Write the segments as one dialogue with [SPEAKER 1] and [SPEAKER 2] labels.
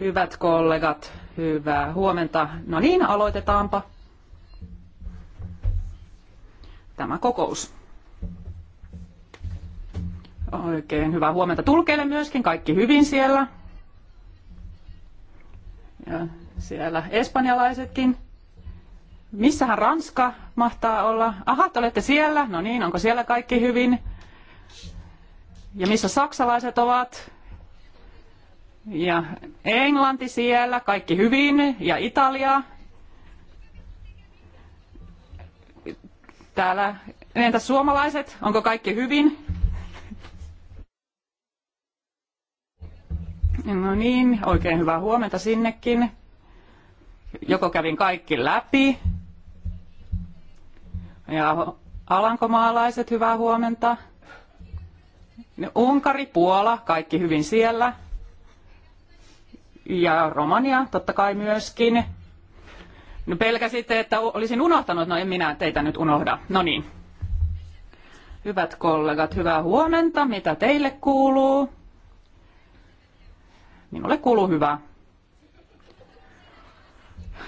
[SPEAKER 1] Hyvät kollegat, hyvää huomenta. No niin, aloitetaanpa tämä kokous. Oikein hyvää huomenta tulkeille myöskin, kaikki hyvin siellä. Ja siellä espanjalaisetkin. Missähän Ranska mahtaa olla? Aha, te olette siellä. No niin, onko siellä kaikki hyvin? Ja missä saksalaiset ovat? ja Englanti siellä, kaikki hyvin, ja Italia. Täällä, entä suomalaiset, onko kaikki hyvin? No niin, oikein hyvää huomenta sinnekin. Joko kävin kaikki läpi. Ja alankomaalaiset, hyvää huomenta. No, Unkari, Puola, kaikki hyvin siellä ja Romania totta kai myöskin. No pelkäsitte, että olisin unohtanut. No en minä teitä nyt unohda. No niin. Hyvät kollegat, hyvää huomenta. Mitä teille kuuluu? Minulle kuuluu hyvä.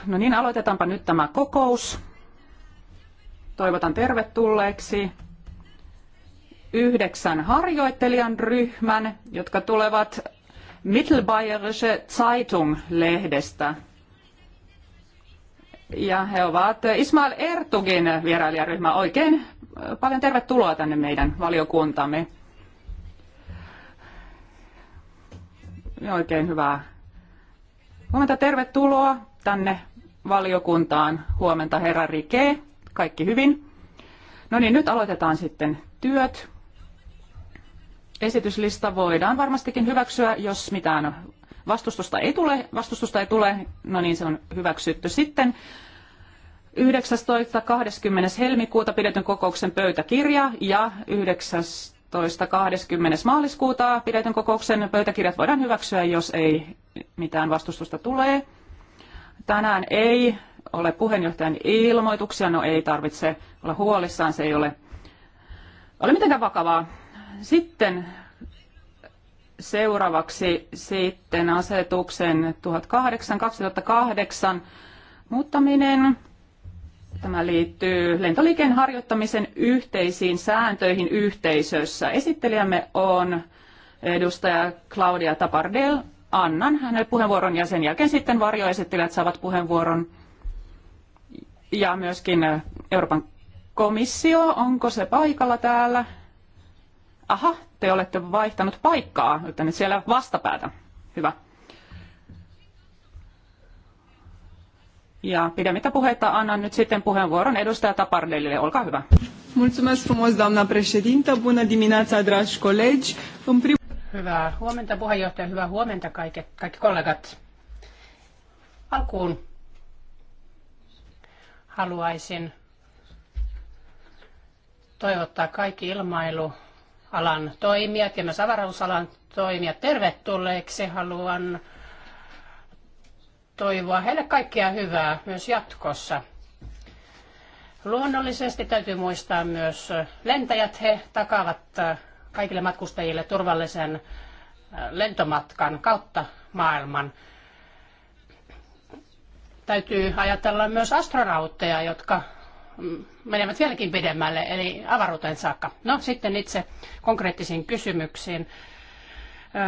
[SPEAKER 1] No niin, aloitetaanpa nyt tämä kokous. Toivotan tervetulleeksi yhdeksän harjoittelijan ryhmän, jotka tulevat Mittelbayerische Zeitung lehdestä. Ja he ovat Ismail Ertugin vierailijaryhmä. Oikein äh, paljon tervetuloa tänne meidän valiokuntamme. Ja oikein hyvää huomenta. Tervetuloa tänne valiokuntaan. Huomenta herra Rike. Kaikki hyvin. No niin, nyt aloitetaan sitten työt esityslista voidaan varmastikin hyväksyä, jos mitään vastustusta ei tule. Vastustusta ei tule, no niin se on hyväksytty sitten. 19. 20. helmikuuta pidetyn kokouksen pöytäkirja ja 19. 20. maaliskuuta pidetyn kokouksen pöytäkirjat voidaan hyväksyä, jos ei mitään vastustusta tulee. Tänään ei ole puheenjohtajan ilmoituksia, no ei tarvitse olla huolissaan, se ei ole, ole mitenkään vakavaa. Sitten seuraavaksi sitten asetuksen 2008 2008 muuttaminen. Tämä liittyy lentoliikkeen harjoittamisen yhteisiin sääntöihin yhteisössä. Esittelijämme on edustaja Claudia Tapardel. Annan hänelle puheenvuoron ja sen jälkeen sitten varjoesittelijät saavat puheenvuoron. Ja myöskin Euroopan komissio, onko se paikalla täällä? aha, te olette vaihtanut paikkaa, olette nyt siellä vastapäätä. Hyvä. Ja pidemmittä puheita annan nyt sitten puheenvuoron edustaja Tapardellille. Olkaa hyvä. Mulțumesc frumos, doamna președintă. Bună dimineața, dragi colegi. În prim...
[SPEAKER 2] Hyvää huomenta puheenjohtaja, hyvää huomenta kaikki, kaikki kollegat. Alkuun haluaisin toivottaa kaikki ilmailu alan toimijat ja myös avaruusalan toimijat tervetulleeksi. Haluan toivoa heille kaikkea hyvää myös jatkossa. Luonnollisesti täytyy muistaa myös lentäjät. He takaavat kaikille matkustajille turvallisen äh, lentomatkan kautta maailman. Täytyy ajatella myös astronautteja, jotka menevät vieläkin pidemmälle, eli avaruuteen saakka. No sitten itse konkreettisiin kysymyksiin.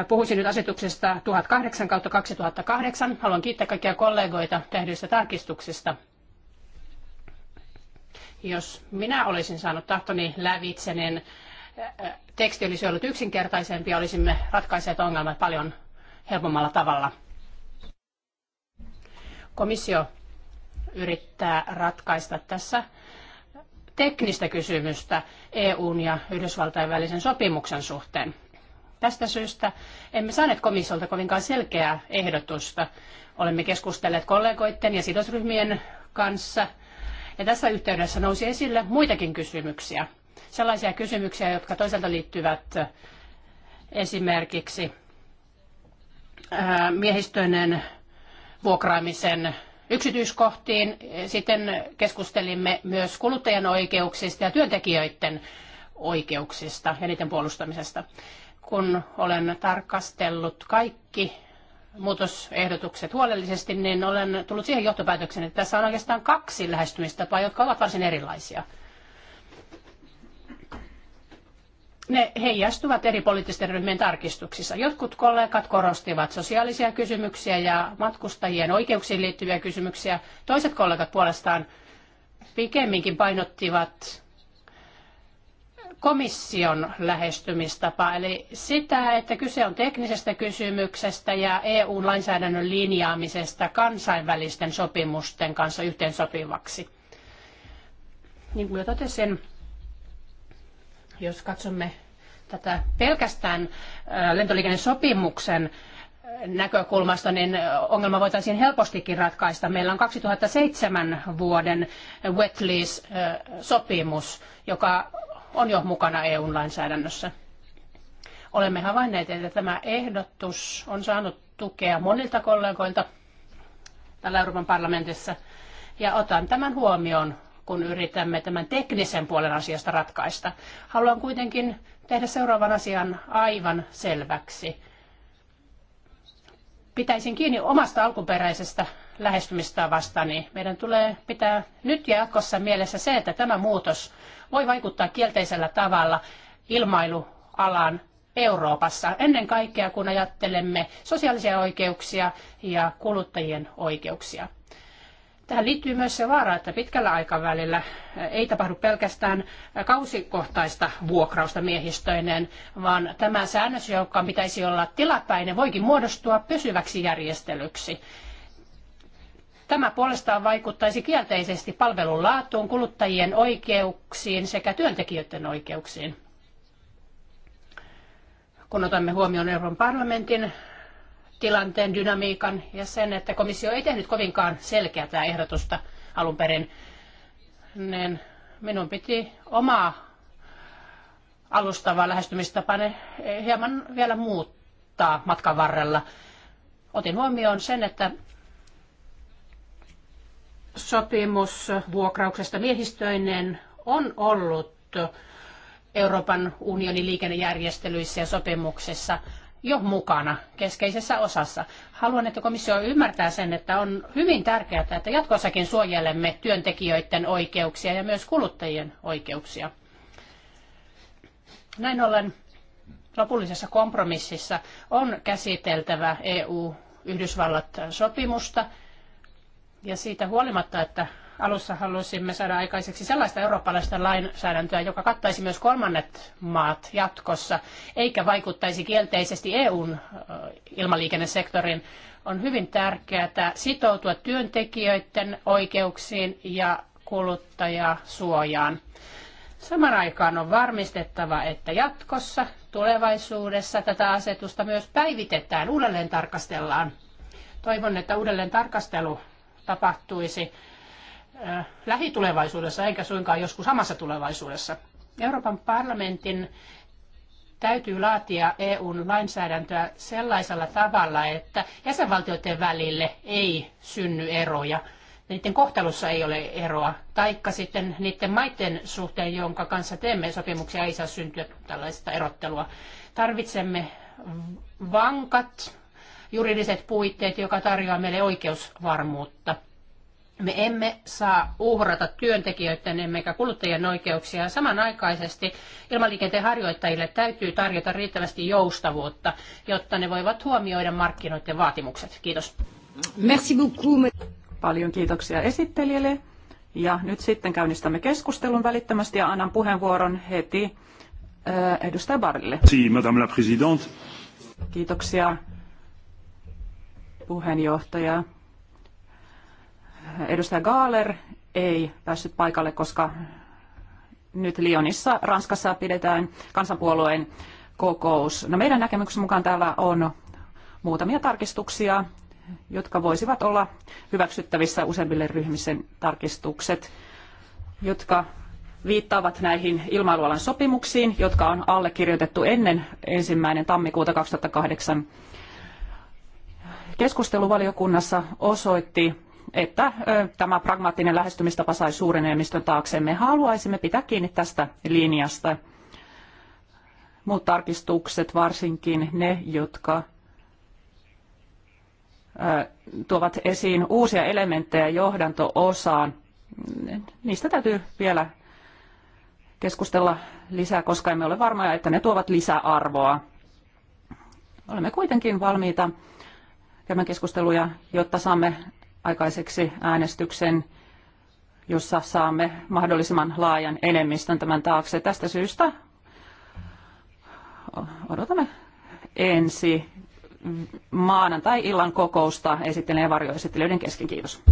[SPEAKER 2] Puhuisin nyt asetuksesta 1008 kautta 2008. Haluan kiittää kaikkia kollegoita tehdyistä tarkistuksista. Jos minä olisin saanut tahtoni lävitse, niin teksti olisi ollut yksinkertaisempi ja olisimme ratkaiseet ongelmat paljon helpommalla tavalla. Komissio yrittää ratkaista tässä teknistä kysymystä EUn ja Yhdysvaltain välisen sopimuksen suhteen. Tästä syystä emme saaneet komissiolta kovinkaan selkeää ehdotusta. Olemme keskustelleet kollegoiden ja sidosryhmien kanssa. Ja tässä yhteydessä nousi esille muitakin kysymyksiä. Sellaisia kysymyksiä, jotka toisaalta liittyvät äh, esimerkiksi äh, miehistöinen vuokraamisen yksityiskohtiin. Sitten keskustelimme myös kuluttajan oikeuksista ja työntekijöiden oikeuksista ja niiden puolustamisesta. Kun olen tarkastellut kaikki muutosehdotukset huolellisesti, niin olen tullut siihen johtopäätökseen, että tässä on oikeastaan kaksi lähestymistapaa, jotka ovat varsin erilaisia – ne heijastuvat eri poliittisten ryhmien tarkistuksissa. Jotkut kollegat korostivat sosiaalisia kysymyksiä ja matkustajien oikeuksiin liittyviä kysymyksiä. Toiset kollegat puolestaan pikemminkin painottivat komission lähestymistapaa, eli sitä, että kyse on teknisestä kysymyksestä ja EU-lainsäädännön linjaamisesta kansainvälisten sopimusten kanssa yhteensopivaksi. Niin kuin jo totesin, jos katsomme tätä pelkästään lentoliikennesopimuksen näkökulmasta, niin ongelma voitaisiin helpostikin ratkaista. Meillä on 2007 vuoden wet lease-sopimus, joka on jo mukana eu lainsäädännössä. Olemme havainneet, että tämä ehdotus on saanut tukea monilta kollegoilta täällä Euroopan parlamentissa, ja otan tämän huomioon kun yritämme tämän teknisen puolen asiasta ratkaista. Haluan kuitenkin tehdä seuraavan asian aivan selväksi. Pitäisin kiinni omasta alkuperäisestä lähestymistavastani. Niin meidän tulee pitää nyt ja jatkossa mielessä se, että tämä muutos voi vaikuttaa kielteisellä tavalla ilmailualan Euroopassa, ennen kaikkea kun ajattelemme sosiaalisia oikeuksia ja kuluttajien oikeuksia. Tähän liittyy myös se vaara, että pitkällä aikavälillä ei tapahdu pelkästään kausikohtaista vuokrausta miehistöineen, vaan tämä säännös, joka pitäisi olla tilapäinen, voikin muodostua pysyväksi järjestelyksi. Tämä puolestaan vaikuttaisi kielteisesti palvelun laatuun, kuluttajien oikeuksiin sekä työntekijöiden oikeuksiin. Kun otamme huomioon Euroopan parlamentin tilanteen dynamiikan ja sen, että komissio ei tehnyt kovinkaan selkeätä ehdotusta alun perin, niin minun piti omaa alustavaa lähestymistapani hieman vielä muuttaa matkan varrella. Otin huomioon sen, että sopimus vuokrauksesta miehistöinen on ollut Euroopan unionin liikennejärjestelyissä ja sopimuksissa jo mukana keskeisessä osassa. Haluan, että komissio ymmärtää sen, että on hyvin tärkeää, että jatkossakin suojelemme työntekijöiden oikeuksia ja myös kuluttajien oikeuksia. Näin ollen lopullisessa kompromississa on käsiteltävä EU-Yhdysvallat-sopimusta ja siitä huolimatta, että alussa halusimme saada aikaiseksi sellaista eurooppalaista lainsäädäntöä, joka kattaisi myös kolmannet maat jatkossa, eikä vaikuttaisi kielteisesti EUn ilmaliikennesektorin. On hyvin tärkeää sitoutua työntekijöiden oikeuksiin ja kuluttajasuojaan. Saman aikaan on varmistettava, että jatkossa tulevaisuudessa tätä asetusta myös päivitetään, uudelleen tarkastellaan. Toivon, että uudelleen tarkastelu tapahtuisi Äh, lähitulevaisuudessa eikä suinkaan joskus samassa tulevaisuudessa. Euroopan parlamentin täytyy laatia EUn lainsäädäntöä sellaisella tavalla, että jäsenvaltioiden välille ei synny eroja. Niiden kohtelussa ei ole eroa, taikka sitten niiden maiden suhteen, jonka kanssa teemme sopimuksia, ei saa syntyä tällaista erottelua. Tarvitsemme vankat juridiset puitteet, joka tarjoaa meille oikeusvarmuutta – me emme saa uhrata työntekijöiden emmekä kuluttajien oikeuksia. Samanaikaisesti ilmaliikenteen harjoittajille täytyy tarjota riittävästi joustavuutta, jotta ne voivat huomioida markkinoiden vaatimukset. Kiitos.
[SPEAKER 1] Merci beaucoup. Paljon kiitoksia esittelijälle. Ja nyt sitten käynnistämme keskustelun välittömästi ja annan puheenvuoron heti äh, edustaja Barille.
[SPEAKER 3] Si, madame la présidente.
[SPEAKER 1] Kiitoksia puheenjohtaja edustaja Gaaler ei päässyt paikalle, koska nyt Lyonissa, Ranskassa pidetään kansanpuolueen kokous. No meidän näkemyksen mukaan täällä on muutamia tarkistuksia, jotka voisivat olla hyväksyttävissä useimmille ryhmisen tarkistukset, jotka viittaavat näihin ilmailualan sopimuksiin, jotka on allekirjoitettu ennen ensimmäinen tammikuuta 2008. Keskusteluvaliokunnassa osoitti, että tämä pragmaattinen lähestymistapa sai suuren enemmistön taakse. Me haluaisimme pitää kiinni tästä linjasta. Muut tarkistukset, varsinkin ne, jotka tuovat esiin uusia elementtejä johdanto-osaan, niistä täytyy vielä keskustella lisää, koska emme ole varmoja, että ne tuovat lisäarvoa. Olemme kuitenkin valmiita käymään keskusteluja, jotta saamme aikaiseksi äänestyksen, jossa saamme mahdollisimman laajan enemmistön tämän taakse. Tästä syystä odotamme ensi maanantai-illan kokousta esittelen ja varjoesittelijöiden kesken. Kiitos.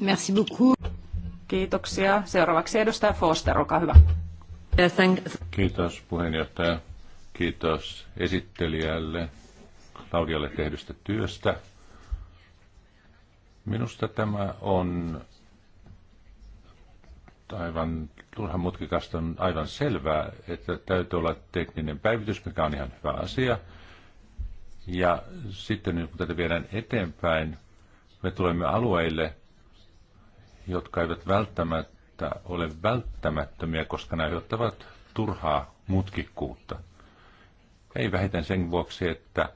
[SPEAKER 1] Merci beaucoup. Kiitoksia. Seuraavaksi edustaja Foster, olkaa hyvä.
[SPEAKER 3] Kiitos puheenjohtaja. Kiitos esittelijälle Claudialle tehdystä työstä. Minusta tämä on aivan turhan mutkikasta on aivan selvää, että täytyy olla tekninen päivitys, mikä on ihan hyvä asia. Ja sitten kun tätä viedään eteenpäin, me tulemme alueille, jotka eivät välttämättä ole välttämättömiä, koska ne aiheuttavat turhaa mutkikkuutta. Ei vähiten sen vuoksi, että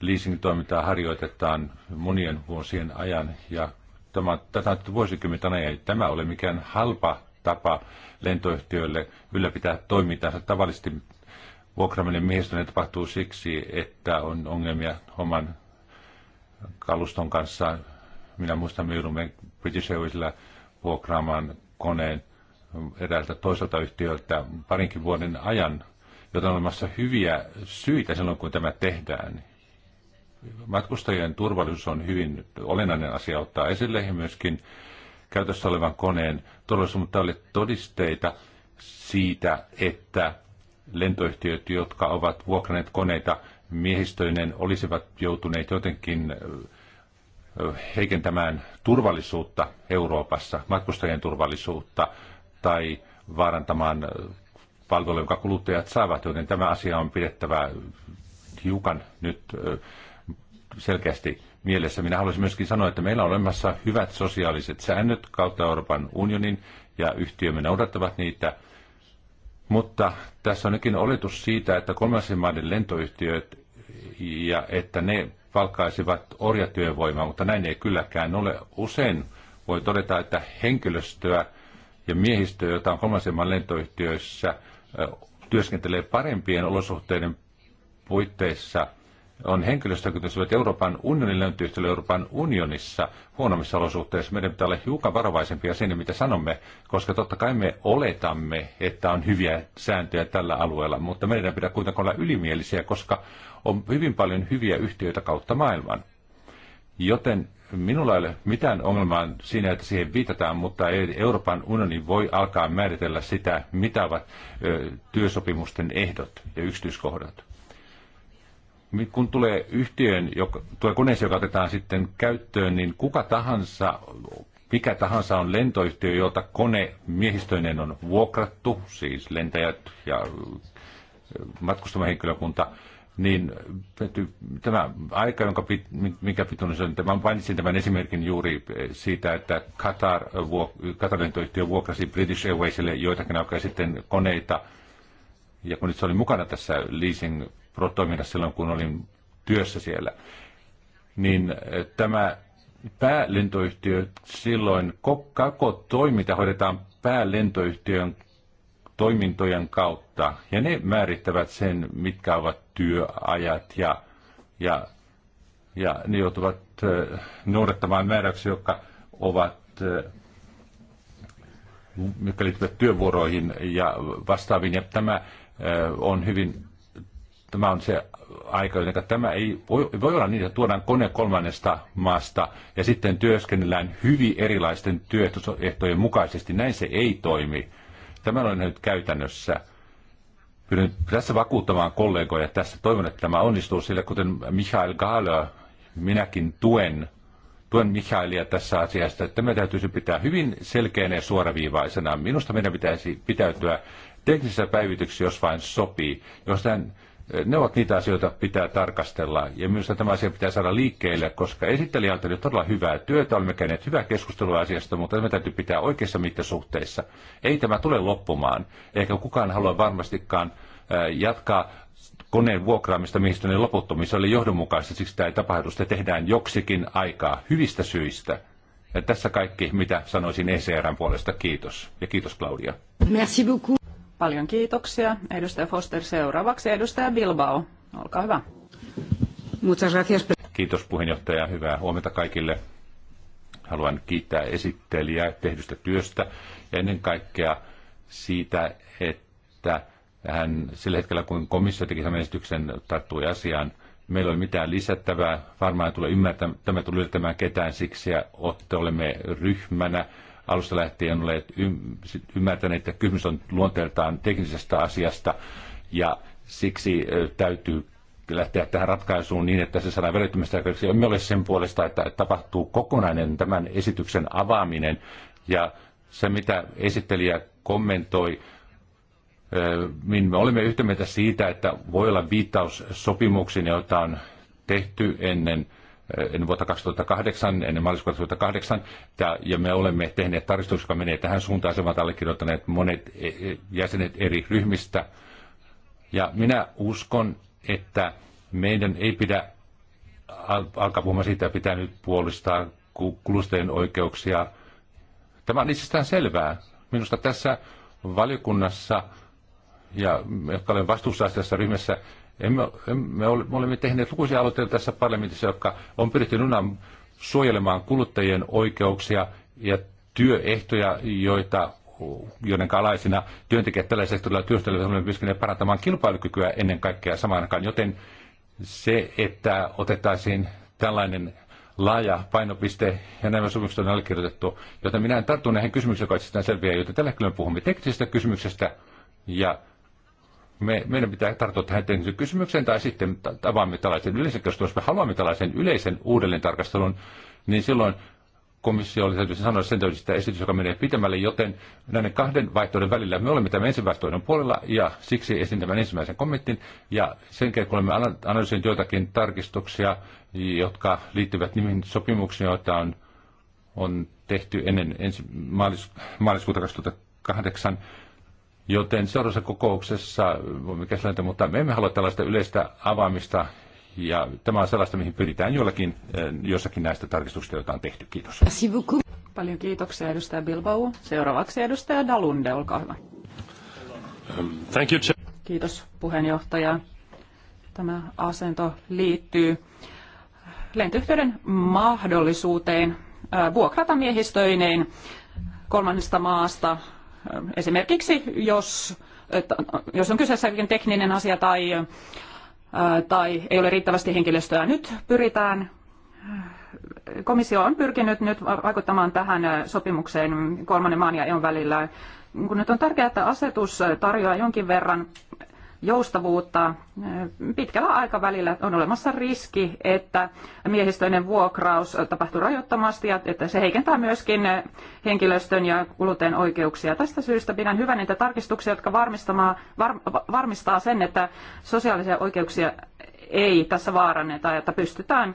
[SPEAKER 3] leasing-toimintaa harjoitetaan monien vuosien ajan ja tämä, tätä on vuosikymmenten ajan. Ei tämä ole mikään halpa tapa lentoyhtiöille ylläpitää toimintaansa. Tavallisesti vuokraaminen miehistöinen tapahtuu siksi, että on ongelmia oman kaluston kanssa. Minä muistan, me joudumme British Airwaysilla vuokraamaan koneen eräältä toiselta yhtiöltä parinkin vuoden ajan, joten on olemassa hyviä syitä silloin, kun tämä tehdään matkustajien turvallisuus on hyvin olennainen asia ottaa esille ja myöskin käytössä olevan koneen turvallisuus, mutta oli todisteita siitä, että lentoyhtiöt, jotka ovat vuokraneet koneita miehistöinen, olisivat joutuneet jotenkin heikentämään turvallisuutta Euroopassa, matkustajien turvallisuutta tai vaarantamaan palveluja, jonka kuluttajat saavat, joten tämä asia on pidettävä hiukan nyt selkeästi mielessä. Minä haluaisin myöskin sanoa, että meillä on olemassa hyvät sosiaaliset säännöt kautta Euroopan unionin ja yhtiömme noudattavat niitä. Mutta tässä on nekin oletus siitä, että kolmansien maiden lentoyhtiöt ja että ne palkkaisivat orjatyövoimaa, mutta näin ei kylläkään ole. Usein voi todeta, että henkilöstöä ja miehistöä, jota on kolmansien maiden lentoyhtiöissä, työskentelee parempien olosuhteiden puitteissa – on henkilöstö, jotka Euroopan unionin lentoyhtiöllä Euroopan unionissa huonommissa olosuhteissa. Meidän pitää olla hiukan varovaisempia siinä, mitä sanomme, koska totta kai me oletamme, että on hyviä sääntöjä tällä alueella, mutta meidän pitää kuitenkin olla ylimielisiä, koska on hyvin paljon hyviä yhtiöitä kautta maailman. Joten minulla ei ole mitään ongelmaa siinä, että siihen viitataan, mutta Euroopan unioni voi alkaa määritellä sitä, mitä ovat työsopimusten ehdot ja yksityiskohdat kun tulee yhtiön, joka, tulee koneeseen, joka otetaan sitten käyttöön, niin kuka tahansa, mikä tahansa on lentoyhtiö, jota kone miehistöinen on vuokrattu, siis lentäjät ja äh, matkustamahenkilökunta, niin tämä aika, jonka pit, mikä pituinen se on, mä mainitsin tämän esimerkin juuri äh, siitä, että Qatar, Qatar lentoyhtiö vuokrasi British Airwaysille joitakin aikaa sitten koneita, ja kun se oli mukana tässä leasing toiminnassa silloin, kun olin työssä siellä, niin eh, tämä päälentoyhtiö silloin, koko toiminta hoidetaan päälentoyhtiön toimintojen kautta, ja ne määrittävät sen, mitkä ovat työajat ja, ja, ja ne joutuvat eh, noudattamaan määräyksiä, jotka ovat eh, jotka liittyvät työvuoroihin ja vastaaviin. Ja tämä on hyvin tämä on se aika, joten tämä ei voi, voi olla niin, että tuodaan kone kolmannesta maasta ja sitten työskennellään hyvin erilaisten työehtojen mukaisesti. Näin se ei toimi. Tämä on nyt käytännössä. Pyydän tässä vakuuttamaan kollegoja tässä. Toivon, että tämä onnistuu, sillä kuten Michael Gahler, minäkin tuen, tuen Michaelia tässä asiassa, että me täytyisi pitää hyvin selkeänä ja suoraviivaisena. Minusta meidän pitäisi pitäytyä teknisissä päivityksessä, jos vain sopii. Jos tämän ne ovat niitä asioita, pitää tarkastella. Ja minusta tämä asia pitää saada liikkeelle, koska esittelijä on tehnyt todella hyvää työtä. Olemme käyneet hyvää keskustelua asiasta, mutta tämä täytyy pitää oikeissa mittasuhteissa. Ei tämä tule loppumaan. Eikä kukaan halua varmastikaan äh, jatkaa koneen vuokraamista miehistön loputtomissa oli johdonmukaista, siksi tämä tapahdu. tehdään joksikin aikaa hyvistä syistä. Ja tässä kaikki, mitä sanoisin ECRn puolesta. Kiitos. Ja kiitos Claudia.
[SPEAKER 1] Merci beaucoup. Paljon kiitoksia. Edustaja Foster seuraavaksi. Edustaja Bilbao, olkaa hyvä.
[SPEAKER 3] Kiitos puheenjohtaja. Hyvää huomenta kaikille. Haluan kiittää esittelijää tehdystä työstä ja ennen kaikkea siitä, että hän sillä hetkellä, kun komissio teki tämän esityksen, tarttui asiaan. Meillä ei ole mitään lisättävää. Varmaan tulee ymmärtämään, tämä tulee yllättämään ketään siksi, että olemme ryhmänä alusta lähtien olleet ymmärtäneet, että kysymys on luonteeltaan teknisestä asiasta ja siksi täytyy lähteä tähän ratkaisuun niin, että se saadaan välittömästi aikaiseksi. Emme ole sen puolesta, että tapahtuu kokonainen tämän esityksen avaaminen ja se, mitä esittelijä kommentoi, niin me olemme yhtä mieltä siitä, että voi olla viittaus sopimuksiin, joita on tehty ennen ennen vuotta 2008, ennen maaliskuuta 2008, ja me olemme tehneet tarkistuksen, joka menee tähän suuntaan, se ovat allekirjoittaneet monet e, e, jäsenet eri ryhmistä. Ja minä uskon, että meidän ei pidä alkaa puhumaan siitä, pitää nyt puolustaa kuluttajien oikeuksia. Tämä on itsestään selvää. Minusta tässä valiokunnassa ja jotka olen vastuussa tässä ryhmässä, emme, emme ole, me olemme tehneet lukuisia aloitteita tässä parlamentissa, jotka on pyritty nuna suojelemaan kuluttajien oikeuksia ja työehtoja, joita joiden alaisina työntekijät tällä sektorilla työskentelevät, olemme pystyneet parantamaan kilpailukykyä ennen kaikkea samaan aikaan. Joten se, että otettaisiin tällainen laaja painopiste ja nämä sopimukset on allekirjoitettu, joten minä en tarttu näihin kysymyksiin, jotka itsestään selviä, joita tällä hetkellä puhumme teknisestä kysymyksestä ja me, meidän pitää tarttua tähän tekniseen kysymykseen, tai sitten avaamme tällaisen yleisen keskustelun. Jos me haluamme tällaisen yleisen uudelleen tarkastelun, niin silloin komissio oli täytyy sanoa sen täytyy esitys, joka menee pitemmälle, joten näiden kahden vaihtoehdon välillä me olemme tämän ensimmäisen puolella, ja siksi esitin tämän ensimmäisen kommentin, ja sen jälkeen kun olemme analysoineet joitakin tarkistuksia, jotka liittyvät niihin sopimuksiin, joita on, on tehty ennen ensi, maalis, maaliskuuta 2008, Joten seuraavassa kokouksessa voimme käsitellä, mutta me emme halua tällaista yleistä avaamista, ja tämä on sellaista, mihin pyritään jollakin, eh, jossakin näistä tarkistuksista, joita on tehty. Kiitos.
[SPEAKER 1] Paljon kiitoksia edustaja Bilbao. Seuraavaksi edustaja Dalunde, olkaa hyvä.
[SPEAKER 3] Um, thank you.
[SPEAKER 1] Kiitos puheenjohtaja. Tämä asento liittyy lentoyhtiöiden mahdollisuuteen vuokrata miehistöineen kolmannesta maasta Esimerkiksi jos, jos on kyseessä jokin tekninen asia tai, äh, tai ei ole riittävästi henkilöstöä, nyt pyritään äh, komissio on pyrkinyt nyt vaikuttamaan tähän äh, sopimukseen kolmannen maan ja EUn välillä. Niin kun nyt on tärkeää, että asetus tarjoaa jonkin verran joustavuutta. Pitkällä aikavälillä on olemassa riski, että miehistöinen vuokraus tapahtuu rajoittamasti ja että se heikentää myöskin henkilöstön ja kuluttajan oikeuksia. Tästä syystä pidän hyvän niitä tarkistuksia, jotka varmistaa sen, että sosiaalisia oikeuksia ei tässä vaaranneta, että pystytään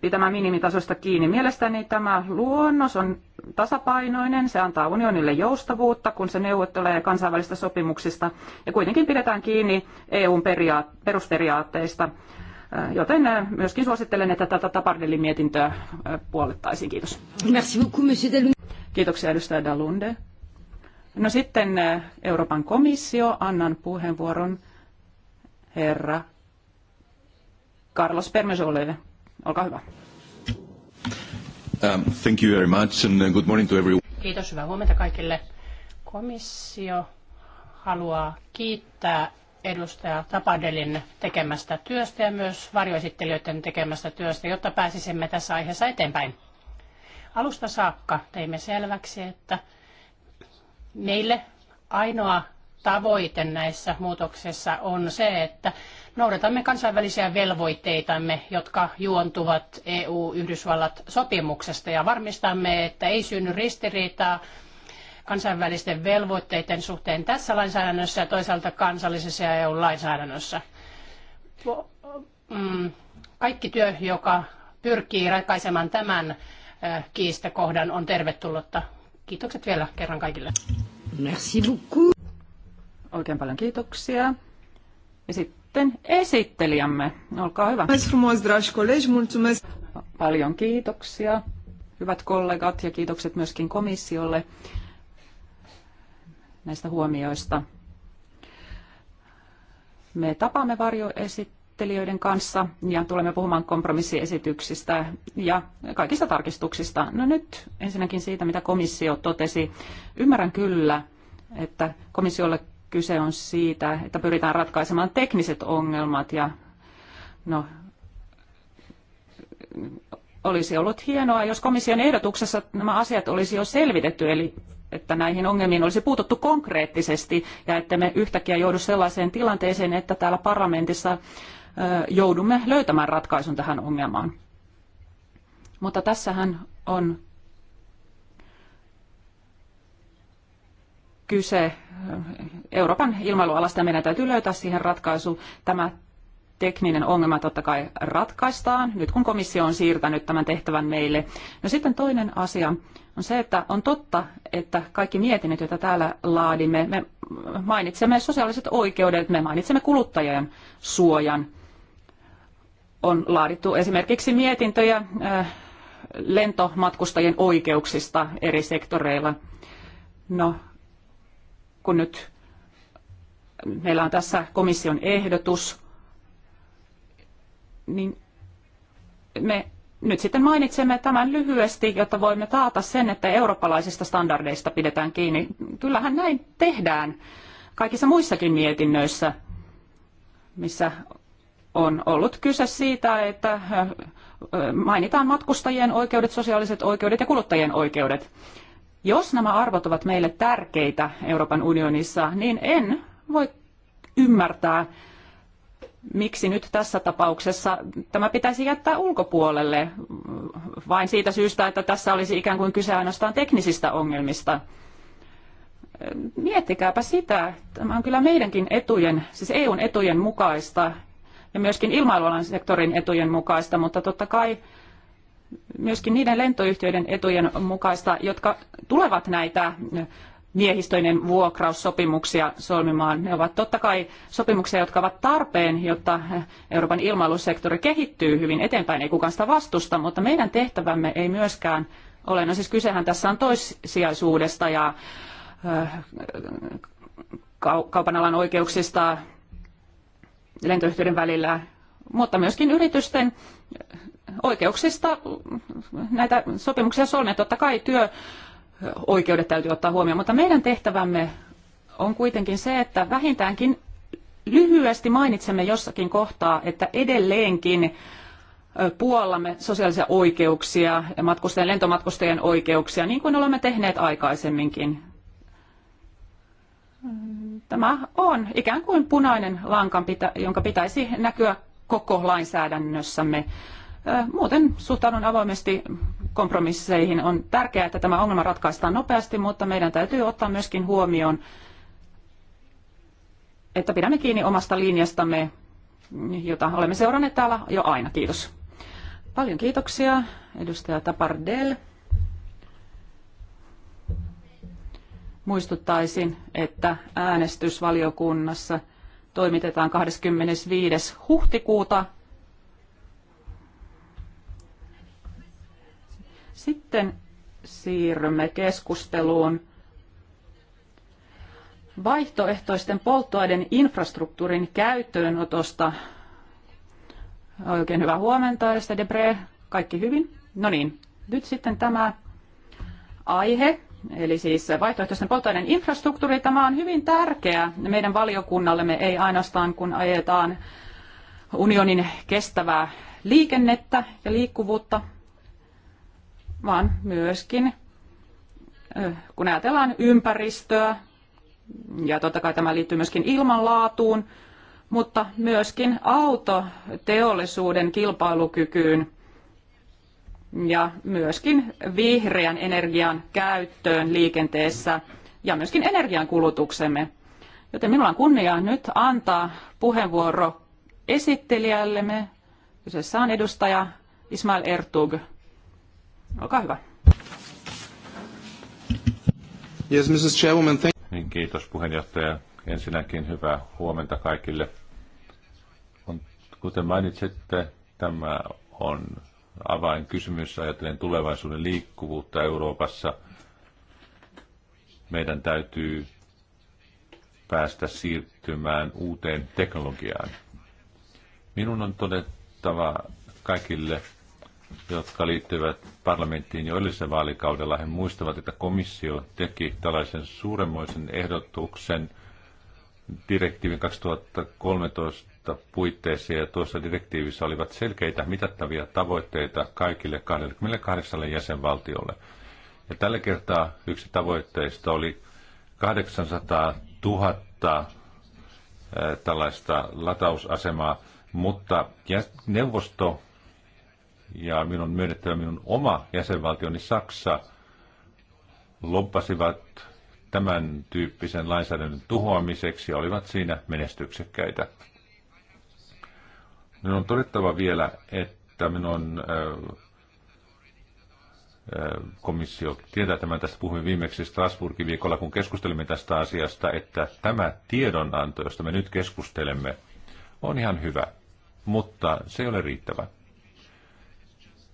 [SPEAKER 1] pitämään minimitasosta kiinni. Mielestäni tämä luonnos on tasapainoinen, se antaa unionille joustavuutta, kun se neuvottelee kansainvälistä sopimuksista ja kuitenkin pidetään kiinni EUn peria- perusperiaatteista. Äh, joten äh, myöskin suosittelen, että tätä Tapardellin mietintöä äh, puolettaisiin. Kiitos.
[SPEAKER 2] Merci beaucoup, monsieur
[SPEAKER 1] Kiitoksia, edustaja Dalunde. No sitten Euroopan komissio, annan puheenvuoron herra Carlos
[SPEAKER 2] Permesolle. Olkaa hyvä.
[SPEAKER 3] Um, thank you very much and uh, good morning to everyone.
[SPEAKER 2] Kiitos, hyvää huomenta kaikille. Komissio haluaa kiittää edustaja Tapadelin tekemästä työstä ja myös varjoesittelijöiden tekemästä työstä, jotta pääsisimme tässä aiheessa eteenpäin. Alusta saakka teimme selväksi, että meille ainoa tavoite näissä muutoksissa on se, että noudatamme kansainvälisiä velvoitteitamme, jotka juontuvat EU-Yhdysvallat-sopimuksesta ja varmistamme, että ei synny ristiriitaa kansainvälisten velvoitteiden suhteen tässä lainsäädännössä ja toisaalta kansallisessa ja EU-lainsäädännössä. Mm, kaikki työ, joka pyrkii ratkaisemaan tämän kiistakohdan, on tervetullutta. Kiitokset vielä kerran kaikille.
[SPEAKER 1] Merci beaucoup. Oikein paljon kiitoksia. Ja sitten esittelijämme. Olkaa hyvä. Paljon kiitoksia, hyvät kollegat, ja kiitokset myöskin komissiolle näistä huomioista. Me tapaamme varjoesittelijöiden kanssa ja tulemme puhumaan kompromissiesityksistä ja kaikista tarkistuksista. No nyt ensinnäkin siitä, mitä komissio totesi. Ymmärrän kyllä, että komissiolle kyse on siitä, että pyritään ratkaisemaan tekniset ongelmat ja no, olisi ollut hienoa, jos komission ehdotuksessa nämä asiat olisi jo selvitetty, eli että näihin ongelmiin olisi puututtu konkreettisesti ja että me yhtäkkiä joudu sellaiseen tilanteeseen, että täällä parlamentissa joudumme löytämään ratkaisun tähän ongelmaan. Mutta tässähän on kyse Euroopan ilmailualasta ja meidän täytyy löytää siihen ratkaisu. Tämä tekninen ongelma totta kai ratkaistaan, nyt kun komissio on siirtänyt tämän tehtävän meille. No sitten toinen asia on se, että on totta, että kaikki mietinnöt, joita täällä laadimme, me mainitsemme sosiaaliset oikeudet, me mainitsemme kuluttajien suojan. On laadittu esimerkiksi mietintöjä lentomatkustajien oikeuksista eri sektoreilla. No, kun nyt meillä on tässä komission ehdotus, niin me nyt sitten mainitsemme tämän lyhyesti, jotta voimme taata sen, että eurooppalaisista standardeista pidetään kiinni. Kyllähän näin tehdään kaikissa muissakin mietinnöissä, missä on ollut kyse siitä, että mainitaan matkustajien oikeudet, sosiaaliset oikeudet ja kuluttajien oikeudet. Jos nämä arvot ovat meille tärkeitä Euroopan unionissa, niin en voi ymmärtää, miksi nyt tässä tapauksessa tämä pitäisi jättää ulkopuolelle vain siitä syystä, että tässä olisi ikään kuin kyse ainoastaan teknisistä ongelmista. Miettikääpä sitä. Tämä on kyllä meidänkin etujen, siis EUn etujen mukaista ja myöskin ilmailualan sektorin etujen mukaista, mutta totta kai myöskin niiden lentoyhtiöiden etujen mukaista, jotka tulevat näitä miehistöinen vuokraussopimuksia solmimaan. Ne ovat totta kai sopimuksia, jotka ovat tarpeen, jotta Euroopan ilmailusektori kehittyy hyvin eteenpäin. Ei kukaan sitä vastusta, mutta meidän tehtävämme ei myöskään ole. No siis kysehän tässä on toissijaisuudesta ja äh, kaupan alan oikeuksista lentoyhtiöiden välillä, mutta myöskin yritysten oikeuksista näitä sopimuksia solmia. Totta kai työoikeudet täytyy ottaa huomioon, mutta meidän tehtävämme on kuitenkin se, että vähintäänkin lyhyesti mainitsemme jossakin kohtaa, että edelleenkin puollamme sosiaalisia oikeuksia ja matkustajien, lentomatkustajien oikeuksia, niin kuin olemme tehneet aikaisemminkin. Tämä on ikään kuin punainen lanka, jonka pitäisi näkyä koko lainsäädännössämme. Muuten suhtaudun avoimesti kompromisseihin. On tärkeää, että tämä ongelma ratkaistaan nopeasti, mutta meidän täytyy ottaa myöskin huomioon, että pidämme kiinni omasta linjastamme, jota olemme seuranneet täällä jo aina. Kiitos. Paljon kiitoksia, edustaja Tapardel. Muistuttaisin, että äänestysvaliokunnassa toimitetaan 25. huhtikuuta Sitten siirrymme keskusteluun vaihtoehtoisten polttoaiden infrastruktuurin käyttöönotosta. Oikein hyvää huomenta, Este Debre. Kaikki hyvin? No niin, nyt sitten tämä aihe, eli siis vaihtoehtoisten polttoaineen infrastruktuuri, tämä on hyvin tärkeä meidän valiokunnallemme, ei ainoastaan kun ajetaan unionin kestävää liikennettä ja liikkuvuutta, vaan myöskin kun ajatellaan ympäristöä, ja totta kai tämä liittyy myöskin ilmanlaatuun, mutta myöskin autoteollisuuden kilpailukykyyn ja myöskin vihreän energian käyttöön liikenteessä ja myöskin energian kulutuksemme. Joten minulla on kunnia nyt antaa puheenvuoro esittelijällemme. Kyseessä on edustaja Ismail Ertug. Olkaa hyvä.
[SPEAKER 3] Yes, Mrs. Chairwoman, thank niin, kiitos puheenjohtaja. Ensinnäkin hyvää huomenta kaikille. On, kuten mainitsitte, tämä on avainkysymys ajatellen tulevaisuuden liikkuvuutta Euroopassa. Meidän täytyy päästä siirtymään uuteen teknologiaan. Minun on todettava kaikille jotka liittyvät parlamenttiin jo edellisellä vaalikaudella. He muistavat, että komissio teki tällaisen suuremmoisen ehdotuksen direktiivin 2013 puitteissa, ja tuossa direktiivissä olivat selkeitä mitattavia tavoitteita kaikille 28 jäsenvaltiolle. Ja tällä kertaa yksi tavoitteista oli 800 000 tällaista latausasemaa, mutta neuvosto ja minun myönnettävä minun oma jäsenvaltioni Saksa loppasivat tämän tyyppisen lainsäädännön tuhoamiseksi ja olivat siinä menestyksekkäitä. Minun on todettava vielä, että minun komissio tietää tämän, tästä puhuin viimeksi Strasbourgin viikolla, kun keskustelimme tästä asiasta, että tämä tiedonanto, josta me nyt keskustelemme, on ihan hyvä, mutta se ei ole riittävä.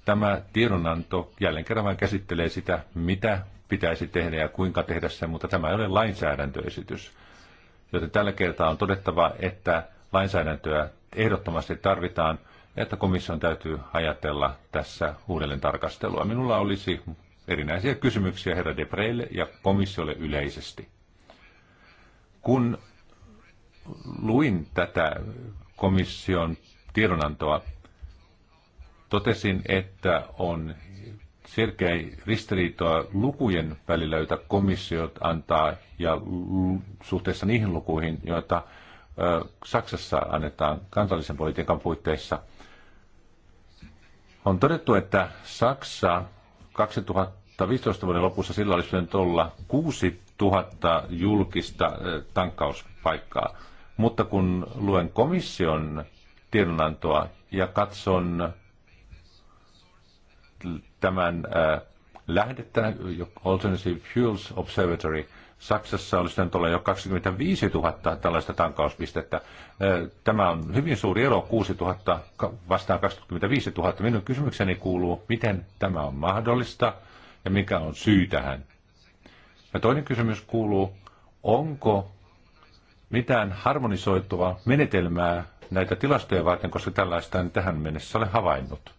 [SPEAKER 3] Tämä tiedonanto jälleen kerran vain käsittelee sitä, mitä pitäisi tehdä ja kuinka tehdä se, mutta tämä ei ole lainsäädäntöesitys. Joten tällä kertaa on todettava, että lainsäädäntöä ehdottomasti tarvitaan ja että komission täytyy ajatella tässä uudelleen tarkastelua. Minulla olisi erinäisiä kysymyksiä herra Depreille ja komissiolle yleisesti. Kun luin tätä komission tiedonantoa, Totesin, että on selkeä ristiriitoa lukujen välillä, joita komissiot antaa ja suhteessa niihin lukuihin, joita Saksassa annetaan kansallisen politiikan puitteissa. On todettu, että Saksa 2015 vuoden lopussa sillä olisi pitänyt olla 6000 julkista tankkauspaikkaa. Mutta kun luen komission tiedonantoa ja katson tämän äh, lähdettä, Alternative Fuels Observatory, Saksassa olisi nyt olla jo 25 000 tällaista tankauspistettä. Äh, tämä on hyvin suuri ero, 6 000 vastaan 25 000. Minun kysymykseni kuuluu, miten tämä on mahdollista ja mikä on syy tähän? Ja toinen kysymys kuuluu, onko mitään harmonisoitua menetelmää näitä tilastoja varten, koska tällaista en tähän mennessä ole havainnut.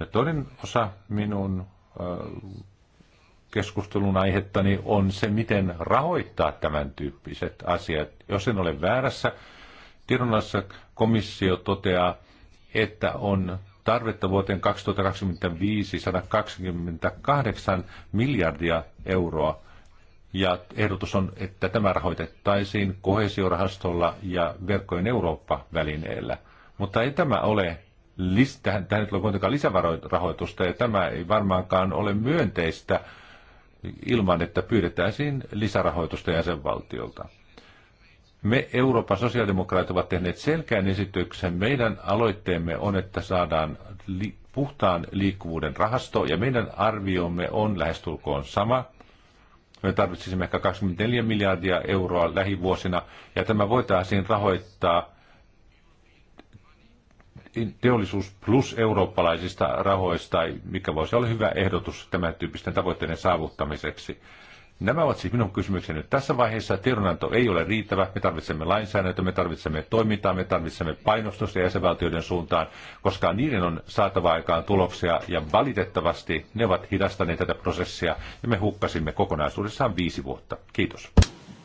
[SPEAKER 3] Ja toinen osa minun keskustelun aihettani on se, miten rahoittaa tämän tyyppiset asiat. Jos en ole väärässä, tiedonannossa komissio toteaa, että on tarvetta vuoteen 2025 128 miljardia euroa. Ja ehdotus on, että tämä rahoitettaisiin kohesiorahastolla ja verkkojen Eurooppa-välineellä. Mutta ei tämä ole tähän, tähän ei ole kuitenkaan lisärahoitusta, ja tämä ei varmaankaan ole myönteistä ilman, että pyydettäisiin lisärahoitusta jäsenvaltiolta. Me Euroopan sosiaalidemokraatit ovat tehneet selkeän esityksen. Meidän aloitteemme on, että saadaan li- puhtaan liikkuvuuden rahasto, ja meidän arviomme on lähestulkoon sama. Me tarvitsisimme ehkä 24 miljardia euroa lähivuosina, ja tämä voitaisiin rahoittaa – teollisuus plus eurooppalaisista rahoista, mikä voisi olla hyvä ehdotus tämän tyyppisten tavoitteiden saavuttamiseksi. Nämä ovat siis minun kysymykseni. Tässä vaiheessa tiedonanto ei ole riittävä. Me tarvitsemme lainsäädäntöä, me tarvitsemme toimintaa, me tarvitsemme painostusta jäsenvaltioiden suuntaan, koska niiden on saatava aikaan tuloksia ja valitettavasti ne ovat hidastaneet tätä prosessia ja me hukkasimme kokonaisuudessaan viisi vuotta. Kiitos.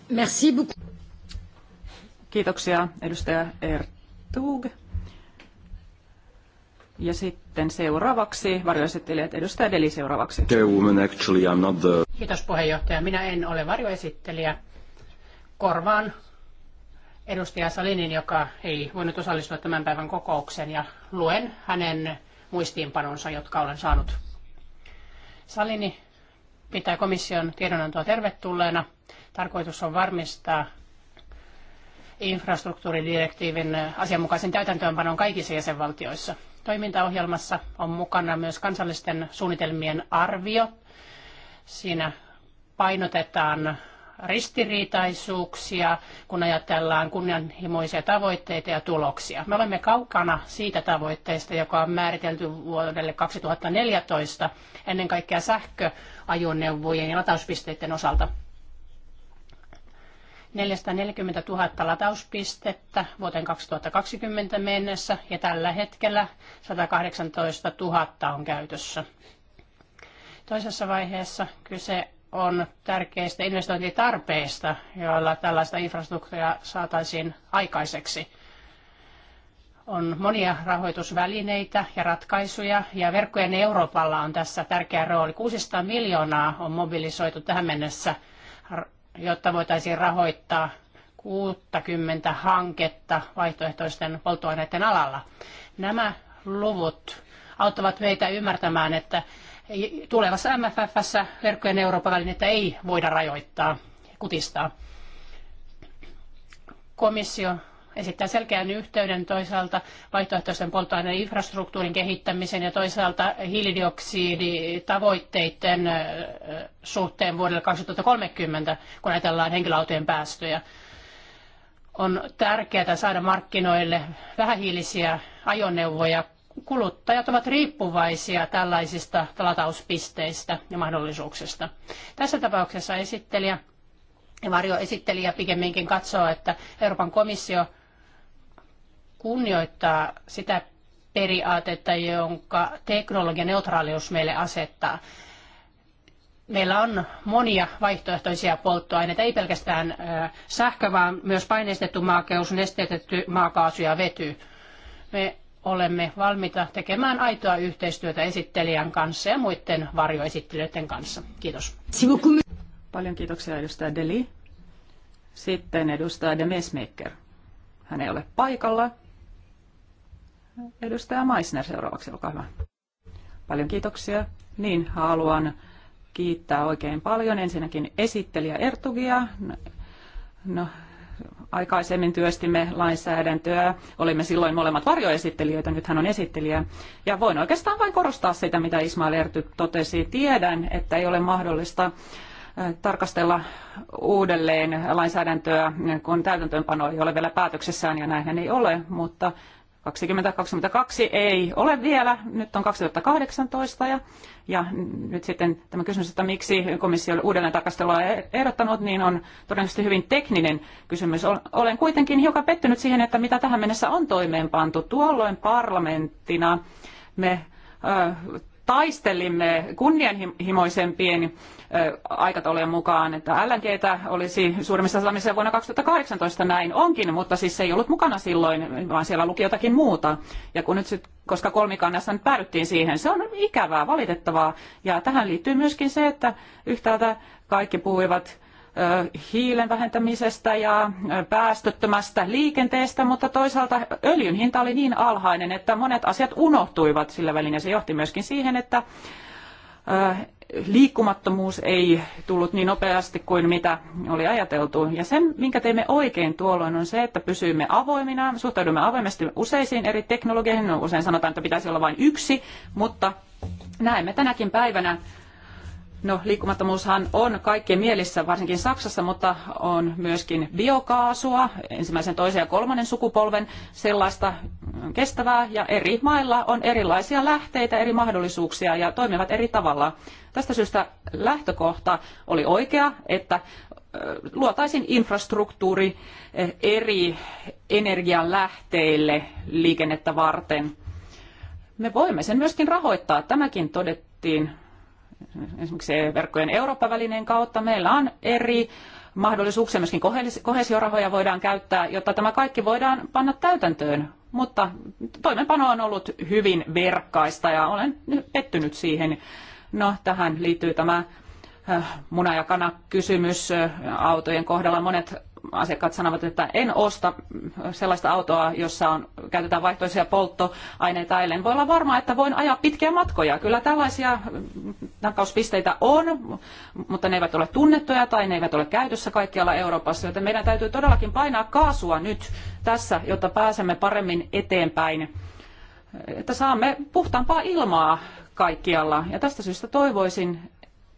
[SPEAKER 2] Merci beaucoup.
[SPEAKER 1] Kiitoksia edustaja Ertug. Ja sitten seuraavaksi varjoesittelijät edustaja Deli seuraavaksi.
[SPEAKER 2] Actually, I'm not the... Kiitos puheenjohtaja. Minä en ole varjoesittelijä. Korvaan edustaja Salinin, joka ei voinut osallistua tämän päivän kokoukseen ja luen hänen muistiinpanonsa, jotka olen saanut. Salini pitää komission tiedonantoa tervetulleena. Tarkoitus on varmistaa infrastruktuuridirektiivin asianmukaisen täytäntöönpanon kaikissa jäsenvaltioissa toimintaohjelmassa on mukana myös kansallisten suunnitelmien arvio. Siinä painotetaan ristiriitaisuuksia, kun ajatellaan kunnianhimoisia tavoitteita ja tuloksia. Me olemme kaukana siitä tavoitteesta, joka on määritelty vuodelle 2014 ennen kaikkea sähköajoneuvojen ja latauspisteiden osalta. 440 000 latauspistettä vuoteen 2020 mennessä ja tällä hetkellä 118 000 on käytössä. Toisessa vaiheessa kyse on tärkeistä investointitarpeista, joilla tällaista infrastruktuuria saataisiin aikaiseksi. On monia rahoitusvälineitä ja ratkaisuja, ja verkkojen Euroopalla on tässä tärkeä rooli. 600 miljoonaa on mobilisoitu tähän mennessä jotta voitaisiin rahoittaa 60 hanketta vaihtoehtoisten polttoaineiden alalla. Nämä luvut auttavat meitä ymmärtämään, että tulevassa MFFssä verkkojen Euroopan välinettä ei voida rajoittaa, kutistaa. Komissio esittää selkeän yhteyden toisaalta vaihtoehtoisen polttoaineen infrastruktuurin kehittämisen ja toisaalta hiilidioksiditavoitteiden suhteen vuodelle 2030, kun ajatellaan henkilöautojen päästöjä. On tärkeää saada markkinoille vähähiilisiä ajoneuvoja. Kuluttajat ovat riippuvaisia tällaisista latauspisteistä ja mahdollisuuksista. Tässä tapauksessa esittelijä varjoesittelijä pikemminkin katsoo, että Euroopan komissio kunnioittaa sitä periaatetta, jonka teknologianeutraalius meille asettaa. Meillä on monia vaihtoehtoisia polttoaineita, ei pelkästään sähkö, vaan myös paineistettu maakeus, nesteytetty maakaasu ja vety. Me olemme valmiita tekemään aitoa yhteistyötä esittelijän kanssa ja muiden varjoesittelijöiden kanssa. Kiitos.
[SPEAKER 1] Paljon kiitoksia edustaja Deli. Sitten edustaja Demesmaker. Hän ei ole paikalla, Edustaja Maisner seuraavaksi, olkaa hyvä. Paljon kiitoksia. Niin, haluan kiittää oikein paljon ensinnäkin esittelijä Ertugia. No, aikaisemmin työstimme lainsäädäntöä. Olimme silloin molemmat varjoesittelijöitä, nyt hän on esittelijä. Ja voin oikeastaan vain korostaa sitä, mitä Ismail Erty totesi. Tiedän, että ei ole mahdollista äh, tarkastella uudelleen lainsäädäntöä, kun täytäntöönpano ei ole vielä päätöksessään ja näinhän ei ole, mutta 2022 ei ole vielä, nyt on 2018 ja, ja nyt sitten tämä kysymys, että miksi komissio uudelleen tarkastelua ehdottanut, niin on todennäköisesti hyvin tekninen kysymys. Olen kuitenkin hiukan pettynyt siihen, että mitä tähän mennessä on toimeenpantu. Tuolloin parlamenttina me taistelimme kunnianhimoisempien aikataulujen mukaan, että LNGtä olisi suurimmissa satamissa vuonna 2018 näin onkin, mutta siis se ei ollut mukana silloin, vaan siellä luki jotakin muuta. Ja kun nyt sit, koska kolmikannassa nyt päädyttiin siihen, se on ikävää, valitettavaa. Ja tähän liittyy myöskin se, että yhtäältä kaikki puhuivat hiilen vähentämisestä ja päästöttömästä liikenteestä, mutta toisaalta öljyn hinta oli niin alhainen, että monet asiat unohtuivat sillä välin ja se johti myöskin siihen, että liikkumattomuus ei tullut niin nopeasti kuin mitä oli ajateltu. Ja sen, minkä teimme oikein tuolloin, on se, että pysyimme avoimina, suhtaudumme avoimesti useisiin eri teknologioihin. No, usein sanotaan, että pitäisi olla vain yksi, mutta näemme tänäkin päivänä, No, liikkumattomuushan on kaikkien mielissä, varsinkin Saksassa, mutta on myöskin biokaasua, ensimmäisen, toisen ja kolmannen sukupolven sellaista mm, kestävää, ja eri mailla on erilaisia lähteitä, eri mahdollisuuksia ja toimivat eri tavalla. Tästä syystä lähtökohta oli oikea, että luotaisiin infrastruktuuri e, eri energianlähteille liikennettä varten. Me voimme sen myöskin rahoittaa, tämäkin todettiin esimerkiksi verkkojen Eurooppa-välineen kautta meillä on eri mahdollisuuksia, myöskin kohesiorahoja voidaan käyttää, jotta tämä kaikki voidaan panna täytäntöön. Mutta toimenpano on ollut hyvin verkkaista ja olen pettynyt siihen. No, tähän liittyy tämä äh, muna- ja kana-kysymys autojen kohdalla. Monet asiakkaat sanovat, että en osta sellaista autoa, jossa on, käytetään vaihtoisia polttoaineita, ellen voi olla varma, että voin ajaa pitkiä matkoja. Kyllä tällaisia mm, tankkauspisteitä on, mutta ne eivät ole tunnettuja tai ne eivät ole käytössä kaikkialla Euroopassa, joten meidän täytyy todellakin painaa kaasua nyt tässä, jotta pääsemme paremmin eteenpäin, että saamme puhtaampaa ilmaa kaikkialla. Ja tästä syystä toivoisin,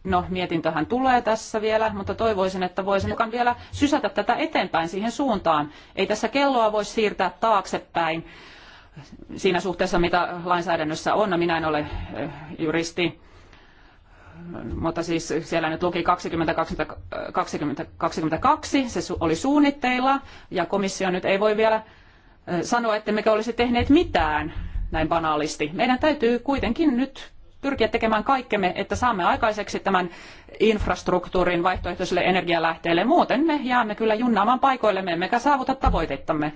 [SPEAKER 1] No, mietintöhän tulee tässä vielä, mutta toivoisin, että voisin mukaan vielä sysätä tätä eteenpäin siihen suuntaan. Ei tässä kelloa voi siirtää taaksepäin siinä suhteessa, mitä lainsäädännössä on. No, minä en ole eh, juristi, mutta siis siellä nyt luki 2022, se oli suunnitteilla, ja komissio nyt ei voi vielä eh, sanoa, että mekä olisi tehneet mitään näin banaalisti. Meidän täytyy kuitenkin nyt pyrkiä tekemään kaikkemme, että saamme aikaiseksi tämän infrastruktuurin vaihtoehtoisille energialähteille. Muuten me jäämme kyllä junnaamaan paikoillemme, emmekä saavuta tavoitettamme.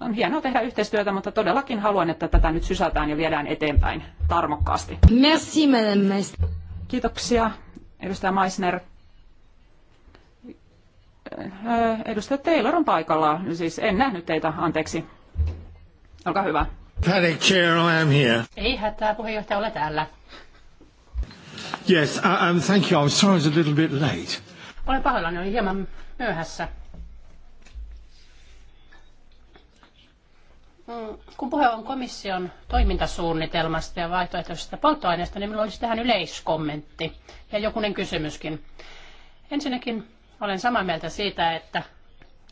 [SPEAKER 1] On hienoa tehdä yhteistyötä, mutta todellakin haluan, että tätä nyt sysätään ja viedään eteenpäin tarmokkaasti. Merci, madame. Kiitoksia, edustaja Meissner. Edustaja Taylor on paikalla, siis en nähnyt teitä, anteeksi. Olkaa hyvä.
[SPEAKER 3] Paddy chair, I am here.
[SPEAKER 2] Ei hätää, puheenjohtaja, ole täällä.
[SPEAKER 3] Yes, uh, um, thank you. I'm sorry I was a little bit late.
[SPEAKER 2] Olen pahoillani, olin hieman myöhässä. Mm, kun puhe on komission toimintasuunnitelmasta ja vaihtoehtoisesta polttoaineesta, niin minulla olisi tähän yleiskommentti ja jokunen kysymyskin. Ensinnäkin olen samaa mieltä siitä, että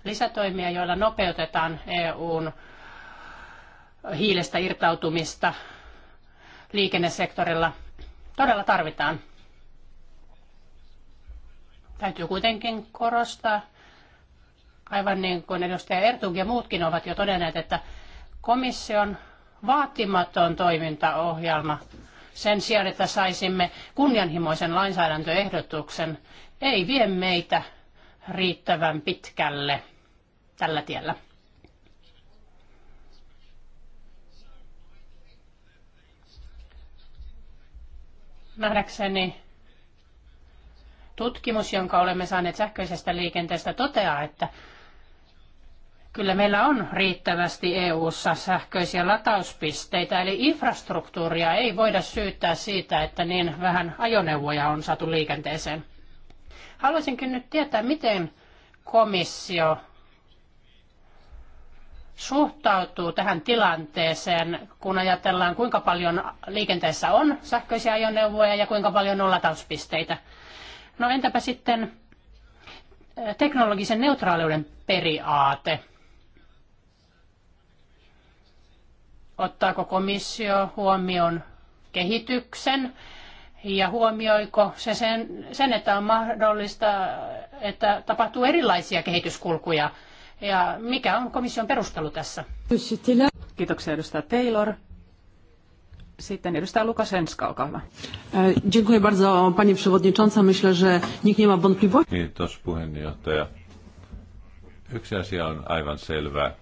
[SPEAKER 2] lisätoimia, joilla nopeutetaan EUn hiilestä irtautumista liikennesektorilla todella tarvitaan. Täytyy kuitenkin korostaa, aivan niin kuin edustaja Ertug ja muutkin ovat jo todenneet, että komission vaatimaton toimintaohjelma sen sijaan, että saisimme kunnianhimoisen lainsäädäntöehdotuksen, ei vie meitä riittävän pitkälle tällä tiellä. Nähdäkseni tutkimus, jonka olemme saaneet sähköisestä liikenteestä, toteaa, että kyllä meillä on riittävästi EU-ssa sähköisiä latauspisteitä, eli infrastruktuuria ei voida syyttää siitä, että niin vähän ajoneuvoja on saatu liikenteeseen. Haluaisinkin nyt tietää, miten komissio suhtautuu tähän tilanteeseen, kun ajatellaan kuinka paljon liikenteessä on sähköisiä ajoneuvoja ja kuinka paljon on latauspisteitä? No entäpä sitten eh, teknologisen neutraaliuden periaate? Ottaako komissio huomioon kehityksen ja huomioiko se sen, sen, että on mahdollista, että tapahtuu erilaisia kehityskulkuja – ja mikä on komission perustelu tässä?
[SPEAKER 1] Kiitoksia edustaja Taylor. Sitten edustaja Lukasenska, olkaa hyvä. E, dziękuję bardzo, pani przewodnicząca. Myślę, że nikt nie ma wątpliwości.
[SPEAKER 3] Kiitos puheenjohtaja. Yksi asia on aivan selvää.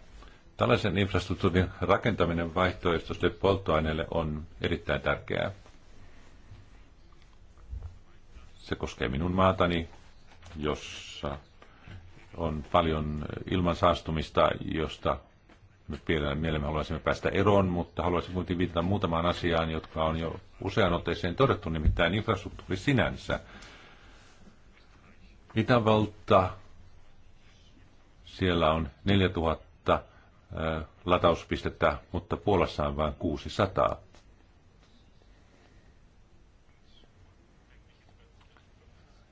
[SPEAKER 3] Tällaisen infrastruktuurin rakentaminen vaihtoehtoisille polttoaineille on erittäin tärkeää. Se koskee minun maatani, jossa on paljon ilman saastumista, josta me mielemme haluaisimme päästä eroon, mutta haluaisin kuitenkin viitata muutamaan asiaan, jotka on jo usean otteeseen todettu, nimittäin infrastruktuuri sinänsä. Itävalta, siellä on 4000 latauspistettä, mutta Puolassa on vain 600.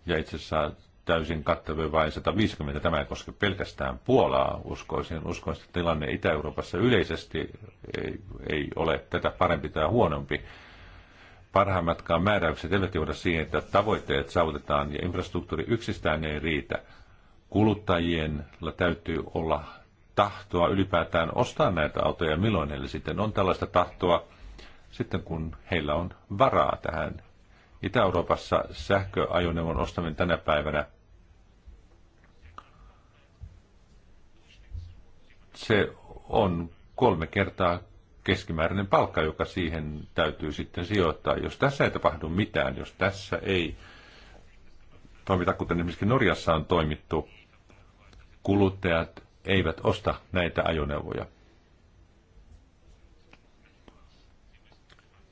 [SPEAKER 3] Ja itse asiassa täysin kattavia vain 150. Tämä ei koske pelkästään Puolaa, uskoisin. Uskoisin, että tilanne Itä-Euroopassa yleisesti ei, ei ole tätä parempi tai huonompi. Parhaimmatkaan määräykset eivät johda siihen, että tavoitteet saavutetaan ja infrastruktuuri yksistään ei riitä. Kuluttajien täytyy olla tahtoa ylipäätään ostaa näitä autoja, milloin heillä sitten on tällaista tahtoa, sitten kun heillä on varaa tähän Itä-Euroopassa sähköajoneuvon ostaminen tänä päivänä se on kolme kertaa keskimääräinen palkka, joka siihen täytyy sitten sijoittaa. Jos tässä ei tapahdu mitään, jos tässä ei toimita, kuten esimerkiksi Norjassa on toimittu, kuluttajat eivät osta näitä ajoneuvoja.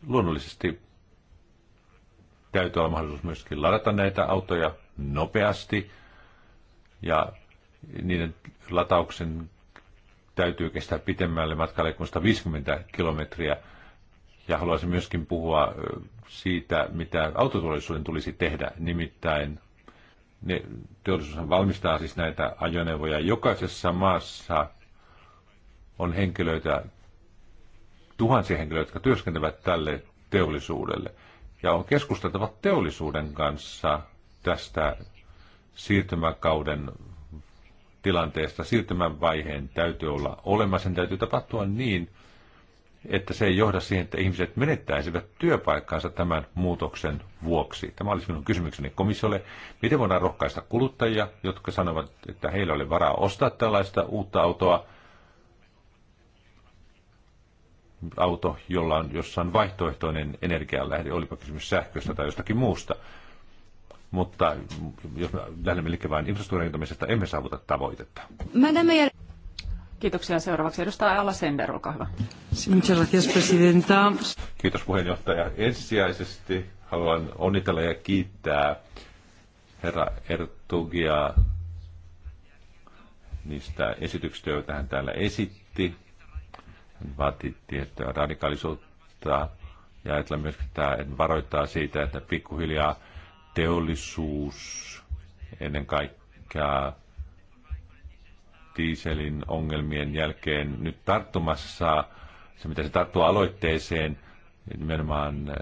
[SPEAKER 3] Luonnollisesti täytyy olla mahdollisuus myöskin ladata näitä autoja nopeasti ja niiden latauksen täytyy kestää pitemmälle matkalle kuin 150 kilometriä. Ja haluaisin myöskin puhua siitä, mitä autoturvallisuuden tulisi tehdä, nimittäin ne teollisuus valmistaa siis näitä ajoneuvoja. Jokaisessa maassa on henkilöitä, tuhansia henkilöitä, jotka työskentelevät tälle teollisuudelle. Ja on keskusteltava teollisuuden kanssa tästä siirtymäkauden tilanteesta. Siirtymän vaiheen täytyy olla olemassa, sen täytyy tapahtua niin, että se ei johda siihen, että ihmiset menettäisivät työpaikkaansa tämän muutoksen vuoksi. Tämä olisi minun kysymykseni komissiolle. Miten voidaan rohkaista kuluttajia, jotka sanovat, että heillä oli varaa ostaa tällaista uutta autoa, auto, jolla on jossain vaihtoehtoinen energianlähde, olipa kysymys sähköstä tai jostakin muusta mutta jos lähdemme liikkeelle vain infrastruktuurin emme saavuta tavoitetta.
[SPEAKER 1] Kiitoksia. Seuraavaksi edustaja Alla Sender, olkaa hyvä.
[SPEAKER 3] Kiitos puheenjohtaja. Ensisijaisesti haluan onnitella ja kiittää herra Ertugia niistä esityksistä, joita hän täällä esitti. Hän vaati tiettyä radikaalisuutta ja ajatella myös, että hän varoittaa siitä, että pikkuhiljaa teollisuus, ennen kaikkea dieselin ongelmien jälkeen nyt tarttumassa, se mitä se tarttuu aloitteeseen, nimenomaan äh,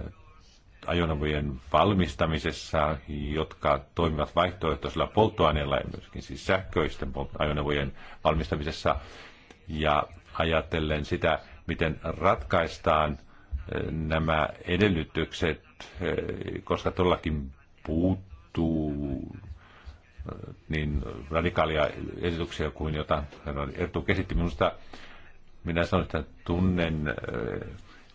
[SPEAKER 3] ajoneuvojen valmistamisessa, jotka toimivat vaihtoehtoisella polttoaineella ja myöskin siis sähköisten ajoneuvojen valmistamisessa. Ja ajatellen sitä, miten ratkaistaan äh, nämä edellytykset, äh, koska todellakin puuttuu niin radikaalia esityksiä kuin jota Ertu kesitti Minusta minä sanon, että tunnen,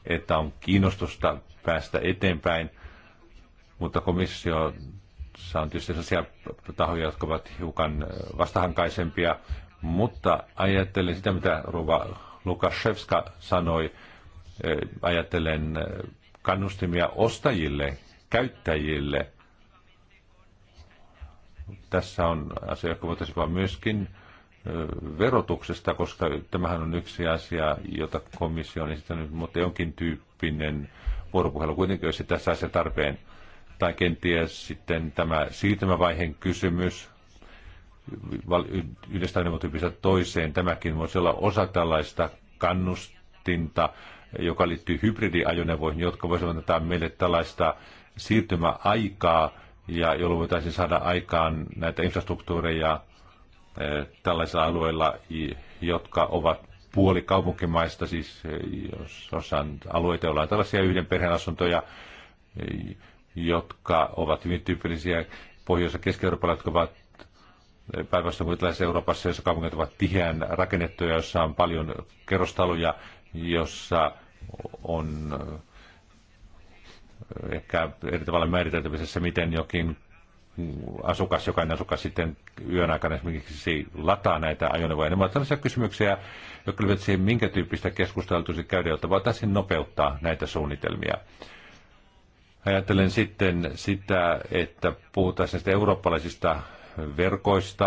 [SPEAKER 3] että on kiinnostusta päästä eteenpäin, mutta komissio on tietysti sellaisia tahoja, jotka ovat hiukan vastahankaisempia, mutta ajattelen sitä, mitä Ruva Lukashevska sanoi, ajattelen kannustimia ostajille, käyttäjille, tässä on asia, joka voitaisiin vaan myöskin verotuksesta, koska tämähän on yksi asia, jota komissio on esittänyt, mutta jonkin tyyppinen vuoropuhelu kuitenkin olisi tässä asia tarpeen. Tai kenties sitten tämä siirtymävaiheen kysymys yhdestä neuvotyypistä toiseen. Tämäkin voisi olla osa tällaista kannustinta, joka liittyy hybridiajoneuvoihin, jotka voisivat antaa meille tällaista siirtymäaikaa ja jolloin voitaisiin saada aikaan näitä infrastruktuureja eh, tällaisilla alueilla, jotka ovat puoli kaupunkimaista, siis eh, jos osan alueita, joilla on tällaisia yhden perheen asuntoja, eh, jotka ovat hyvin tyypillisiä Pohjois- ja Keski-Euroopalla, jotka ovat päinvastoin kuin tällaisessa Euroopassa, jossa kaupungit ovat tiheän rakennettuja, jossa on paljon kerrostaloja, jossa on ehkä eri tavalla määriteltävissä, miten jokin asukas, jokainen asukas sitten yön aikana esimerkiksi lataa näitä ajoneuvoja. Ne ovat tällaisia kysymyksiä, jotka liittyvät siihen, minkä tyyppistä keskustelua tulisi käydä, jotta voitaisiin nopeuttaa näitä suunnitelmia. Ajattelen sitten sitä, että puhutaan näistä eurooppalaisista verkoista.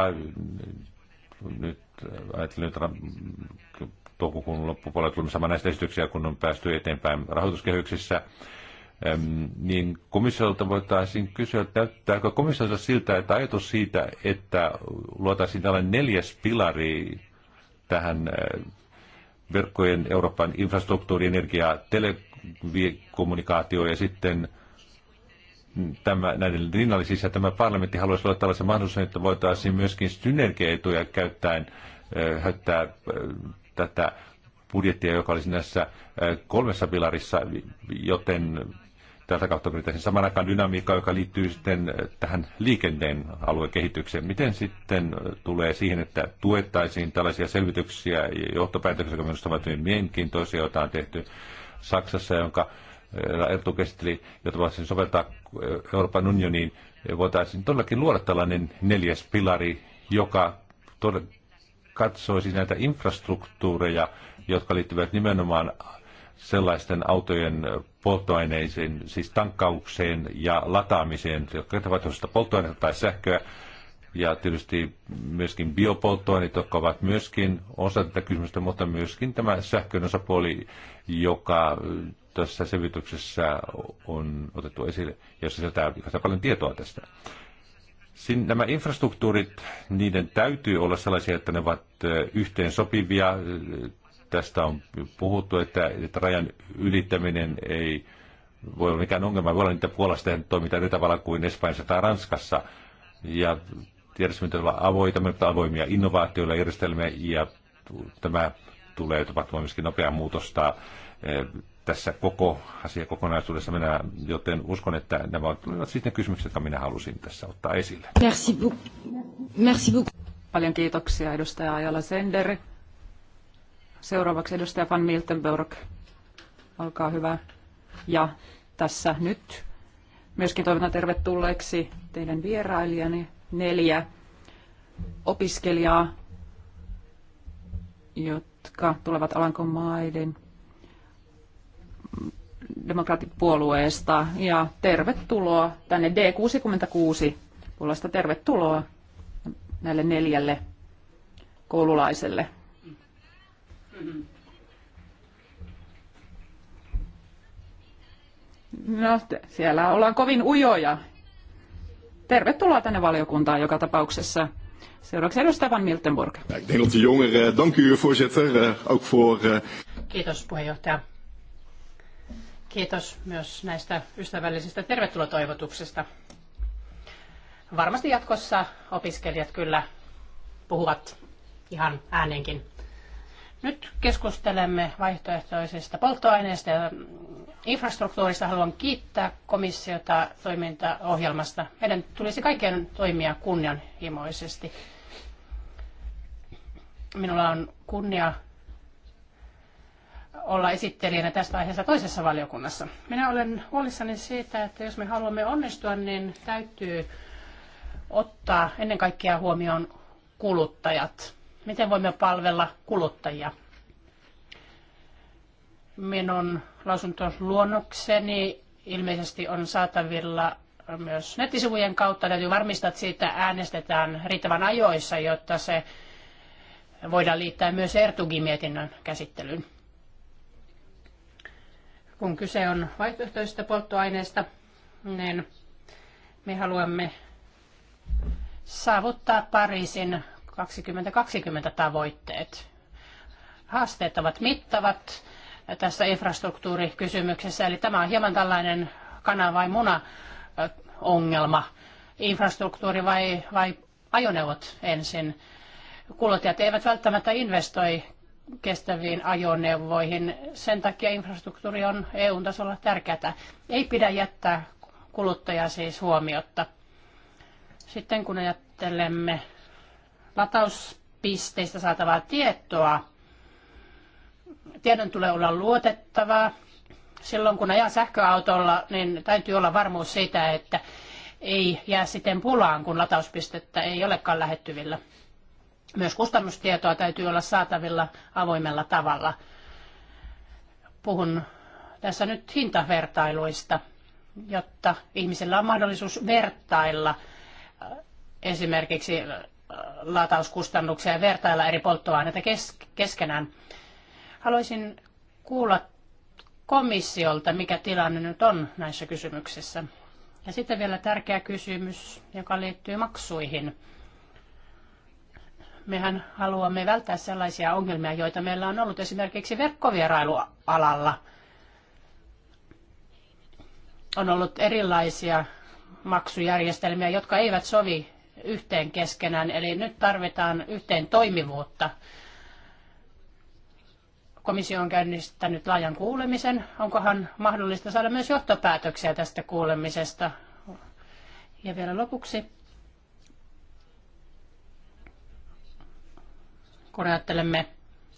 [SPEAKER 3] Nyt ajattelen että toukokuun loppupuolella tulemme saamaan näistä esityksiä, kun on päästy eteenpäin rahoituskehyksissä niin komissiolta voitaisiin kysyä, että näyttääkö komissiolta siltä, että ajatus siitä, että luotaisiin tällainen neljäs pilari tähän eh, verkkojen Euroopan infrastruktuuri, energia, telekommunikaatio ja sitten tämä, näiden rinnallisissa siis, tämä parlamentti haluaisi olla tällaisen mahdollisuuden, että voitaisiin myöskin synergiaetuja käyttäen höttää eh, eh, tätä budjettia, joka olisi näissä kolmessa pilarissa, joten Tätä kautta pyritään saman aikaan dynamiikkaa, joka liittyy sitten eh, tähän liikenteen aluekehitykseen. Miten sitten eh, tulee siihen, että tuettaisiin tällaisia selvityksiä ja johtopäätöksiä, jotka minusta ovat hyvin mielenkiintoisia, joita on tehty Saksassa, jonka eh, Ertu kesteli, jota voisin soveltaa Euroopan unioniin, voitaisiin todellakin luoda tällainen neljäs pilari, joka katsoisi näitä infrastruktuureja, jotka liittyvät nimenomaan sellaisten autojen polttoaineisiin, siis tankkaukseen ja lataamiseen, jotka ovat polttoaineita tai sähköä, ja tietysti myöskin biopolttoaineet, jotka ovat myöskin osa tätä kysymystä, mutta myöskin tämä sähkön osapuoli, joka tässä selvityksessä on otettu esille, ja sisältää paljon tietoa tästä. Siin nämä infrastruktuurit, niiden täytyy olla sellaisia, että ne ovat yhteensopivia Tästä on puhuttu, että, että rajan ylittäminen ei voi olla mikään ongelma. Voi olla niitä Puolasta toimitaan eri tavalla kuin Espanjassa tai Ranskassa. Ja järjestelmät olla avoita, mutta avoimia innovaatioilla ja järjestelmiä ja tämä tulee tapahtumaan myöskin nopea muutosta eh, tässä koko asiakokonaisuudessa minä, joten uskon, että nämä ovat sitten siis kysymykset, jotka minä halusin tässä ottaa esille.
[SPEAKER 1] Merci beaucoup. Merci beaucoup. Paljon kiitoksia edustaja Ajala Sender. Seuraavaksi edustaja Van Miltenburg. Olkaa hyvä. Ja tässä nyt myöskin toivotan tervetulleeksi teidän vierailijani neljä opiskelijaa, jotka tulevat Alankomaiden demokraattipuolueesta. Ja tervetuloa tänne D66 puolesta. Tervetuloa näille neljälle koululaiselle. Mm-hmm. No, siellä ollaan kovin ujoja. Tervetuloa tänne valiokuntaan joka tapauksessa. Seuraavaksi edustaja Van Miltenburg.
[SPEAKER 3] Eh, eh, eh,
[SPEAKER 2] Kiitos puheenjohtaja. Kiitos myös näistä ystävällisistä tervetulotoivotuksista. Varmasti jatkossa opiskelijat kyllä puhuvat ihan ääneenkin. Nyt keskustelemme vaihtoehtoisista polttoaineista ja infrastruktuurista. Haluan kiittää komissiota toimintaohjelmasta. Meidän tulisi kaikkien toimia kunnianhimoisesti. Minulla on kunnia olla esittelijänä tästä aiheesta toisessa valiokunnassa. Minä olen huolissani siitä, että jos me haluamme onnistua, niin täytyy ottaa ennen kaikkea huomioon kuluttajat miten voimme palvella kuluttajia. Minun lausuntoluonnokseni ilmeisesti on saatavilla myös nettisivujen kautta. Täytyy varmistaa, että siitä äänestetään riittävän ajoissa, jotta se voidaan liittää myös Ertugi-mietinnön käsittelyyn. Kun kyse on vaihtoehtoisista polttoaineista, niin me haluamme saavuttaa Pariisin 2020 tavoitteet. Haasteet ovat mittavat tässä infrastruktuurikysymyksessä, eli tämä on hieman tällainen kana vai muna ongelma. Infrastruktuuri vai, vai ajoneuvot ensin. Kuluttajat eivät välttämättä investoi kestäviin ajoneuvoihin. Sen takia infrastruktuuri on EU-tasolla tärkeää. Ei pidä jättää kuluttajaa siis huomiotta. Sitten kun ajattelemme latauspisteistä saatavaa tietoa. Tiedon tulee olla luotettavaa. Silloin kun ajaa sähköautolla, niin täytyy olla varmuus siitä, että ei jää siten pulaan, kun latauspistettä ei olekaan lähettyvillä. Myös kustannustietoa täytyy olla saatavilla avoimella tavalla. Puhun tässä nyt hintavertailuista, jotta ihmisellä on mahdollisuus vertailla esimerkiksi latauskustannuksia ja vertailla eri polttoaineita keskenään. Haluaisin kuulla komissiolta, mikä tilanne nyt on näissä kysymyksissä. Ja sitten vielä tärkeä kysymys, joka liittyy maksuihin. Mehän haluamme välttää sellaisia ongelmia, joita meillä on ollut esimerkiksi verkkovierailualalla. On ollut erilaisia maksujärjestelmiä, jotka eivät sovi yhteen keskenään, eli nyt tarvitaan yhteen toimivuutta. Komissio on käynnistänyt laajan kuulemisen. Onkohan mahdollista saada myös johtopäätöksiä tästä kuulemisesta? Ja vielä lopuksi, kun ajattelemme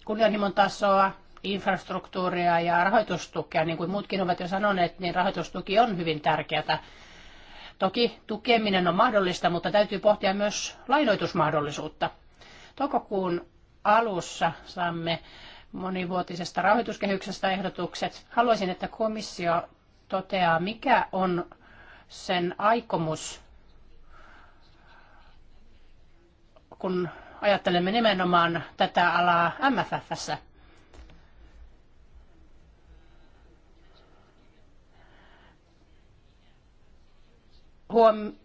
[SPEAKER 2] kunnianhimon tasoa, infrastruktuuria ja rahoitustukea, niin kuin muutkin ovat jo sanoneet, niin rahoitustuki on hyvin tärkeää Toki tukeminen on mahdollista, mutta täytyy pohtia myös lainoitusmahdollisuutta. Toukokuun alussa saamme monivuotisesta rahoituskehyksestä ehdotukset. Haluaisin, että komissio toteaa, mikä on sen aikomus, kun ajattelemme nimenomaan tätä alaa MFFssä.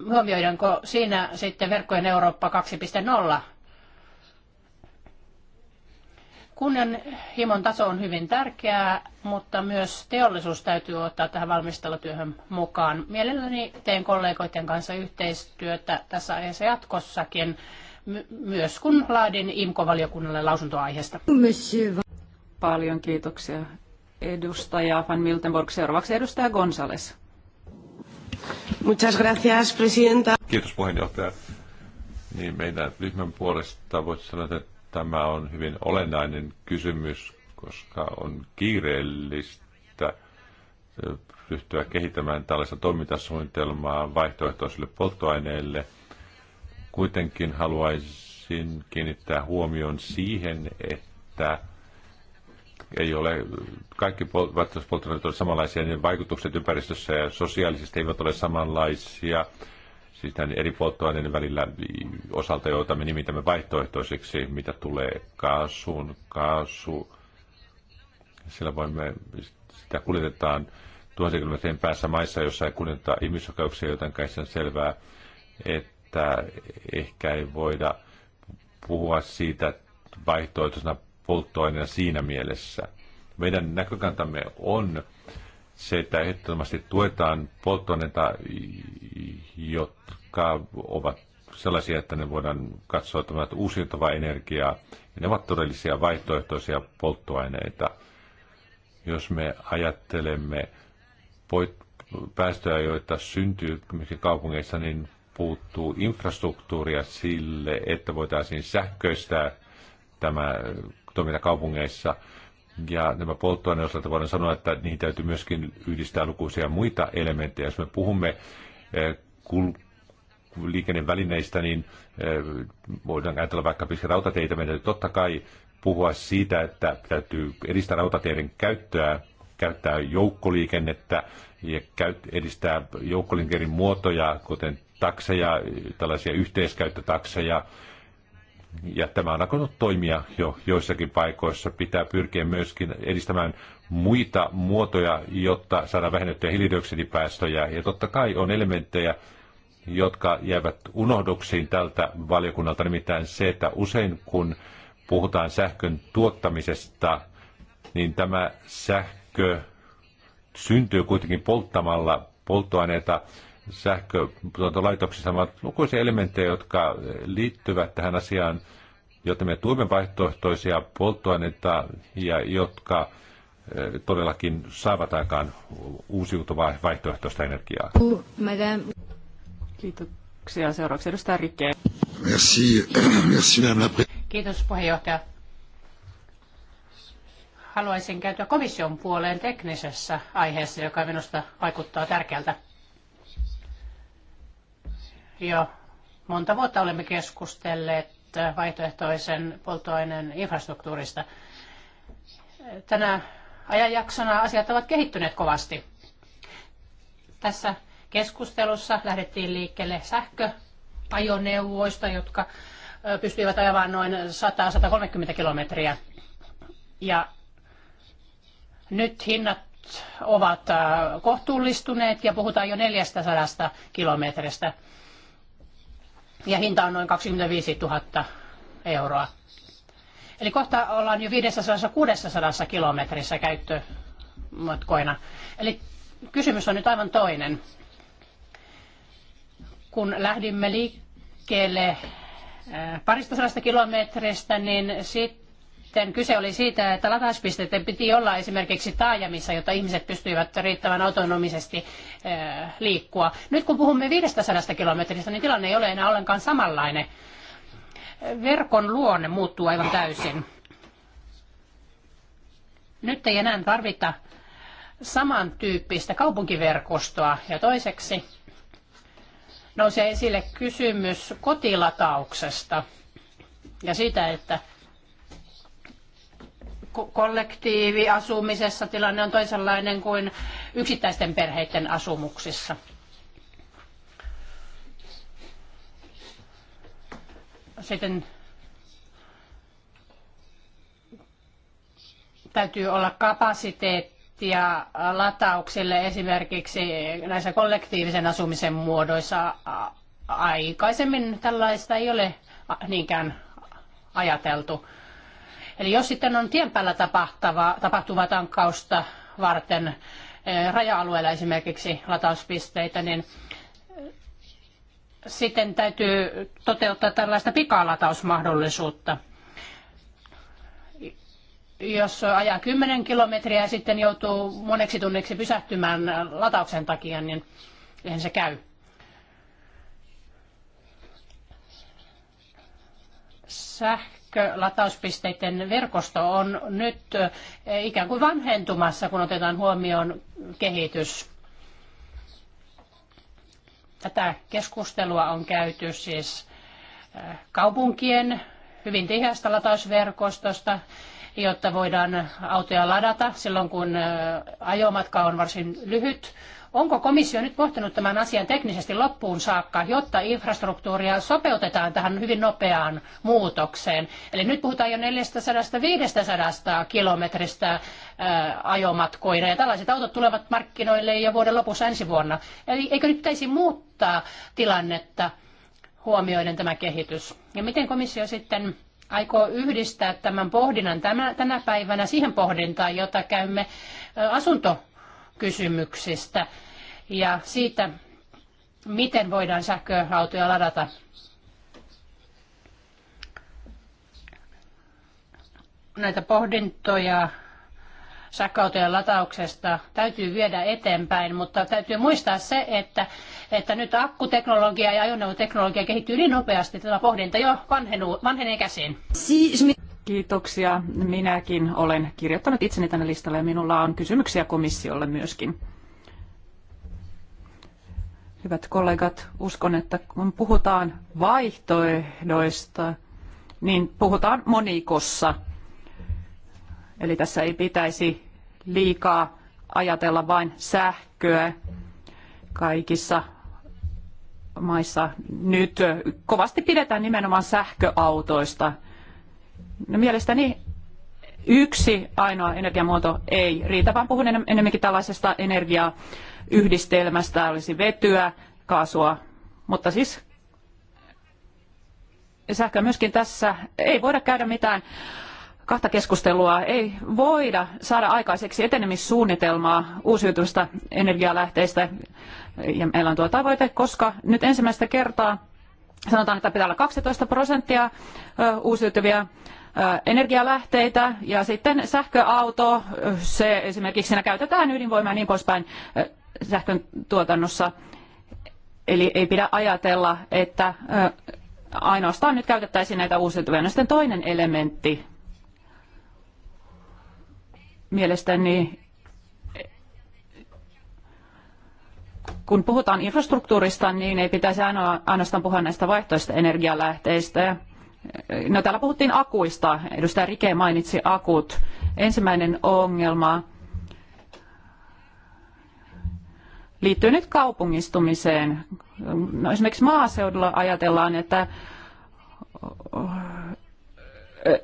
[SPEAKER 2] huomioidaanko siinä sitten verkkojen Eurooppa 2.0? Kunnianhimon taso on hyvin tärkeää, mutta myös teollisuus täytyy ottaa tähän valmistelutyöhön mukaan. Mielelläni teen kollegoiden kanssa yhteistyötä tässä ajassa jatkossakin, myös kun laadin IMKO-valiokunnalle lausuntoaiheesta.
[SPEAKER 1] Paljon kiitoksia
[SPEAKER 2] edustaja Van
[SPEAKER 1] Miltenborg. Seuraavaksi edustaja Gonzales. Muchas gracias, presidenta.
[SPEAKER 3] Kiitos puheenjohtaja. Niin meidän ryhmän puolesta voisi sanoa, että tämä on hyvin olennainen kysymys, koska on kiireellistä ryhtyä kehittämään tällaista toimintasuunnitelmaa vaihtoehtoisille polttoaineille. Kuitenkin haluaisin kiinnittää huomion siihen, että ei ole, kaikki polttoaineet ovat samanlaisia, niin vaikutukset ympäristössä ja sosiaalisesti eivät ole samanlaisia. Siis tämän eri polttoaineiden välillä osalta, joita me nimitämme vaihtoehtoisiksi, mitä tulee kaasuun, kaasu, sillä voimme, sitä kuljetetaan tuhansia kilometrin päässä maissa, jossa ei kuljeteta ihmisoikeuksia, joten kai sen selvää, että ehkä ei voida puhua siitä vaihtoehtoisena polttoaineena siinä mielessä. Meidän näkökantamme on se, että ehdottomasti tuetaan polttoaineita, jotka ovat sellaisia, että ne voidaan katsoa, että ovat uusiutuvaa energiaa, ja ne ovat todellisia vaihtoehtoisia polttoaineita. Jos me ajattelemme päästöjä, joita syntyy kaupungeissa, niin puuttuu infrastruktuuria sille, että voitaisiin sähköistää tämä kaupungeissa. Ja nämä polttoaineen osalta voidaan sanoa, että niihin täytyy myöskin yhdistää lukuisia muita elementtejä. Jos me puhumme eh, liikennevälineistä, niin eh, voidaan ajatella vaikka rautateitä. Meidän täytyy totta kai puhua siitä, että täytyy edistää rautateiden käyttöä, käyttää joukkoliikennettä ja edistää joukkoliikenteen muotoja, kuten takseja, tällaisia yhteiskäyttötakseja, ja tämä on alkanut toimia jo joissakin paikoissa. Pitää pyrkiä myöskin edistämään muita muotoja, jotta saadaan vähennettyä hiilidioksidipäästöjä. Ja totta kai on elementtejä, jotka jäävät unohduksiin tältä valiokunnalta, nimittäin se, että usein kun puhutaan sähkön tuottamisesta, niin tämä sähkö syntyy kuitenkin polttamalla polttoaineita, sähkötuotantolaitoksissa vaan lukuisia elementtejä, jotka liittyvät tähän asiaan, jotta me tuemme vaihtoehtoisia polttoaineita ja jotka eh, todellakin saavat aikaan uusiutuvaa vaihtoehtoista energiaa.
[SPEAKER 2] Oh, Kiitoksia. Seuraavaksi edustaja Rikke.
[SPEAKER 3] Merci, merci
[SPEAKER 2] Kiitos puheenjohtaja. Haluaisin käytyä komission puoleen teknisessä aiheessa, joka minusta vaikuttaa tärkeältä. Jo monta vuotta olemme keskustelleet vaihtoehtoisen polttoaineen infrastruktuurista. Tänä ajanjaksona asiat ovat kehittyneet kovasti. Tässä keskustelussa lähdettiin liikkeelle sähköajoneuvoista, jotka pystyivät ajamaan noin 100-130 kilometriä. Ja nyt hinnat ovat kohtuullistuneet ja puhutaan jo 400 kilometristä ja hinta on noin 25 000 euroa. Eli kohta ollaan jo 500-600 kilometrissä käyttömatkoina. Eli kysymys on nyt aivan toinen. Kun lähdimme liikkeelle äh, parista sadasta kilometristä, niin sitten sitten kyse oli siitä, että latauspisteiden piti olla esimerkiksi taajamissa, jotta ihmiset pystyivät riittävän autonomisesti eh, liikkua. Nyt kun puhumme 500 kilometristä, niin tilanne ei ole enää ollenkaan samanlainen. Verkon luonne muuttuu aivan täysin. Nyt ei enää tarvita samantyyppistä kaupunkiverkostoa. Ja toiseksi nousee esille kysymys kotilatauksesta ja siitä, että kollektiiviasumisessa tilanne on toisenlainen kuin yksittäisten perheiden asumuksissa. Sitten täytyy olla kapasiteettia latauksille esimerkiksi näissä kollektiivisen asumisen muodoissa. Aikaisemmin tällaista ei ole niinkään ajateltu. Eli jos sitten on tien päällä tapahtuvaa, tapahtuvaa tankkausta varten eh, raja-alueella esimerkiksi latauspisteitä, niin eh, sitten täytyy toteuttaa tällaista pikalatausmahdollisuutta. Jos ajaa 10 kilometriä ja sitten joutuu moneksi tunniksi pysähtymään latauksen takia, niin eihän se käy. Sähkö sähkölatauspisteiden verkosto on nyt eh, ikään kuin vanhentumassa, kun otetaan huomioon kehitys. Tätä keskustelua on käyty siis eh, kaupunkien hyvin tiheästä latausverkostosta, jotta voidaan autoja ladata silloin, kun eh, ajomatka on varsin lyhyt. Onko komissio nyt pohtinut tämän asian teknisesti loppuun saakka, jotta infrastruktuuria sopeutetaan tähän hyvin nopeaan muutokseen? Eli nyt puhutaan jo 400-500 kilometristä äh, ajomatkoina ja tällaiset autot tulevat markkinoille jo vuoden lopussa ensi vuonna. Eli eikö nyt pitäisi muuttaa tilannetta huomioiden tämä kehitys? Ja miten komissio sitten aikoo yhdistää tämän pohdinnan tänä päivänä siihen pohdintaan, jota käymme äh, asuntokysymyksistä ja siitä, miten voidaan sähköautoja ladata. Näitä pohdintoja sähköautojen latauksesta täytyy viedä eteenpäin, mutta täytyy muistaa se, että, että nyt akkuteknologia ja ajoneuvoteknologia kehittyy niin nopeasti, että tämä pohdinta jo vanhenuu, vanhenee käsiin.
[SPEAKER 1] Kiitoksia. Minäkin olen kirjoittanut itseni tänne listalle ja minulla on kysymyksiä komissiolle myöskin. Hyvät kollegat, uskon, että kun puhutaan vaihtoehdoista, niin puhutaan monikossa. Eli tässä ei pitäisi liikaa ajatella vain sähköä kaikissa maissa. Nyt kovasti pidetään nimenomaan sähköautoista. No, mielestäni yksi ainoa energiamuoto ei riitä, vaan puhun enemmänkin tällaisesta energiaa yhdistelmästä olisi vetyä, kaasua, mutta siis sähkö myöskin tässä ei voida käydä mitään kahta keskustelua. Ei voida saada aikaiseksi etenemissuunnitelmaa uusiutuvista energialähteistä. Ja meillä on tuo tavoite, koska nyt ensimmäistä kertaa sanotaan, että pitää olla 12 prosenttia uusiutuvia energialähteitä ja sitten sähköauto, se esimerkiksi siinä käytetään ydinvoimaa ja niin poispäin sähkön tuotannossa. Eli ei pidä ajatella, että ainoastaan nyt käytettäisiin näitä uusiutuvia. No sitten toinen elementti mielestäni, kun puhutaan infrastruktuurista, niin ei pitäisi ainoastaan puhua näistä vaihtoista energialähteistä. No täällä puhuttiin akuista. Edustaja Rike mainitsi akut. Ensimmäinen ongelma liittyy nyt kaupungistumiseen. No, esimerkiksi maaseudulla ajatellaan, että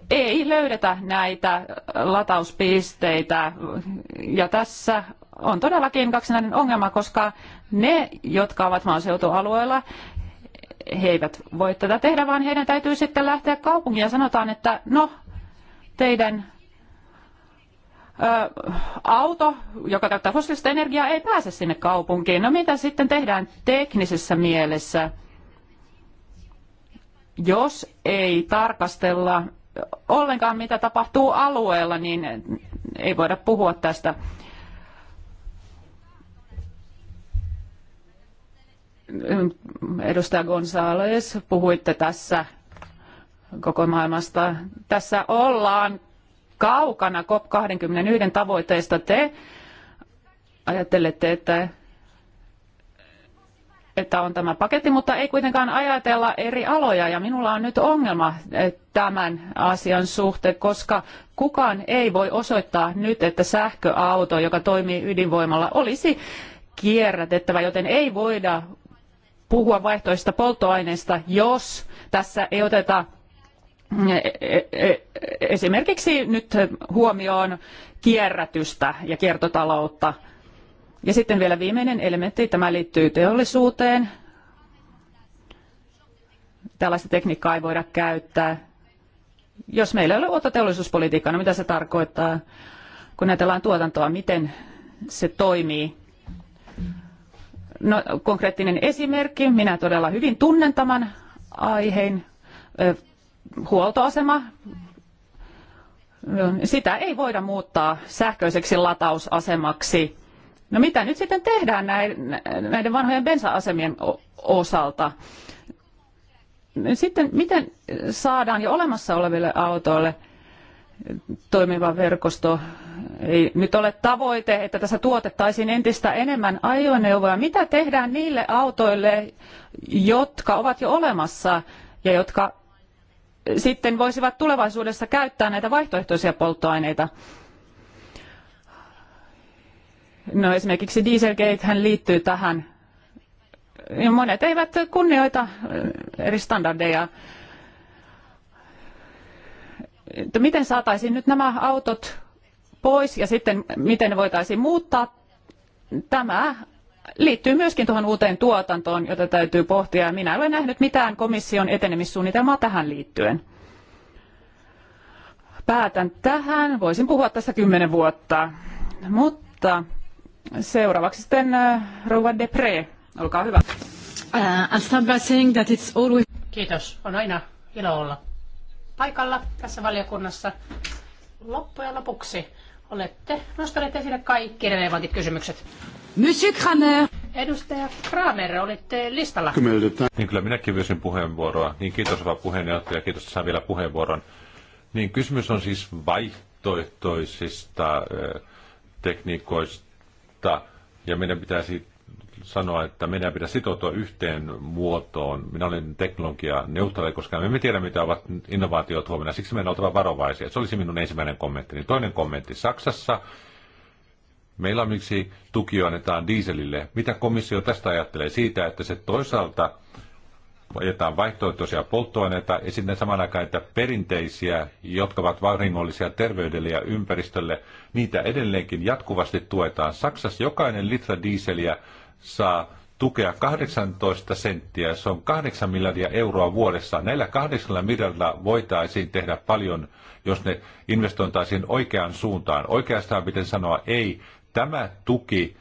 [SPEAKER 1] ei löydetä näitä latauspisteitä. Ja tässä on todellakin kaksinainen ongelma, koska ne, jotka ovat maaseutualueella, he eivät voi tätä tehdä, vaan heidän täytyy sitten lähteä kaupunkiin ja sanotaan, että no, teidän auto, joka käyttää fossiilista energiaa, ei pääse sinne kaupunkiin. No mitä sitten tehdään teknisessä mielessä, jos ei tarkastella ollenkaan mitä tapahtuu alueella, niin ei voida puhua tästä. Edustaja Gonzales, puhuitte tässä koko maailmasta. Tässä ollaan kaukana COP21 tavoitteista Te ajattelette, että että on tämä paketti, mutta ei kuitenkaan ajatella eri aloja. Ja minulla on nyt ongelma eh, tämän asian suhteen, koska kukaan ei voi osoittaa nyt, että sähköauto, joka toimii ydinvoimalla, olisi kierrätettävä, joten ei voida puhua vaihtoista polttoaineista, jos tässä ei oteta E, e, e, esimerkiksi nyt huomioon kierrätystä ja kiertotaloutta. Ja sitten vielä viimeinen elementti, tämä liittyy teollisuuteen. Tällaista tekniikkaa ei voida käyttää. Jos meillä ei ole uutta teollisuuspolitiikkaa, no mitä se tarkoittaa, kun ajatellaan tuotantoa, miten se toimii? No, konkreettinen esimerkki, minä todella hyvin tunnen tämän aiheen huoltoasema, no, sitä ei voida muuttaa sähköiseksi latausasemaksi. No mitä nyt sitten tehdään näiden vanhojen bensa-asemien osalta? Sitten miten saadaan jo olemassa oleville autoille toimiva verkosto? Ei nyt ole tavoite, että tässä tuotettaisiin entistä enemmän ajoneuvoja. Mitä tehdään niille autoille, jotka ovat jo olemassa ja jotka sitten voisivat tulevaisuudessa käyttää näitä vaihtoehtoisia polttoaineita. No esimerkiksi Dieselgate hän liittyy tähän. Monet eivät kunnioita äh, eri standardeja. Miten saataisiin nyt nämä autot pois ja sitten miten ne voitaisiin muuttaa? Tämä liittyy myöskin tuohon uuteen tuotantoon, jota täytyy pohtia. Minä en ole nähnyt mitään komission etenemissuunnitelmaa tähän liittyen. Päätän tähän. Voisin puhua tässä kymmenen vuotta. Mutta seuraavaksi sitten äh, Rouva Depre. Olkaa hyvä. Uh,
[SPEAKER 2] Kiitos. On aina ilo olla paikalla tässä valiokunnassa. Loppujen lopuksi olette nostaneet esille kaikki relevantit kysymykset. Monsieur Kramer. Edustaja Kramer, olitte listalla.
[SPEAKER 3] Niin kyllä minäkin pyysin puheenvuoroa. Niin kiitos vaan puheenjohtaja, kiitos, että saa vielä puheenvuoron. Niin kysymys on siis vaihtoehtoisista tekniikoista, ja meidän pitäisi sanoa, että meidän pitää sitoutua yhteen muotoon. Minä olen teknologia neutraali, koska me emme tiedä, mitä ovat innovaatiot huomenna. Siksi meidän on oltava varovaisia. Se olisi minun ensimmäinen kommentti. Toinen kommentti Saksassa Meillä on miksi tuki annetaan dieselille. Mitä komissio tästä ajattelee siitä, että se toisaalta ajetaan vaihtoehtoisia polttoaineita ja sitten samaan aikaan, että perinteisiä, jotka ovat vahingollisia terveydelle ja ympäristölle, niitä edelleenkin jatkuvasti tuetaan. Saksassa jokainen litra dieseliä saa tukea 18 senttiä, se on 8 miljardia euroa vuodessa. Näillä 8 miljardilla voitaisiin tehdä paljon, jos ne investointaisiin oikeaan suuntaan. Oikeastaan pitäisi sanoa ei tämä tuki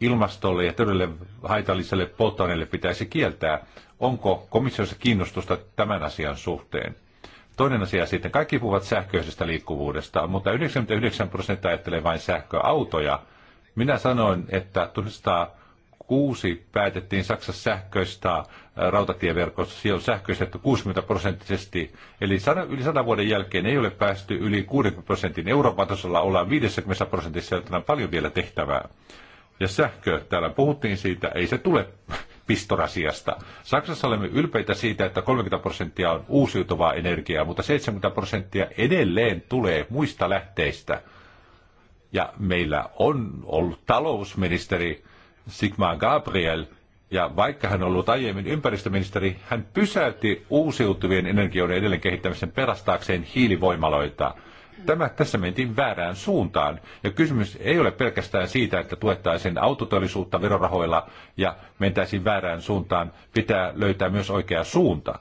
[SPEAKER 3] ilmastolle ja todelle haitalliselle polttoaineelle pitäisi kieltää. Onko komissiossa kiinnostusta tämän asian suhteen? Toinen asia sitten, kaikki puhuvat sähköisestä liikkuvuudesta, mutta 99 prosenttia ajattelee vain sähköautoja. Minä sanoin, että tunnistaa 2006 päätettiin Saksassa sähköistää äh, rautatieverkosto. Siellä on sähköistetty 60 prosenttisesti. Eli yli 100 vuoden jälkeen ei ole päästy yli 60 prosentin. Euroopan tasolla ollaan 50 prosentissa, joten on paljon vielä tehtävää. Ja sähkö, täällä puhuttiin siitä, ei se tule pistorasiasta. Saksassa olemme ylpeitä siitä, että 30 prosenttia on uusiutuvaa energiaa, mutta 70 prosenttia edelleen tulee muista lähteistä. Ja meillä on ollut talousministeri, Sigma Gabriel, ja vaikka hän on ollut aiemmin ympäristöministeri, hän pysäytti uusiutuvien energioiden edelleen kehittämisen perastaakseen hiilivoimaloita. Tämä, tässä mentiin väärään suuntaan. Ja kysymys ei ole pelkästään siitä, että tuettaisiin autotollisuutta verorahoilla ja mentäisiin väärään suuntaan. Pitää löytää myös oikea suunta.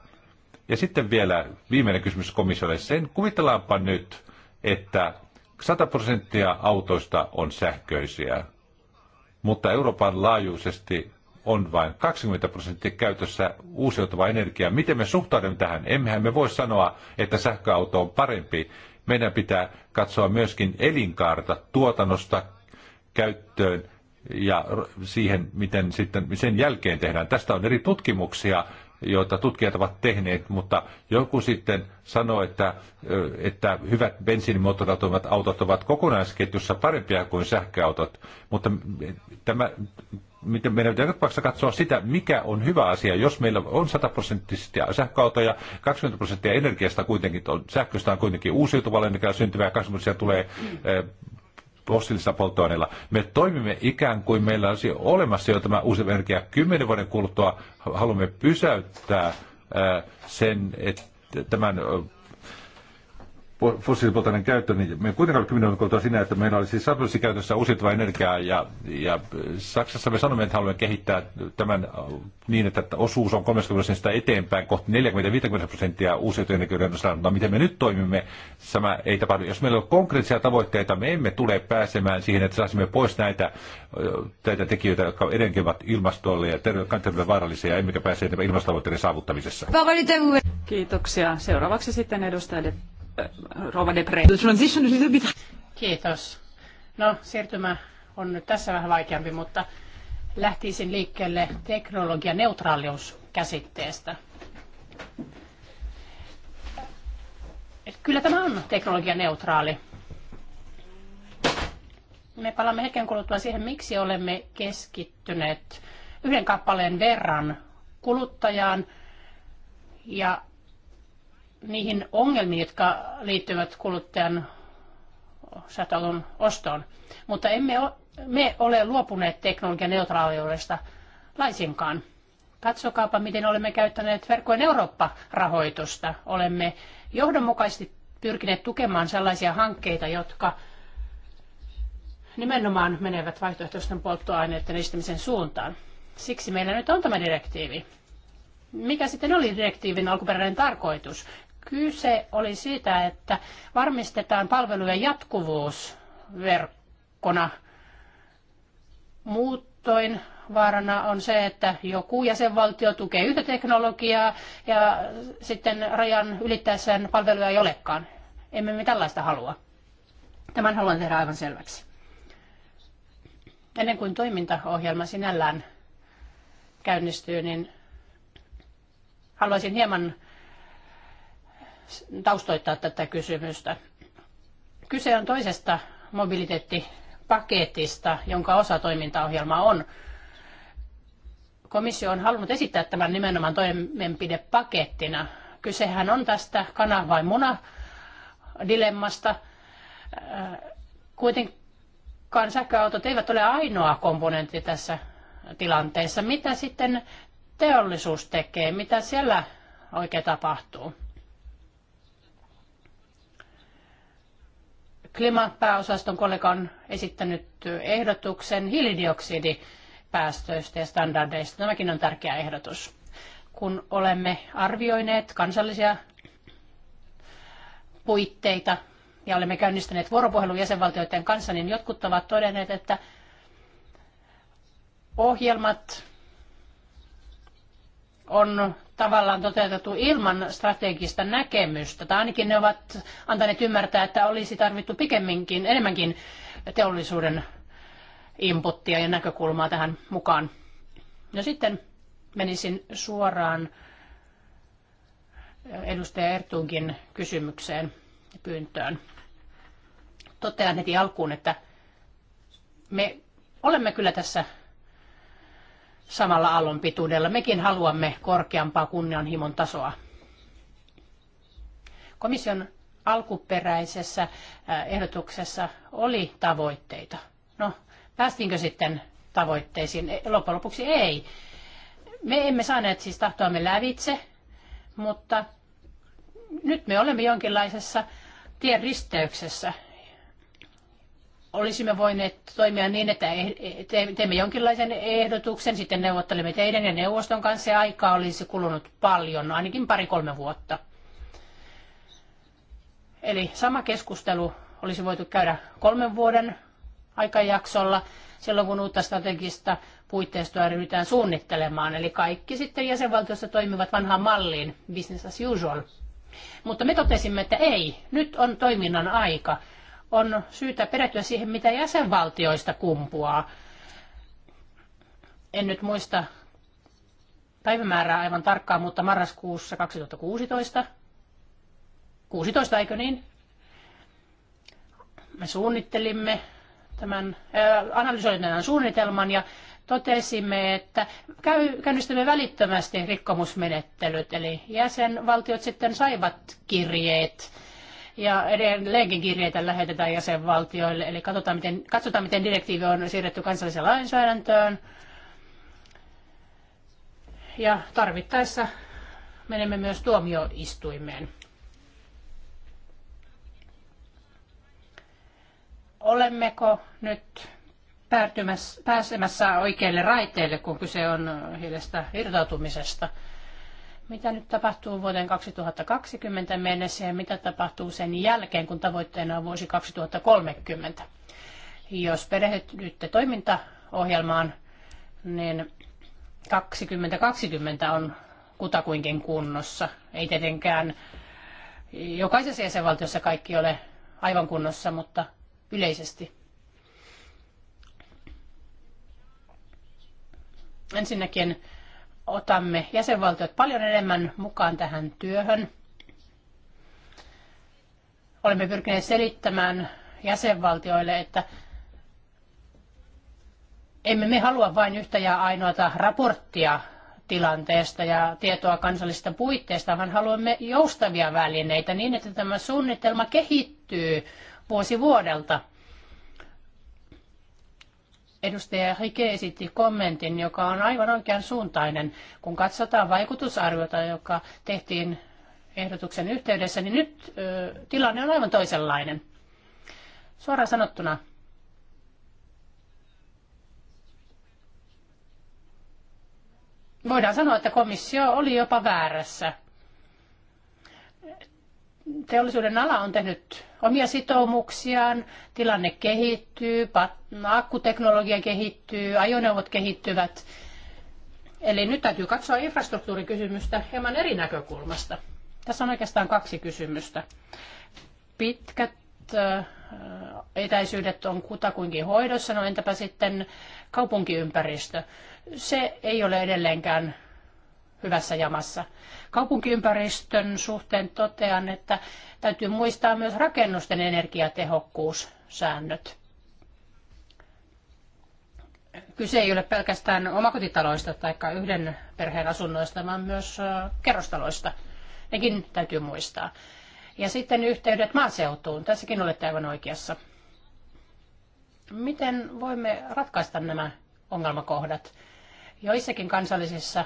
[SPEAKER 3] Ja sitten vielä viimeinen kysymys komissiolle. Sen kuvitellaanpa nyt, että 100 prosenttia autoista on sähköisiä mutta Euroopan laajuisesti on vain 20 prosenttia käytössä uusiutuvaa energiaa. Miten me suhtaudumme tähän? Emmehän me voi sanoa, että sähköauto on parempi. Meidän pitää katsoa myöskin elinkaarta tuotannosta käyttöön ja siihen, miten sitten sen jälkeen tehdään. Tästä on eri tutkimuksia joita tutkijat ovat tehneet, mutta joku sitten sanoi, että, että hyvät bensiinimoottorautoimat autot ovat kokonaisketjussa parempia kuin sähköautot, mutta tämä miten meidän pitää katsoa sitä, mikä on hyvä asia. Jos meillä on 100 prosenttisesti sähköautoja, 20 prosenttia energiasta kuitenkin on, sähköstä on kuitenkin uusiutuvalla energialla syntyvää, 20 tulee fossiilisilla polttoaineilla. Me toimimme ikään kuin meillä olisi olemassa jo tämä uusi energia. Kymmenen vuoden kuluttua haluamme pysäyttää sen, että tämän fossiilipolttoaineen käyttö, niin me kuitenkaan ole kymmenen vuotta siinä, että meillä olisi satoisi käytössä uusiutuvaa energiaa ja, ja äh, Saksassa me sanomme, että haluamme kehittää tämän äh, niin, että osuus on 30 prosenttia eteenpäin kohti 40-50 prosenttia uusiutuvien energioiden osalta, mutta no, miten me nyt toimimme, sama ei tapahdu. Jos meillä on konkreettisia tavoitteita, me emme tule pääsemään siihen, että saisimme pois näitä, näitä äh, tekijöitä, jotka edelleenkin ovat ilmastolle ja terveydelle vaarallisia, emmekä pääse ilmastotavoitteiden saavuttamisessa.
[SPEAKER 1] Kiitoksia. Seuraavaksi sitten edustajille. Äh, Rova de Pre. The transition is a little bit...
[SPEAKER 2] Kiitos. No, siirtymä on nyt tässä vähän vaikeampi, mutta lähtisin liikkeelle teknologianeutraaliuskäsitteestä. neutraaliuskäsitteestä. Kyllä tämä on teknologianeutraali. Me palaamme hetken kuluttua siihen, miksi olemme keskittyneet yhden kappaleen verran kuluttajaan ja niihin ongelmiin, jotka liittyvät kuluttajan sähköauton ostoon. Mutta emme ole, me ole luopuneet teknologian neutraaliudesta laisinkaan. Katsokaapa, miten olemme käyttäneet verkkojen Eurooppa-rahoitusta. Olemme johdonmukaisesti pyrkineet tukemaan sellaisia hankkeita, jotka nimenomaan menevät vaihtoehtoisten polttoaineiden edistämisen suuntaan. Siksi meillä nyt on tämä direktiivi. Mikä sitten oli direktiivin alkuperäinen tarkoitus? Kyse oli siitä, että varmistetaan palvelujen jatkuvuus verkkona. Muuttoin vaarana on se, että joku jäsenvaltio tukee yhtä teknologiaa ja sitten rajan ylittäessään palveluja ei olekaan. Emme me tällaista halua. Tämän haluan tehdä aivan selväksi. Ennen kuin toimintaohjelma sinällään käynnistyy, niin haluaisin hieman taustoittaa tätä kysymystä. Kyse on toisesta mobiliteettipaketista, jonka osa toimintaohjelma on. Komissio on halunnut esittää tämän nimenomaan toimenpidepakettina. Kysehän on tästä kana vai muna dilemmasta. Äh, kuitenkaan sähköautot eivät ole ainoa komponentti tässä tilanteessa. Mitä sitten teollisuus tekee? Mitä siellä oikein tapahtuu? Klimapääosaston kollega on esittänyt ehdotuksen hiilidioksidipäästöistä ja standardeista. Tämäkin on tärkeä ehdotus. Kun olemme arvioineet kansallisia puitteita ja olemme käynnistäneet vuoropuhelun jäsenvaltioiden kanssa, niin jotkut ovat todenneet, että ohjelmat on tavallaan toteutettu ilman strategista näkemystä, tai ainakin ne ovat antaneet ymmärtää, että olisi tarvittu pikemminkin, enemmänkin teollisuuden inputtia ja näkökulmaa tähän mukaan. No sitten menisin suoraan edustaja ertuunkin kysymykseen ja pyyntöön. Totean heti alkuun, että me olemme kyllä tässä samalla aallonpituudella. Mekin haluamme korkeampaa kunnianhimon tasoa. Komission alkuperäisessä äh, ehdotuksessa oli tavoitteita. No, päästinkö sitten tavoitteisiin? E, loppujen lopuksi ei. Me emme saaneet siis tahtoamme lävitse, mutta nyt me olemme jonkinlaisessa tien risteyksessä olisimme voineet toimia niin, että eh, eh, teemme jonkinlaisen ehdotuksen, sitten neuvottelimme teidän ja neuvoston kanssa ja aikaa olisi kulunut paljon, ainakin pari-kolme vuotta. Eli sama keskustelu olisi voitu käydä kolmen vuoden aikajaksolla silloin, kun uutta strategista puitteistoa ryhdytään suunnittelemaan. Eli kaikki sitten jäsenvaltiossa toimivat vanhaan malliin, business as usual. Mutta me totesimme, että ei, nyt on toiminnan aika on syytä perehtyä siihen, mitä jäsenvaltioista kumpuaa. En nyt muista päivämäärää aivan tarkkaan, mutta marraskuussa 2016. 16, eikö niin? Me suunnittelimme tämän, äh, analysoimme tämän suunnitelman ja totesimme, että käy, käynnistämme välittömästi rikkomusmenettelyt, eli jäsenvaltiot sitten saivat kirjeet ja edelleenkin kirjeitä lähetetään jäsenvaltioille. Eli katsotaan miten, katsotaan, miten direktiivi on siirretty kansalliseen lainsäädäntöön. Ja tarvittaessa menemme myös tuomioistuimeen. Olemmeko nyt pääsemässä oikeille raiteille, kun kyse on hiilestä irtautumisesta? mitä nyt tapahtuu vuoden 2020 mennessä ja mitä tapahtuu sen jälkeen, kun tavoitteena on vuosi 2030. Jos perehdytte toimintaohjelmaan, niin 2020 on kutakuinkin kunnossa. Ei tietenkään jokaisessa jäsenvaltiossa kaikki ole aivan kunnossa, mutta yleisesti. Ensinnäkin otamme jäsenvaltiot paljon enemmän mukaan tähän työhön. Olemme pyrkineet selittämään jäsenvaltioille, että emme me halua vain yhtä ja ainoata raporttia tilanteesta ja tietoa kansallisista puitteista, vaan haluamme joustavia välineitä niin, että tämä suunnitelma kehittyy vuosi vuodelta – Edustaja Rike esitti kommentin, joka on aivan oikean suuntainen. Kun katsotaan vaikutusarviota, joka tehtiin ehdotuksen yhteydessä, niin nyt ö, tilanne on aivan toisenlainen. Suoraan sanottuna, voidaan sanoa, että komissio oli jopa väärässä teollisuuden ala on tehnyt omia sitoumuksiaan, tilanne kehittyy, akkuteknologia kehittyy, ajoneuvot kehittyvät. Eli nyt täytyy katsoa infrastruktuurikysymystä hieman eri näkökulmasta. Tässä on oikeastaan kaksi kysymystä. Pitkät etäisyydet on kutakuinkin hoidossa, no entäpä sitten kaupunkiympäristö? Se ei ole edelleenkään hyvässä jamassa kaupunkiympäristön suhteen totean, että täytyy muistaa myös rakennusten energiatehokkuussäännöt. Kyse ei ole pelkästään omakotitaloista tai yhden perheen asunnoista, vaan myös kerrostaloista. Nekin täytyy muistaa. Ja sitten yhteydet maaseutuun. Tässäkin olette aivan oikeassa. Miten voimme ratkaista nämä ongelmakohdat? Joissakin kansallisissa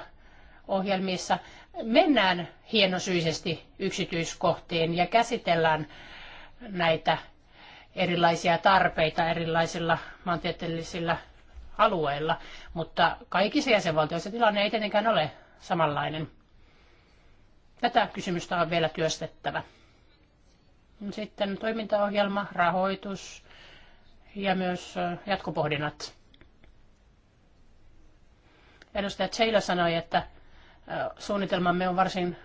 [SPEAKER 2] ohjelmissa mennään hienosyisesti yksityiskohtiin ja käsitellään näitä erilaisia tarpeita erilaisilla maantieteellisillä alueilla, mutta kaikissa jäsenvaltioissa tilanne ei tietenkään ole samanlainen. Tätä kysymystä on vielä työstettävä. Sitten toimintaohjelma, rahoitus ja myös jatkopohdinnat. Edustaja Cheila sanoi, että suunnitelmamme on varsin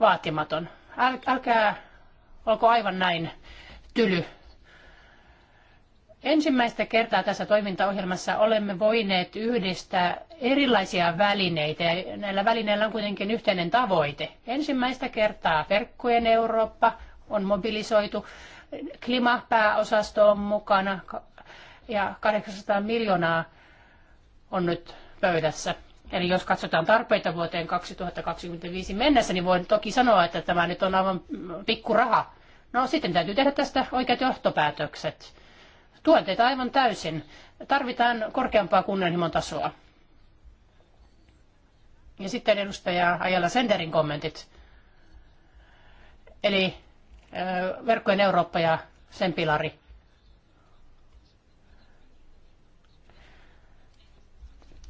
[SPEAKER 2] vaatimaton. Älkää olko aivan näin tyly. Ensimmäistä kertaa tässä toimintaohjelmassa olemme voineet yhdistää erilaisia välineitä näillä välineillä on kuitenkin yhteinen tavoite. Ensimmäistä kertaa verkkojen Eurooppa on mobilisoitu, Klimapääosasto on mukana ja 800 miljoonaa on nyt pöydässä. Eli jos katsotaan tarpeita vuoteen 2025 mennessä, niin voin toki sanoa, että tämä nyt on aivan pikkuraha. No sitten täytyy tehdä tästä oikeat johtopäätökset. Tuen teitä aivan täysin. Tarvitaan korkeampaa kunnianhimon tasoa. Ja sitten edustaja Ajalla Senderin kommentit. Eli verkkojen Eurooppa ja sen pilari.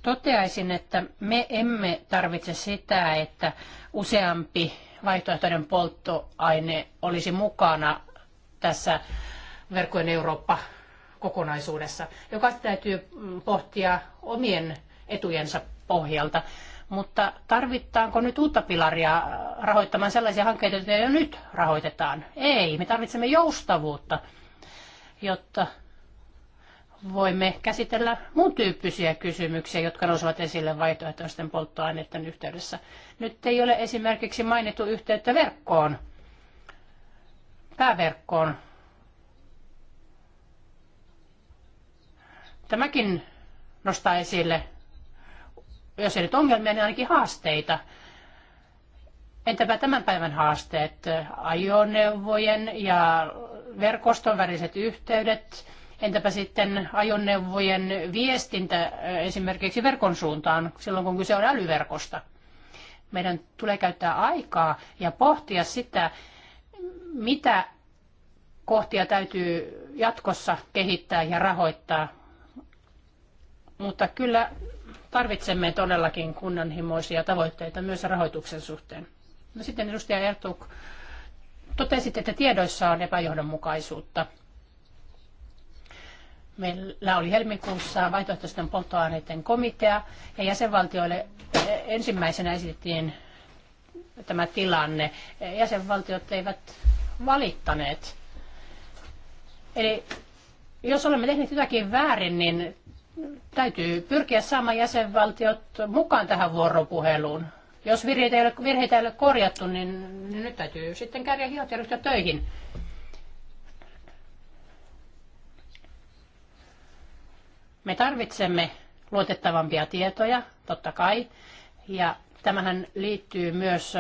[SPEAKER 2] Toteaisin, että me emme tarvitse sitä, että useampi vaihtoehtoinen polttoaine olisi mukana tässä verkkojen Eurooppa-kokonaisuudessa. Joka täytyy pohtia omien etujensa pohjalta. Mutta tarvittaanko nyt uutta pilaria rahoittamaan sellaisia hankkeita, joita jo nyt rahoitetaan? Ei, me tarvitsemme joustavuutta, jotta voimme käsitellä muun tyyppisiä kysymyksiä, jotka nousevat esille vaihtoehtoisten polttoaineiden yhteydessä. Nyt ei ole esimerkiksi mainittu yhteyttä verkkoon, pääverkkoon. Tämäkin nostaa esille, jos ei nyt ongelmia, niin ainakin haasteita. Entäpä tämän päivän haasteet, ajoneuvojen ja verkoston väliset yhteydet, Entäpä sitten ajoneuvojen viestintä äh, esimerkiksi verkon suuntaan silloin, kun kyse on älyverkosta? Meidän tulee käyttää aikaa ja pohtia sitä, mitä kohtia täytyy jatkossa kehittää ja rahoittaa. Mutta kyllä tarvitsemme todellakin kunnanhimoisia tavoitteita myös rahoituksen suhteen. No sitten edustaja Ertuk, totesit, että tiedoissa on epäjohdonmukaisuutta. Meillä oli helmikuussa vaihtoehtoisten polttoaineiden komitea ja jäsenvaltioille eh, ensimmäisenä esitettiin tämä tilanne. Jäsenvaltiot eivät valittaneet. Eli jos olemme tehneet jotakin väärin, niin täytyy pyrkiä saamaan jäsenvaltiot mukaan tähän vuoropuheluun. Jos virheitä ei ole, virheitä ei ole korjattu, niin nyt täytyy sitten käydä hiot ja ryhtyä töihin. Me tarvitsemme luotettavampia tietoja, totta kai, ja tämähän liittyy myös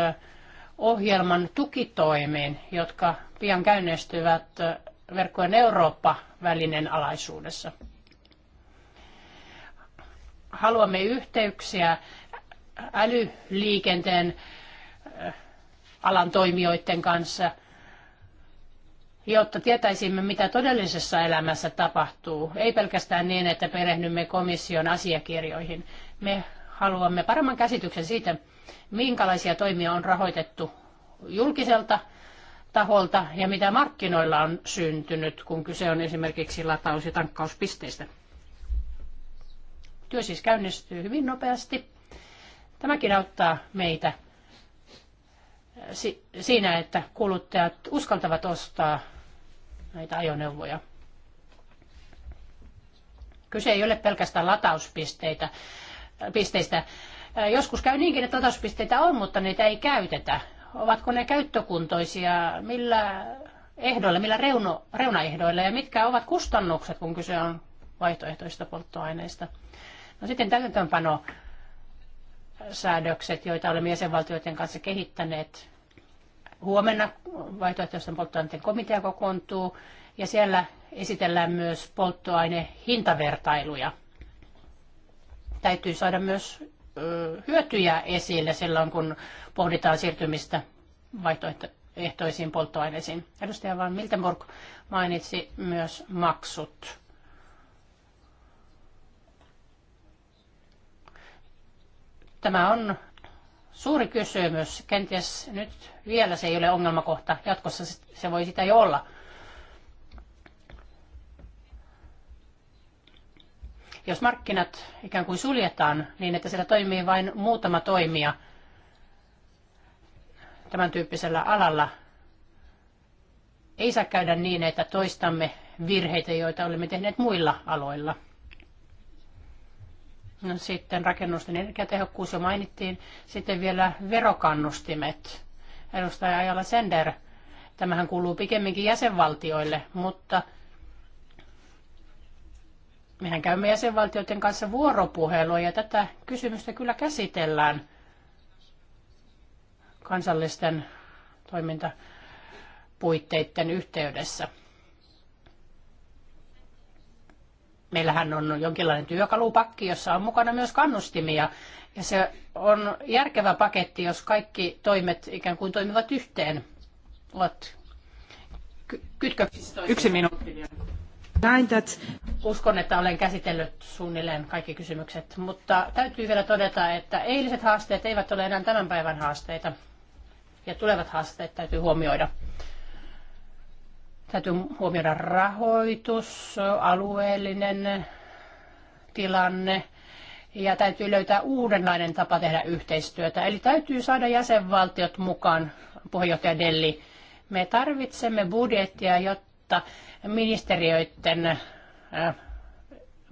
[SPEAKER 2] ohjelman tukitoimiin, jotka pian käynnistyvät verkkojen Eurooppa-välinen alaisuudessa. Haluamme yhteyksiä älyliikenteen alan toimijoiden kanssa – jotta tietäisimme, mitä todellisessa elämässä tapahtuu. Ei pelkästään niin, että perehdymme komission asiakirjoihin. Me haluamme paremman käsityksen siitä, minkälaisia toimia on rahoitettu julkiselta taholta ja mitä markkinoilla on syntynyt, kun kyse on esimerkiksi lataus- ja tankkauspisteistä. Työ siis käynnistyy hyvin nopeasti. Tämäkin auttaa meitä siinä, että kuluttajat uskaltavat ostaa näitä ajoneuvoja. Kyse ei ole pelkästään latauspisteitä, pisteistä. Joskus käy niinkin, että latauspisteitä on, mutta niitä ei käytetä. Ovatko ne käyttökuntoisia? Millä ehdoilla, millä reuno, reunaehdoilla ja mitkä ovat kustannukset, kun kyse on vaihtoehtoisista polttoaineista? No sitten täytäntöönpano säädökset, joita olemme jäsenvaltioiden kanssa kehittäneet. Huomenna vaihtoehtoisten polttoaineiden komitea kokoontuu ja siellä esitellään myös polttoainehintavertailuja. Täytyy saada myös hyötyjä esille silloin, kun pohditaan siirtymistä vaihtoehtoisiin polttoaineisiin. Edustaja Van Miltenburg mainitsi myös maksut. Tämä on suuri kysymys. Kenties nyt vielä se ei ole ongelmakohta. Jatkossa se voi sitä jo olla. Jos markkinat ikään kuin suljetaan niin, että siellä toimii vain muutama toimija tämän tyyppisellä alalla, ei saa käydä niin, että toistamme virheitä, joita olemme tehneet muilla aloilla. No sitten rakennusten energiatehokkuus jo mainittiin. Sitten vielä verokannustimet. Edustaja Ajala Sender, tämähän kuuluu pikemminkin jäsenvaltioille, mutta mehän käymme jäsenvaltioiden kanssa vuoropuhelua ja tätä kysymystä kyllä käsitellään kansallisten toimintapuitteiden yhteydessä. Meillähän on jonkinlainen työkalupakki, jossa on mukana myös kannustimia. Ja se on järkevä paketti, jos kaikki toimet ikään kuin toimivat yhteen. Ovat kytköksissä Yksi minuutti näin. Uskon, että olen käsitellyt suunnilleen kaikki kysymykset, mutta täytyy vielä todeta, että eiliset haasteet eivät ole enää tämän päivän haasteita ja tulevat haasteet täytyy huomioida. Täytyy huomioida rahoitus, alueellinen tilanne ja täytyy löytää uudenlainen tapa tehdä yhteistyötä. Eli täytyy saada jäsenvaltiot mukaan, puheenjohtaja Delli. Me tarvitsemme budjettia, jotta ministeriöiden äh,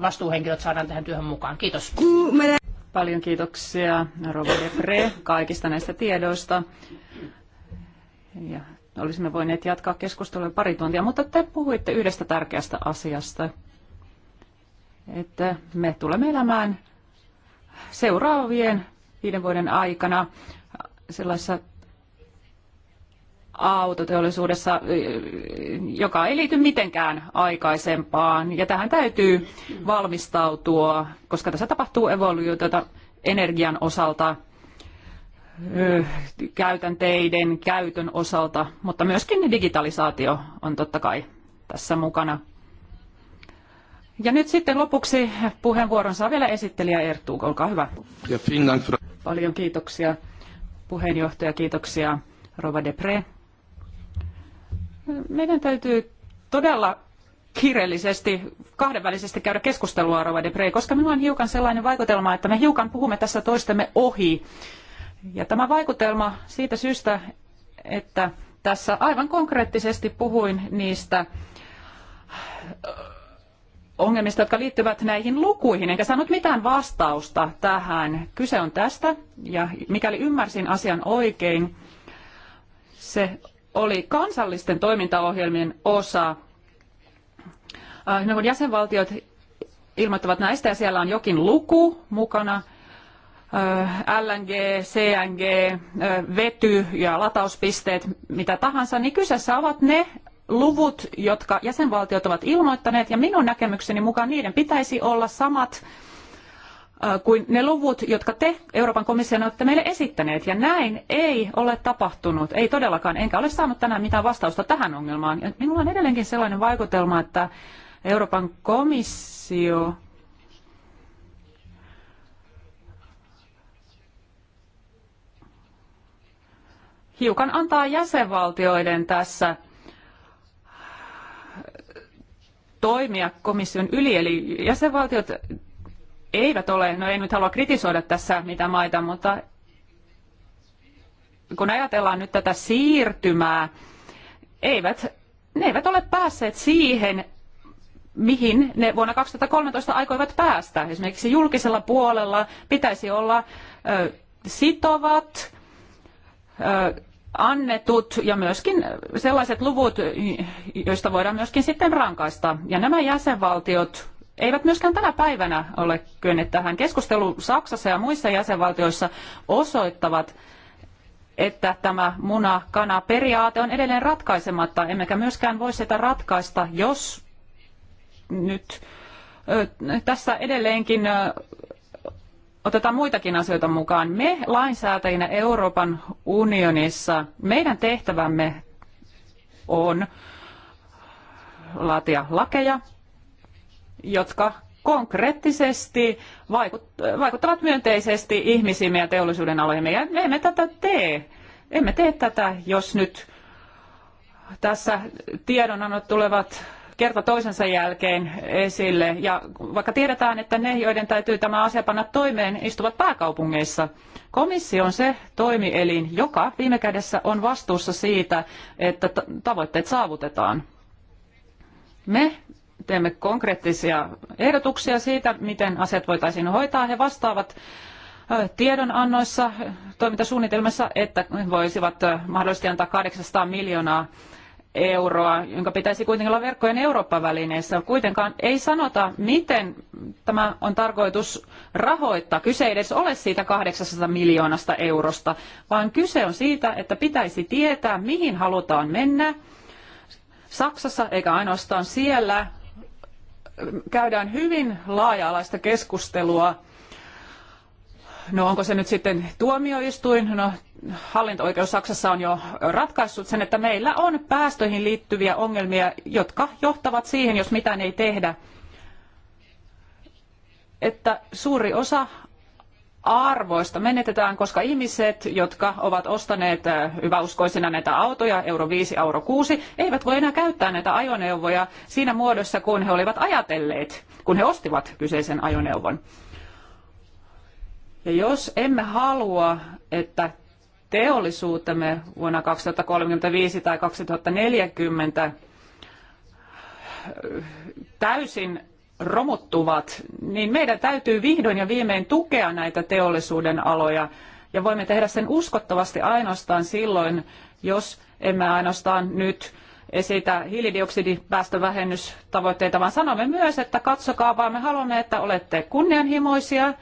[SPEAKER 2] vastuuhenkilöt saadaan tähän työhön mukaan. Kiitos. Paljon kiitoksia Robert Pre, kaikista näistä tiedoista.
[SPEAKER 1] Ja olisimme voineet jatkaa keskustelua pari tuntia, mutta te puhuitte yhdestä tärkeästä asiasta, että me tulemme elämään seuraavien viiden vuoden aikana sellaisessa autoteollisuudessa, joka ei liity mitenkään aikaisempaan. Ja tähän täytyy valmistautua, koska tässä tapahtuu evoluutiota energian osalta – käytänteiden käytön osalta, mutta myöskin digitalisaatio on totta kai tässä mukana. Ja nyt sitten lopuksi puheenvuoron saa vielä esittelijä Erttu, olkaa hyvä. Ja Paljon kiitoksia puheenjohtaja, kiitoksia Rova Depre. Meidän täytyy todella kiireellisesti, kahdenvälisesti käydä keskustelua Rova Depre, koska minulla on hiukan sellainen vaikutelma, että me hiukan puhumme tässä toistemme ohi ja tämä vaikutelma siitä syystä, että tässä aivan konkreettisesti puhuin niistä äh, ongelmista, jotka liittyvät näihin lukuihin, enkä saanut mitään vastausta tähän. Kyse on tästä, ja mikäli ymmärsin asian oikein, se oli kansallisten toimintaohjelmien osa. Äh, no jäsenvaltiot ilmoittavat näistä, ja siellä on jokin luku mukana, LNG, CNG, vety ja latauspisteet, mitä tahansa, niin kyseessä ovat ne luvut, jotka jäsenvaltiot ovat ilmoittaneet, ja minun näkemykseni mukaan niiden pitäisi olla samat kuin ne luvut, jotka te Euroopan komission olette meille esittäneet. Ja näin ei ole tapahtunut, ei todellakaan, enkä ole saanut tänään mitään vastausta tähän ongelmaan. Ja minulla on edelleenkin sellainen vaikutelma, että Euroopan komissio hiukan antaa jäsenvaltioiden tässä toimia komission yli. Eli jäsenvaltiot eivät ole, no en nyt halua kritisoida tässä mitä maita, mutta kun ajatellaan nyt tätä siirtymää, eivät, ne eivät ole päässeet siihen, mihin ne vuonna 2013 aikoivat päästä. Esimerkiksi julkisella puolella pitäisi olla sitovat annetut ja myöskin sellaiset luvut, joista voidaan myöskin sitten rankaista. Ja nämä jäsenvaltiot eivät myöskään tänä päivänä ole kyenneet tähän. Keskustelu Saksassa ja muissa jäsenvaltioissa osoittavat, että tämä muna-kana-periaate on edelleen ratkaisematta, emmekä myöskään voi sitä ratkaista, jos nyt tässä edelleenkin otetaan muitakin asioita mukaan. Me lainsäätäjinä Euroopan unionissa, meidän tehtävämme on laatia lakeja, jotka konkreettisesti vaikuttavat myönteisesti ihmisiin ja teollisuuden aloihin. Me emme tätä tee. Emme tee tätä, jos nyt tässä tiedonannot tulevat kerta toisensa jälkeen esille. Ja vaikka tiedetään, että ne, joiden täytyy tämä asia panna toimeen, istuvat pääkaupungeissa. Komissio on se toimielin, joka viime kädessä on vastuussa siitä, että tavoitteet saavutetaan. Me teemme konkreettisia ehdotuksia siitä, miten asiat voitaisiin hoitaa. He vastaavat tiedonannoissa, toimintasuunnitelmassa, että voisivat mahdollisesti antaa 800 miljoonaa euroa, jonka pitäisi kuitenkin olla verkkojen Eurooppa-välineessä. Kuitenkaan ei sanota, miten tämä on tarkoitus rahoittaa. Kyse ei edes ole siitä 800 miljoonasta eurosta, vaan kyse on siitä, että pitäisi tietää, mihin halutaan mennä. Saksassa, eikä ainoastaan siellä, käydään hyvin laaja-alaista keskustelua No onko se nyt sitten tuomioistuin? No hallinto-oikeus Saksassa on jo ratkaissut sen, että meillä on päästöihin liittyviä ongelmia, jotka johtavat siihen, jos mitään ei tehdä, että suuri osa arvoista menetetään, koska ihmiset, jotka ovat ostaneet hyväuskoisina äh, näitä autoja, euro 5, euro 6, eivät voi enää käyttää näitä ajoneuvoja siinä muodossa, kun he olivat ajatelleet, kun he ostivat kyseisen ajoneuvon. Ja jos emme halua, että teollisuutemme vuonna 2035 tai 2040 täysin romuttuvat, niin meidän täytyy vihdoin ja viimein tukea näitä teollisuuden aloja. Ja voimme tehdä sen uskottavasti ainoastaan silloin, jos emme ainoastaan nyt esitä hiilidioksidipäästövähennystavoitteita, vaan sanomme myös, että katsokaa vaan, me haluamme, että olette kunnianhimoisia,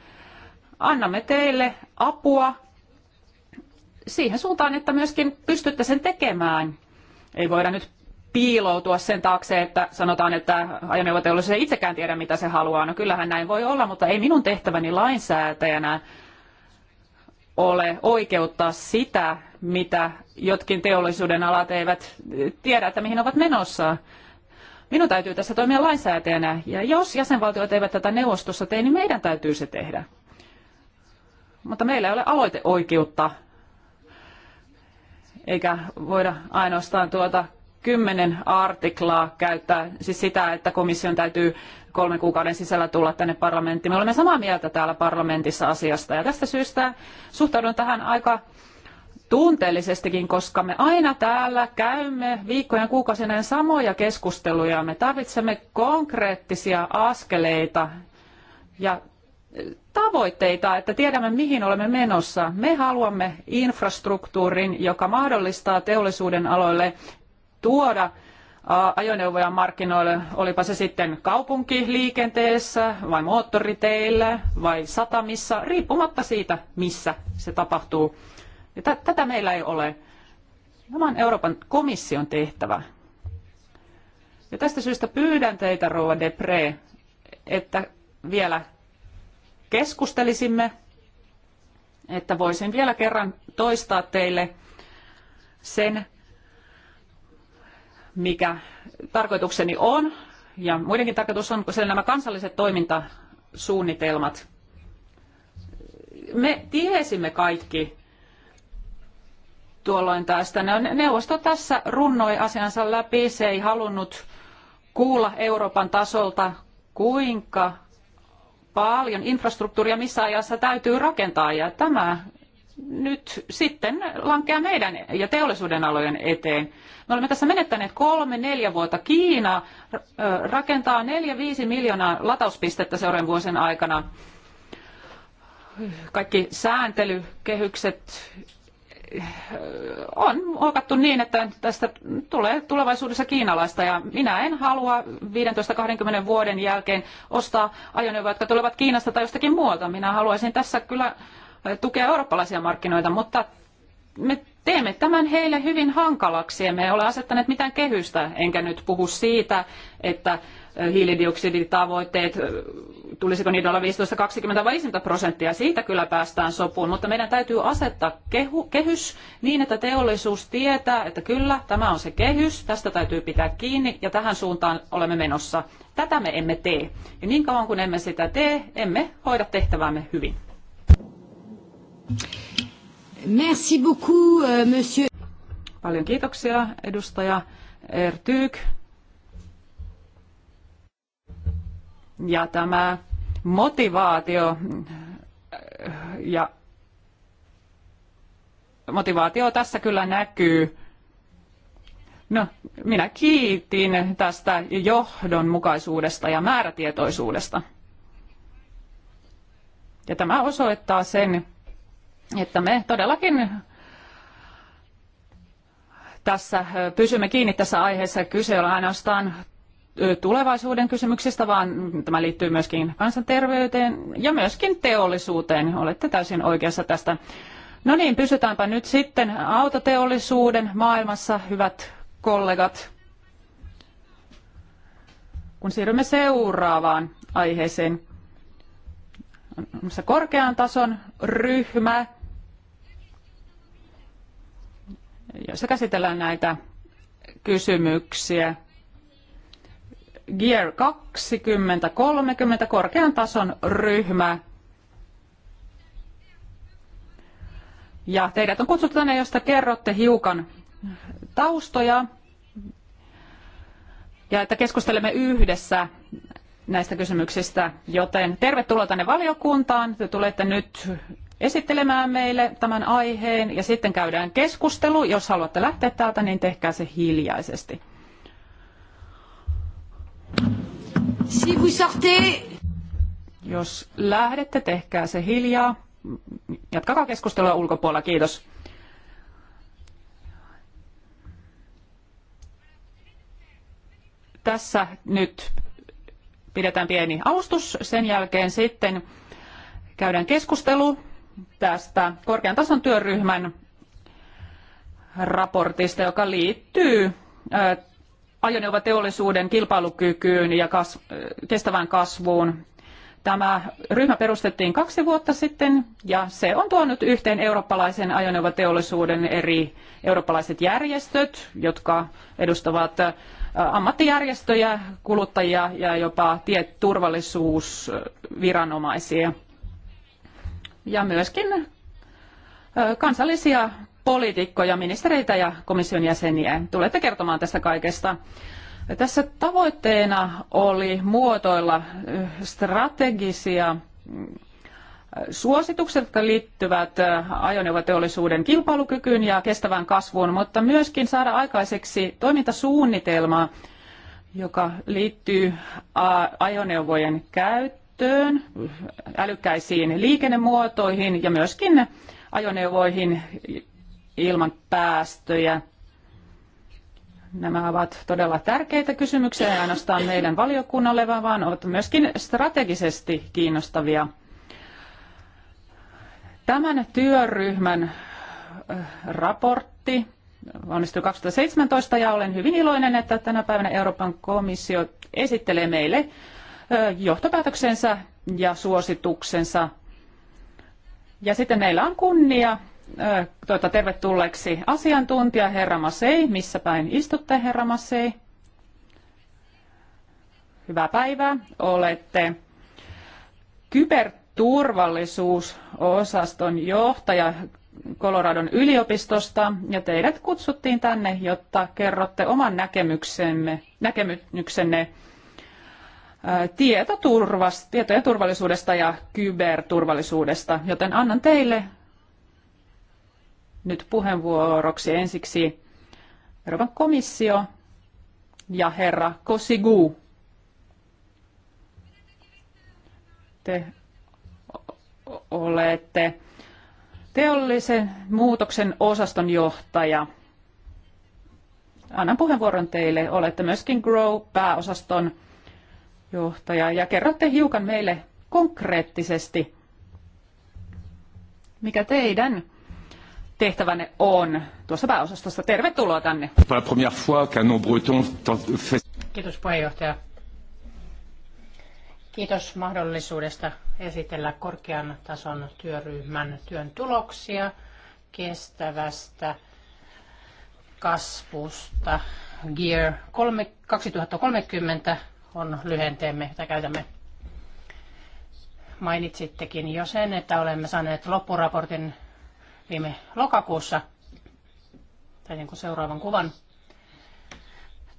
[SPEAKER 1] annamme teille apua siihen suuntaan, että myöskin pystytte sen tekemään. Ei voida nyt piiloutua sen taakse, että sanotaan, että ajoneuvoteollisuus ei itsekään tiedä, mitä se haluaa. No kyllähän näin voi olla, mutta ei minun tehtäväni lainsäätäjänä ole oikeuttaa sitä, mitä jotkin teollisuuden alat eivät tiedä, että mihin ovat menossa. Minun täytyy tässä toimia lainsäätäjänä, ja jos jäsenvaltiot eivät tätä neuvostossa tee, niin meidän täytyy se tehdä mutta meillä ei ole aloiteoikeutta, eikä voida ainoastaan tuota kymmenen artiklaa käyttää, siis sitä, että komission täytyy kolmen kuukauden sisällä tulla tänne parlamenttiin. Me olemme samaa mieltä täällä parlamentissa asiasta ja tästä syystä suhtaudun tähän aika tunteellisestikin, koska me aina täällä käymme viikkojen kuukausien samoja keskusteluja. Me tarvitsemme konkreettisia askeleita ja tavoitteita, että tiedämme mihin olemme menossa. Me haluamme infrastruktuurin, joka mahdollistaa teollisuuden aloille tuoda ajoneuvoja markkinoille, olipa se sitten kaupunkiliikenteessä vai moottoriteillä vai satamissa, riippumatta siitä, missä se tapahtuu. Ja tätä meillä ei ole. Tämä on Euroopan komission tehtävä. Ja tästä syystä pyydän teitä, Rouva Depre, että vielä keskustelisimme, että voisin vielä kerran toistaa teille sen, mikä tarkoitukseni on, ja muidenkin tarkoitus on, kun nämä kansalliset toimintasuunnitelmat. Me tiesimme kaikki tuolloin tästä. Neuvosto tässä runnoi asiansa läpi. Se ei halunnut kuulla Euroopan tasolta, kuinka paljon infrastruktuuria, missä ajassa täytyy rakentaa ja tämä nyt sitten lankeaa meidän ja teollisuuden alojen eteen. Me olemme tässä menettäneet kolme, neljä vuotta. Kiina rakentaa neljä, viisi miljoonaa latauspistettä seuraavan vuosien aikana. Kaikki sääntelykehykset on muokattu niin, että tästä tulee tulevaisuudessa kiinalaista ja minä en halua 15-20 vuoden jälkeen ostaa ajoneuvoja, jotka tulevat Kiinasta tai jostakin muualta. Minä haluaisin tässä kyllä tukea eurooppalaisia markkinoita, mutta me teemme tämän heille hyvin hankalaksi. Emme ole asettaneet mitään kehystä, enkä nyt puhu siitä, että hiilidioksiditavoitteet tulisiko niitä olla 15, 20 vai 50 prosenttia, siitä kyllä päästään sopuun, mutta meidän täytyy asettaa kehu, kehys niin, että teollisuus tietää, että kyllä, tämä on se kehys, tästä täytyy pitää kiinni ja tähän suuntaan olemme menossa. Tätä me emme tee. Ja niin kauan kuin emme sitä tee, emme hoida tehtäväämme hyvin.
[SPEAKER 2] Merci beaucoup, euh,
[SPEAKER 1] monsieur. Paljon kiitoksia, edustaja Ertyk. Ja tämä motivaatio ja motivaatio tässä kyllä näkyy. No, minä kiitin tästä johdonmukaisuudesta ja määrätietoisuudesta. Ja tämä osoittaa sen, että me todellakin tässä pysymme kiinni tässä aiheessa. Kyse on ainoastaan tulevaisuuden kysymyksestä, vaan tämä liittyy myöskin kansanterveyteen ja myöskin teollisuuteen. Olette täysin oikeassa tästä. No niin, pysytäänpä nyt sitten autoteollisuuden maailmassa, hyvät kollegat. Kun siirrymme seuraavaan aiheeseen, korkean tason ryhmä, jossa käsitellään näitä kysymyksiä. Gear 2030 korkean tason ryhmä. Ja teidät on kutsuttu tänne, josta kerrotte hiukan taustoja ja että keskustelemme yhdessä näistä kysymyksistä. Joten tervetuloa tänne valiokuntaan. Te tulette nyt esittelemään meille tämän aiheen ja sitten käydään keskustelu. Jos haluatte lähteä täältä, niin tehkää se hiljaisesti.
[SPEAKER 2] Si vous sortez...
[SPEAKER 1] Jos lähdette, tehkää se hiljaa. Jatkakaa keskustelua ulkopuolella. Kiitos. Tässä nyt pidetään pieni avustus. Sen jälkeen sitten käydään keskustelu tästä korkean tason työryhmän raportista, joka liittyy ajoneuvoteollisuuden kilpailukykyyn ja kas, kestävään kasvuun. Tämä ryhmä perustettiin kaksi vuotta sitten ja se on tuonut yhteen eurooppalaisen ajoneuvoteollisuuden eri eurooppalaiset järjestöt, jotka edustavat äh, ammattijärjestöjä, kuluttajia ja jopa tieturvallisuusviranomaisia. Ja myöskin äh, kansallisia poliitikkoja, ministereitä ja komission jäseniä. Tulette kertomaan tästä kaikesta. Tässä tavoitteena oli muotoilla strategisia mm, suositukset, jotka liittyvät ajoneuvoteollisuuden kilpailukykyyn ja kestävään kasvuun, mutta myöskin saada aikaiseksi toimintasuunnitelma, joka liittyy ajoneuvojen käyttöön, älykkäisiin liikennemuotoihin ja myöskin ajoneuvoihin, ilman päästöjä. Nämä ovat todella tärkeitä kysymyksiä, ei ainoastaan meidän valiokunnalle, vaan ovat myöskin strategisesti kiinnostavia. Tämän työryhmän eh, raportti valmistui 2017 ja olen hyvin iloinen, että tänä päivänä Euroopan komissio esittelee meille eh, johtopäätöksensä ja suosituksensa. Ja sitten meillä on kunnia tuota, tervetulleeksi asiantuntija herra Masei. Missä päin istutte herra Masei? Hyvää päivää. Olette kyberturvallisuusosaston johtaja Coloradon yliopistosta ja teidät kutsuttiin tänne, jotta kerrotte oman näkemyksenne, näkemyksenne tietoturvasta, tietojen turvallisuudesta ja kyberturvallisuudesta, joten annan teille nyt puheenvuoroksi ensiksi Euroopan komissio ja herra Kosigu. Te olette teollisen muutoksen osaston johtaja. Annan puheenvuoron teille. Olette myöskin Grow-pääosaston johtaja ja kerrotte hiukan meille konkreettisesti, mikä teidän tehtävänne on tuossa
[SPEAKER 2] pääosastossa. Tervetuloa tänne. Kiitos puheenjohtaja. Kiitos mahdollisuudesta esitellä korkean tason työryhmän työn tuloksia kestävästä kasvusta. Gear 2030 on lyhenteemme, jota käytämme. Mainitsittekin jo sen, että olemme saaneet loppuraportin viime lokakuussa, tai niin kuin seuraavan kuvan.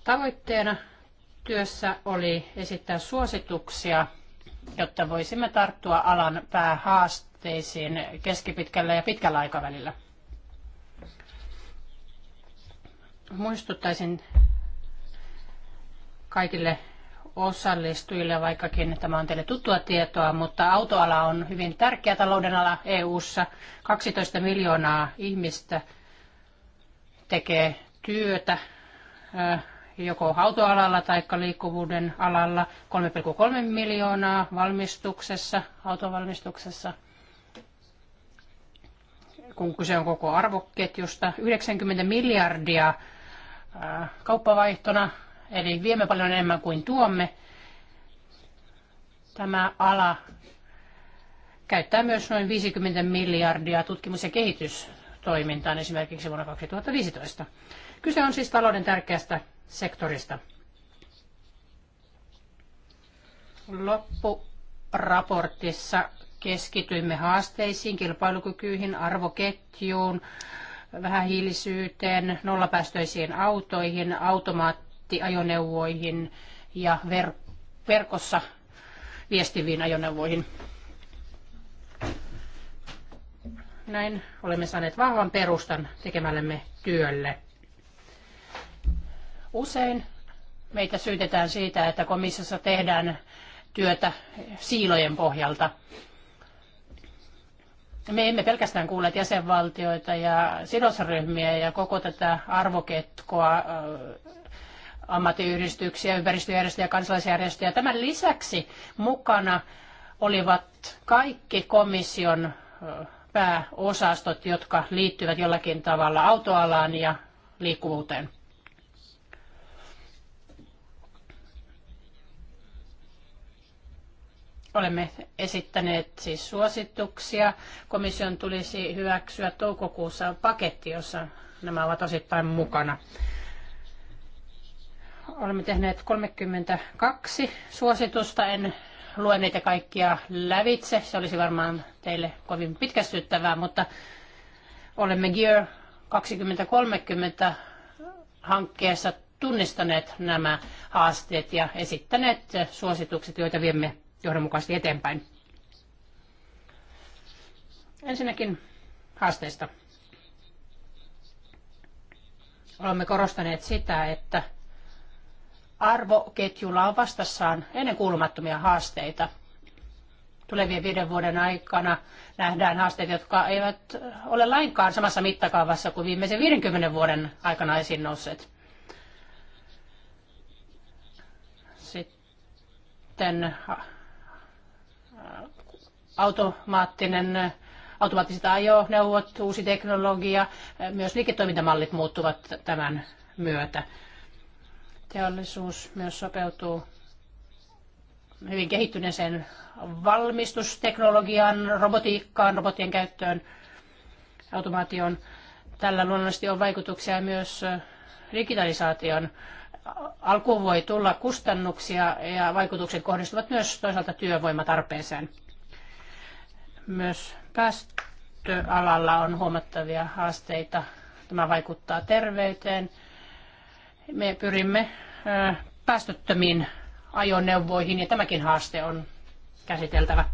[SPEAKER 2] Tavoitteena työssä oli esittää suosituksia, jotta voisimme tarttua alan päähaasteisiin keskipitkällä ja pitkällä aikavälillä. Muistuttaisin kaikille osallistujille, vaikkakin tämä on teille tuttua tietoa, mutta autoala on hyvin tärkeä talouden ala EU-ssa. 12 miljoonaa ihmistä tekee työtä joko autoalalla tai liikkuvuuden alalla. 3,3 miljoonaa valmistuksessa, autovalmistuksessa kun kyse on koko arvoketjusta. 90 miljardia kauppavaihtona eli viemme paljon enemmän kuin tuomme. Tämä ala käyttää myös noin 50 miljardia tutkimus- ja kehitystoimintaan esimerkiksi vuonna 2015. Kyse on siis talouden tärkeästä sektorista. Loppuraportissa keskityimme haasteisiin, kilpailukykyihin, arvoketjuun, vähähiilisyyteen, nollapäästöisiin autoihin, automaattiin nettiajoneuvoihin ja ver- verkossa viestiviin ajoneuvoihin. Näin olemme saaneet vahvan perustan tekemällemme työlle. Usein meitä syytetään siitä, että komissiossa tehdään työtä siilojen pohjalta. Me emme pelkästään kuule jäsenvaltioita ja sidosryhmiä ja koko tätä arvoketkoa ammattiyhdistyksiä, ympäristöjärjestöjä, kansalaisjärjestöjä. Tämän lisäksi mukana olivat kaikki komission pääosastot, jotka liittyvät jollakin tavalla autoalaan ja liikkuvuuteen. Olemme esittäneet siis suosituksia. Komission tulisi hyväksyä toukokuussa paketti, jossa nämä ovat osittain mukana olemme tehneet 32 suositusta. En lue niitä kaikkia lävitse. Se olisi varmaan teille kovin pitkästyttävää, mutta olemme Gear 2030 hankkeessa tunnistaneet nämä haasteet ja esittäneet suositukset, joita viemme johdonmukaisesti eteenpäin. Ensinnäkin haasteista. Olemme korostaneet sitä, että arvoketjulla on vastassaan ennenkuulumattomia haasteita. Tulevien viiden vuoden aikana nähdään haasteita, jotka eivät ole lainkaan samassa mittakaavassa kuin viimeisen 50 vuoden aikana esiin nousseet. Sitten automaattinen automaattiset ajoneuvot, uusi teknologia, myös liiketoimintamallit muuttuvat tämän myötä. Teollisuus myös sopeutuu hyvin kehittyneeseen valmistusteknologiaan, robotiikkaan, robotien käyttöön, automaatioon. Tällä luonnollisesti on vaikutuksia myös digitalisaation. Alkuun voi tulla kustannuksia ja vaikutukset kohdistuvat myös toisaalta työvoimatarpeeseen. Myös päästöalalla on huomattavia haasteita. Tämä vaikuttaa terveyteen, me pyrimme päästöttömiin ajoneuvoihin ja tämäkin haaste on käsiteltävä.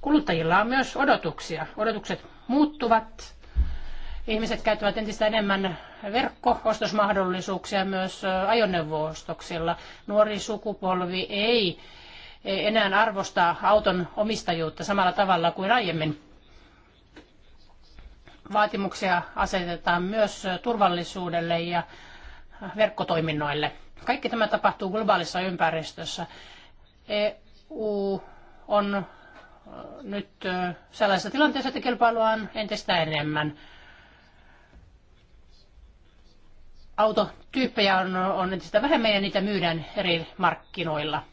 [SPEAKER 2] Kuluttajilla on myös odotuksia. Odotukset muuttuvat. Ihmiset käyttävät entistä enemmän verkko-ostosmahdollisuuksia myös ajoneuvoostoksilla. Nuori sukupolvi ei e, enää arvosta auton omistajuutta samalla tavalla kuin aiemmin. Vaatimuksia asetetaan myös turvallisuudelle ja verkkotoiminnoille. Kaikki tämä tapahtuu globaalissa ympäristössä. EU on nyt sellaisessa tilanteessa, että kilpailua on entistä enemmän. Autotyyppejä on, on entistä vähemmän ja niitä myydään eri markkinoilla –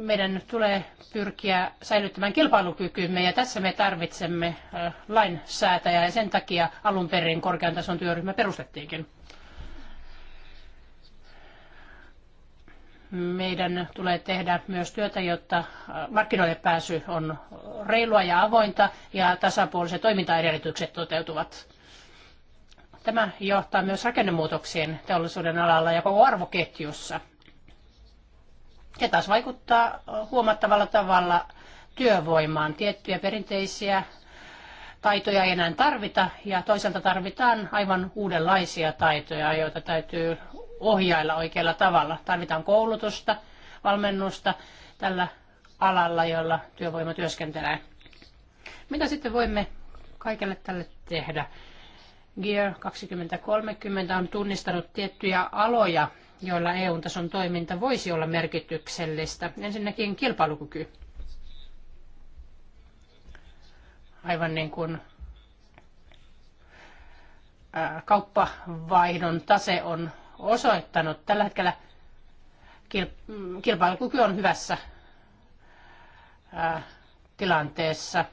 [SPEAKER 2] meidän tulee pyrkiä säilyttämään kilpailukykymme ja tässä me tarvitsemme lainsäätäjää ja sen takia alun perin korkean tason työryhmä perustettiinkin. Meidän tulee tehdä myös työtä, jotta markkinoille pääsy on reilua ja avointa ja tasapuoliset toimintaedellytykset toteutuvat. Tämä johtaa myös rakennemuutoksiin teollisuuden alalla ja koko arvoketjussa se taas vaikuttaa huomattavalla tavalla työvoimaan. Tiettyjä perinteisiä taitoja ei enää tarvita ja toisaalta tarvitaan aivan uudenlaisia taitoja, joita täytyy ohjailla oikealla tavalla. Tarvitaan koulutusta, valmennusta tällä alalla, jolla työvoima työskentelee. Mitä sitten voimme kaikelle tälle tehdä? Gear 2030 on tunnistanut tiettyjä aloja, joilla EU-tason toiminta voisi olla merkityksellistä. Ensinnäkin kilpailukyky. Aivan niin kuin kauppavaihdon tase on osoittanut. Tällä hetkellä kilpailukyky on hyvässä tilanteessa.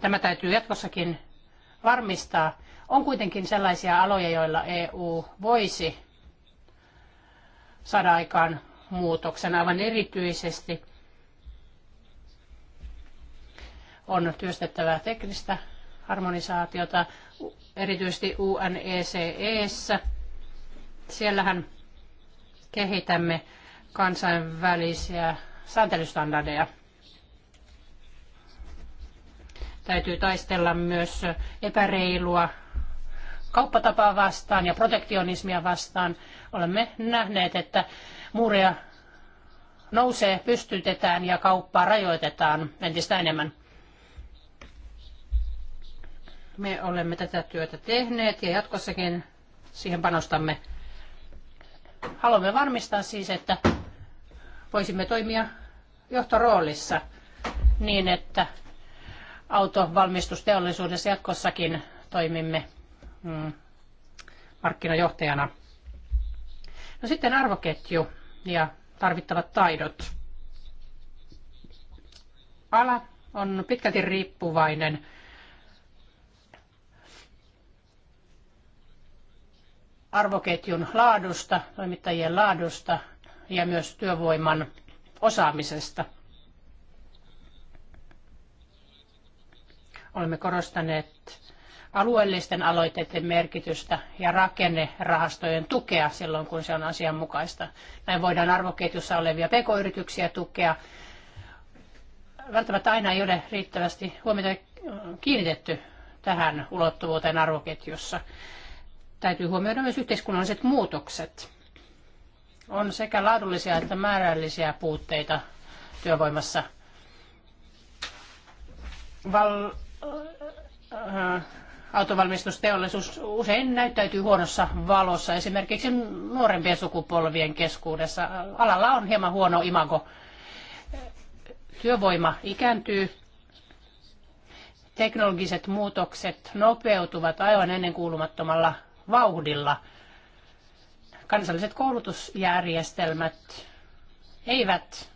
[SPEAKER 2] Tämä täytyy jatkossakin varmistaa on kuitenkin sellaisia aloja, joilla EU voisi saada aikaan muutoksen aivan erityisesti. On työstettävää teknistä harmonisaatiota, erityisesti UNECEssä. Siellähän kehitämme kansainvälisiä sääntelystandardeja. Täytyy taistella myös epäreilua kauppatapaa vastaan ja protektionismia vastaan. Olemme nähneet, että muureja nousee, pystytetään ja kauppaa rajoitetaan entistä enemmän. Me olemme tätä työtä tehneet ja jatkossakin siihen panostamme. Haluamme varmistaa siis, että voisimme toimia johtoroolissa niin, että autovalmistusteollisuudessa jatkossakin toimimme mm, markkinajohtajana. No sitten arvoketju ja tarvittavat taidot. Ala on pitkälti riippuvainen arvoketjun laadusta, toimittajien laadusta ja myös työvoiman osaamisesta. Olemme korostaneet alueellisten aloitteiden merkitystä ja rakennerahastojen tukea silloin, kun se on asianmukaista. Näin voidaan arvoketjussa olevia pk-yrityksiä tukea. Välttämättä aina ei ole riittävästi huomiota kiinnitetty tähän ulottuvuuteen arvoketjussa. Täytyy huomioida myös yhteiskunnalliset muutokset. On sekä laadullisia että määrällisiä puutteita työvoimassa. Val- autovalmistusteollisuus usein näyttäytyy huonossa valossa, esimerkiksi nuorempien sukupolvien keskuudessa. Alalla on hieman huono imago. Työvoima ikääntyy, teknologiset muutokset nopeutuvat aivan ennenkuulumattomalla vauhdilla. Kansalliset koulutusjärjestelmät eivät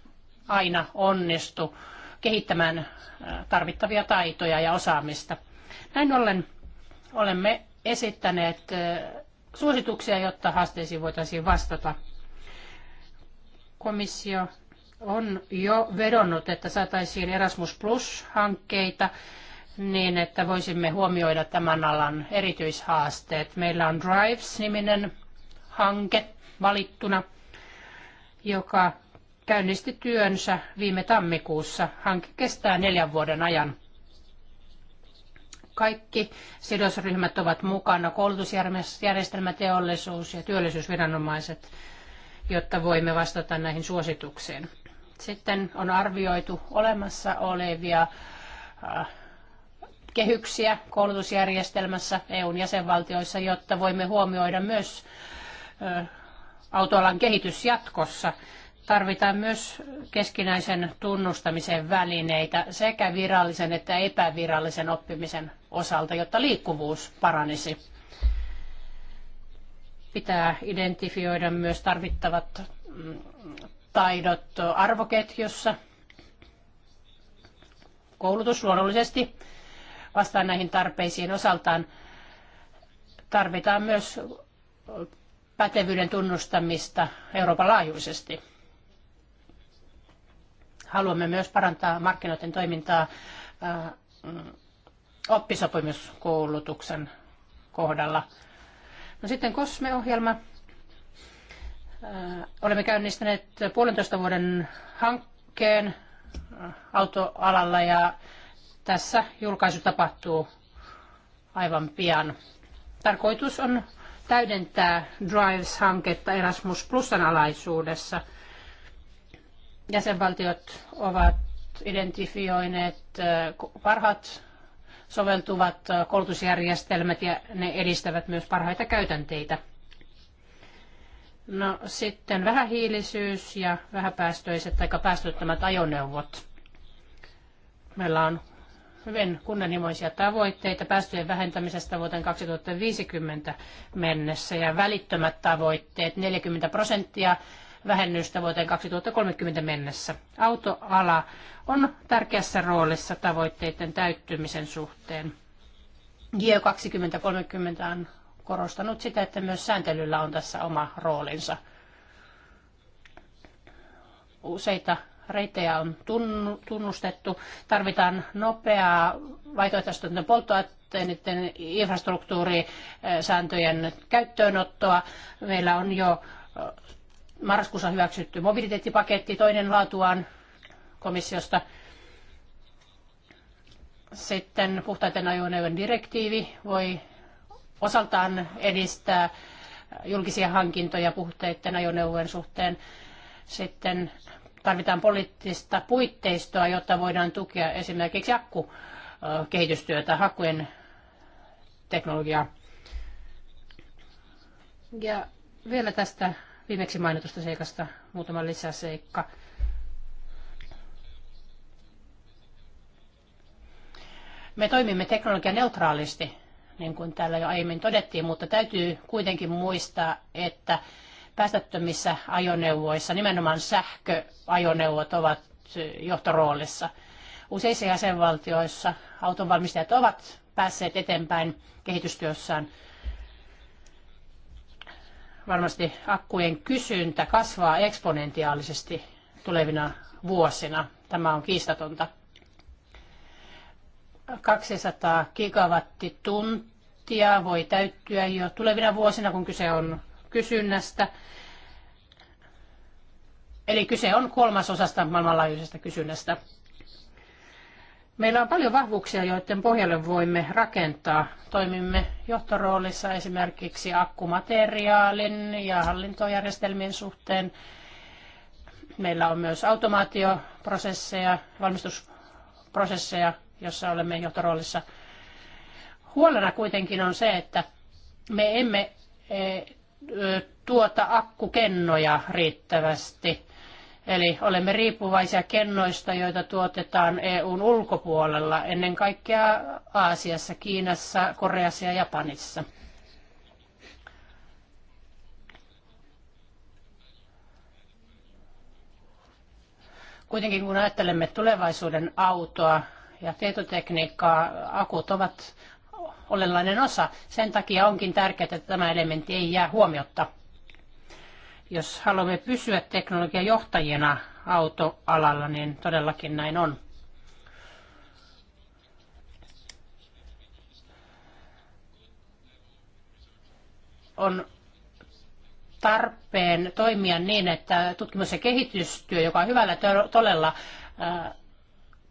[SPEAKER 2] aina onnistu kehittämään tarvittavia taitoja ja osaamista. Näin ollen Olemme esittäneet suosituksia, jotta haasteisiin voitaisiin vastata. Komissio on jo vedonnut, että saataisiin Erasmus Plus-hankkeita niin, että voisimme huomioida tämän alan erityishaasteet. Meillä on Drives-niminen hanke valittuna, joka käynnisti työnsä viime tammikuussa. Hanke kestää neljän vuoden ajan kaikki sidosryhmät ovat mukana, koulutusjärjestelmä, teollisuus ja työllisyysviranomaiset, jotta voimme vastata näihin suosituksiin. Sitten on arvioitu olemassa olevia äh, kehyksiä koulutusjärjestelmässä EUn jäsenvaltioissa, jotta voimme huomioida myös äh, autoalan kehitys jatkossa tarvitaan myös keskinäisen tunnustamisen välineitä sekä virallisen että epävirallisen oppimisen osalta, jotta liikkuvuus paranisi. Pitää identifioida myös tarvittavat mm, taidot arvoketjussa. Koulutus luonnollisesti vastaa näihin tarpeisiin osaltaan. Tarvitaan myös pätevyyden tunnustamista Euroopan laajuisesti haluamme myös parantaa markkinoiden toimintaa äh, oppisopimuskoulutuksen kohdalla. No sitten COSME-ohjelma. Äh, olemme käynnistäneet puolentoista vuoden hankkeen äh, autoalalla ja tässä julkaisu tapahtuu aivan pian. Tarkoitus on täydentää Drives-hanketta Erasmus Plusan alaisuudessa – jäsenvaltiot ovat identifioineet parhaat soveltuvat koulutusjärjestelmät ja ne edistävät myös parhaita käytänteitä. No sitten vähähiilisyys ja vähäpäästöiset tai päästöttömät ajoneuvot. Meillä on hyvin kunnianhimoisia tavoitteita päästöjen vähentämisestä vuoteen 2050 mennessä ja välittömät tavoitteet 40 prosenttia vähennystä vuoteen 2030 mennessä. Autoala on tärkeässä roolissa tavoitteiden täyttymisen suhteen. Geo 2030 on korostanut sitä, että myös sääntelyllä on tässä oma roolinsa. Useita reittejä on tunnustettu. Tarvitaan nopeaa vaihtoehtoisten polttoaineiden infrastruktuurisääntöjen käyttöönottoa. Meillä on jo marraskuussa hyväksytty mobiliteettipaketti, toinen laatuaan komissiosta. Sitten puhtaiden ajoneuvojen direktiivi voi osaltaan edistää julkisia hankintoja puhteiden ajoneuvojen suhteen. Sitten tarvitaan poliittista puitteistoa, jotta voidaan tukea esimerkiksi akkukehitystyötä, hakujen teknologiaa. Ja vielä tästä viimeksi mainitusta seikasta muutama lisäseikka. Me toimimme teknologianeutraalisti, niin kuin täällä jo aiemmin todettiin, mutta täytyy kuitenkin muistaa, että päästöttömissä ajoneuvoissa nimenomaan sähköajoneuvot ovat johtoroolissa. Useissa jäsenvaltioissa autonvalmistajat ovat päässeet eteenpäin kehitystyössään varmasti akkujen kysyntä kasvaa eksponentiaalisesti tulevina vuosina. Tämä on kiistatonta. 200 gigawattituntia voi täyttyä jo tulevina vuosina, kun kyse on kysynnästä. Eli kyse on kolmasosasta maailmanlaajuisesta kysynnästä. Meillä on paljon vahvuuksia, joiden pohjalle voimme rakentaa. Toimimme johtoroolissa esimerkiksi akkumateriaalin ja hallintojärjestelmien suhteen. Meillä on myös automaatioprosesseja, valmistusprosesseja, jossa olemme johtoroolissa. Huolena kuitenkin on se, että me emme eh, tuota akkukennoja riittävästi. Eli olemme riippuvaisia kennoista, joita tuotetaan EUn ulkopuolella, ennen kaikkea Aasiassa, Kiinassa, Koreassa ja Japanissa. Kuitenkin kun ajattelemme tulevaisuuden autoa ja tietotekniikkaa, akut ovat olennainen osa. Sen takia onkin tärkeää, että tämä elementti ei jää huomiotta. Jos haluamme pysyä teknologian johtajina autoalalla, niin todellakin näin on. On tarpeen toimia niin, että tutkimus- ja kehitystyö, joka on hyvällä tolella,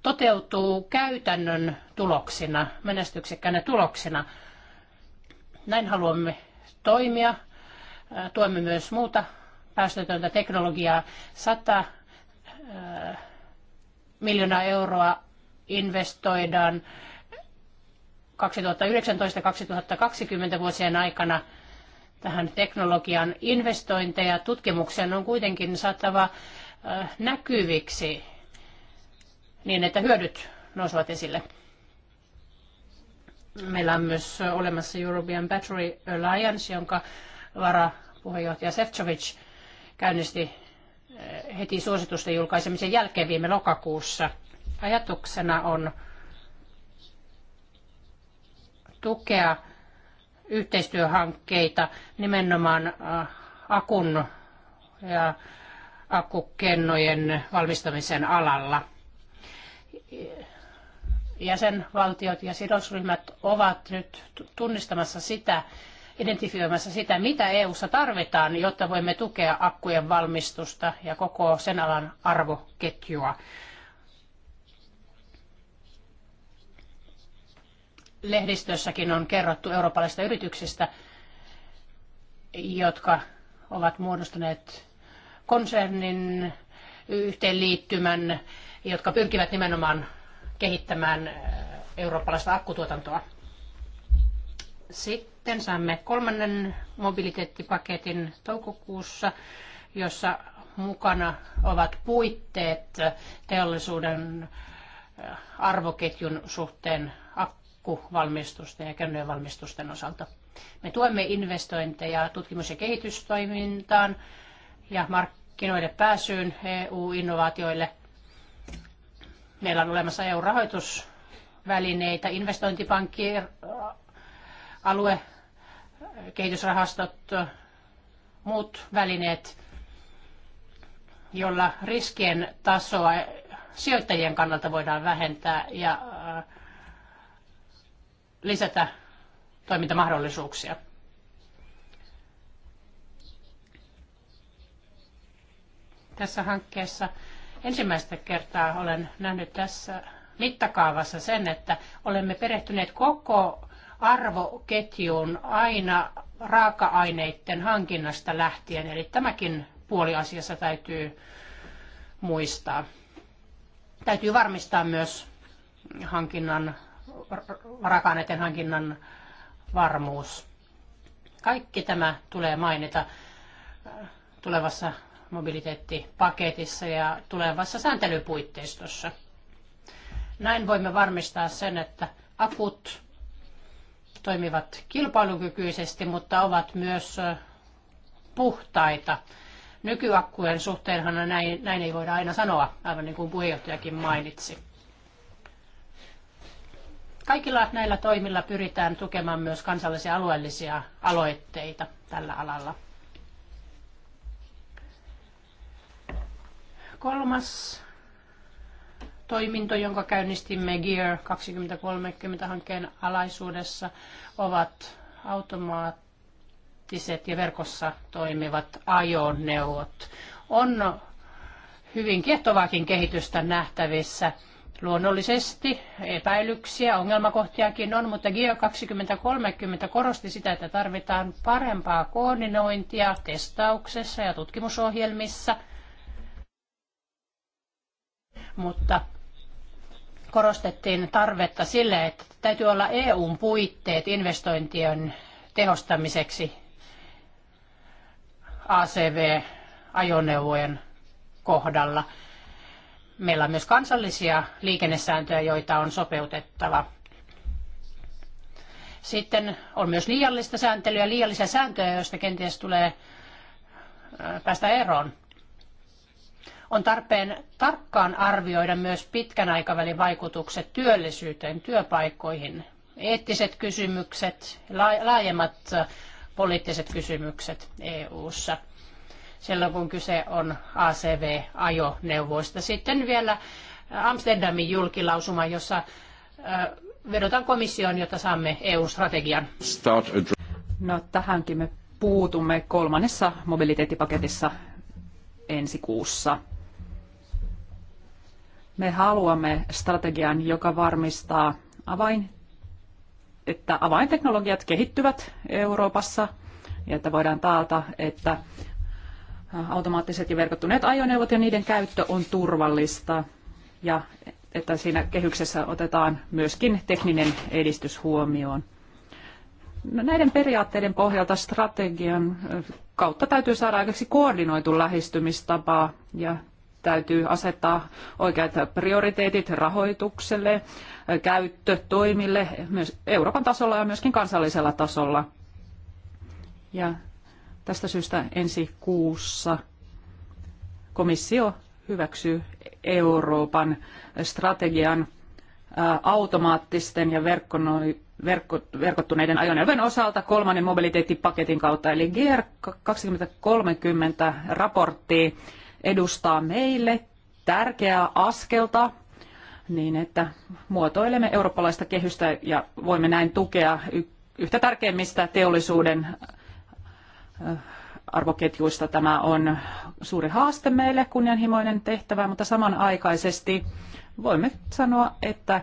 [SPEAKER 2] toteutuu käytännön tuloksina, menestyksekkäinä tuloksina. Näin haluamme toimia. Tuemme myös muuta päästötöntä teknologiaa. 100 miljoonaa euroa investoidaan 2019-2020 vuosien aikana tähän teknologian investointeja tutkimukseen on kuitenkin saatava näkyviksi niin, että hyödyt nousevat esille. Meillä on myös olemassa European Battery Alliance, jonka varapuheenjohtaja Sefcovic käynnisti eh, heti suositusten julkaisemisen jälkeen viime lokakuussa. Ajatuksena on tukea yhteistyöhankkeita nimenomaan eh, akun ja akkukennojen valmistamisen alalla. Jäsenvaltiot ja sidosryhmät ovat nyt tunnistamassa sitä, identifioimassa sitä, mitä EU:ssa tarvitaan, jotta voimme tukea akkujen valmistusta ja koko sen alan arvoketjua. Lehdistössäkin on kerrottu eurooppalaisista yrityksistä, jotka ovat muodostaneet konsernin yhteenliittymän, jotka pyrkivät nimenomaan kehittämään äh, eurooppalaista akkutuotantoa. Sitten sitten saamme kolmannen mobiliteettipaketin toukokuussa, jossa mukana ovat puitteet teollisuuden eh, arvoketjun suhteen akkuvalmistusten ja kännyjen valmistusten osalta. Me tuemme investointeja tutkimus- ja kehitystoimintaan ja markkinoille pääsyyn EU-innovaatioille. Meillä on olemassa EU-rahoitusvälineitä, investointipankki, alue, kehitysrahastot, muut välineet, jolla riskien tasoa sijoittajien kannalta voidaan vähentää ja äh, lisätä toimintamahdollisuuksia. Tässä hankkeessa ensimmäistä kertaa olen nähnyt tässä mittakaavassa sen, että olemme perehtyneet koko arvoketjun aina raaka-aineiden hankinnasta lähtien, eli tämäkin puoli asiassa täytyy muistaa. Täytyy varmistaa myös hankinnan, raaka-aineiden hankinnan varmuus. Kaikki tämä tulee mainita tulevassa mobiliteettipaketissa ja tulevassa sääntelypuitteistossa. Näin voimme varmistaa sen, että akut toimivat kilpailukykyisesti, mutta ovat myös puhtaita. Nykyakkujen suhteenhan näin, näin ei voida aina sanoa, aivan niin kuin puheenjohtajakin mainitsi. Kaikilla näillä toimilla pyritään tukemaan myös kansallisia alueellisia aloitteita tällä alalla. Kolmas toiminto, jonka käynnistimme Gear 2030-hankkeen alaisuudessa, ovat automaattiset ja verkossa toimivat ajoneuvot. On hyvin kiehtovaakin kehitystä nähtävissä. Luonnollisesti epäilyksiä, ongelmakohtiakin on, mutta Geo 2030 korosti sitä, että tarvitaan parempaa koordinointia testauksessa ja tutkimusohjelmissa. Mutta korostettiin tarvetta sille, että täytyy olla EUn puitteet investointien tehostamiseksi ACV-ajoneuvojen kohdalla. Meillä on myös kansallisia liikennesääntöjä, joita on sopeutettava. Sitten on myös liiallista sääntelyä, liiallisia sääntöjä, joista kenties tulee päästä eroon on tarpeen tarkkaan arvioida myös pitkän aikavälin vaikutukset työllisyyteen, työpaikkoihin, eettiset kysymykset, laajemmat poliittiset kysymykset EU:ssa silloin kun kyse on ACV-ajoneuvoista. Sitten vielä Amsterdamin julkilausuma, jossa vedotaan komissioon, jotta saamme EU-strategian. No tähänkin
[SPEAKER 1] me puutumme kolmannessa mobiliteettipaketissa ensi kuussa. Me haluamme strategian, joka varmistaa avain, että avainteknologiat kehittyvät Euroopassa ja että voidaan taata, että automaattiset ja verkottuneet ajoneuvot ja niiden käyttö on turvallista ja että siinä kehyksessä otetaan myöskin tekninen edistys huomioon. No, näiden periaatteiden pohjalta strategian kautta täytyy saada aikaiseksi koordinoitu lähestymistapa ja täytyy asettaa oikeat prioriteetit rahoitukselle, käyttötoimille myös Euroopan tasolla ja myöskin kansallisella tasolla. Ja tästä syystä ensi kuussa komissio hyväksyy Euroopan strategian automaattisten ja verkkonoi, verkko, verkottuneiden ajoneuvojen osalta kolmannen mobiliteettipaketin kautta. Eli GR 2030 raportti edustaa meille tärkeää askelta niin, että muotoilemme eurooppalaista kehystä ja voimme näin tukea yhtä tärkeimmistä teollisuuden äh, arvoketjuista. Tämä on suuri haaste meille, kunnianhimoinen tehtävä, mutta samanaikaisesti voimme sanoa, että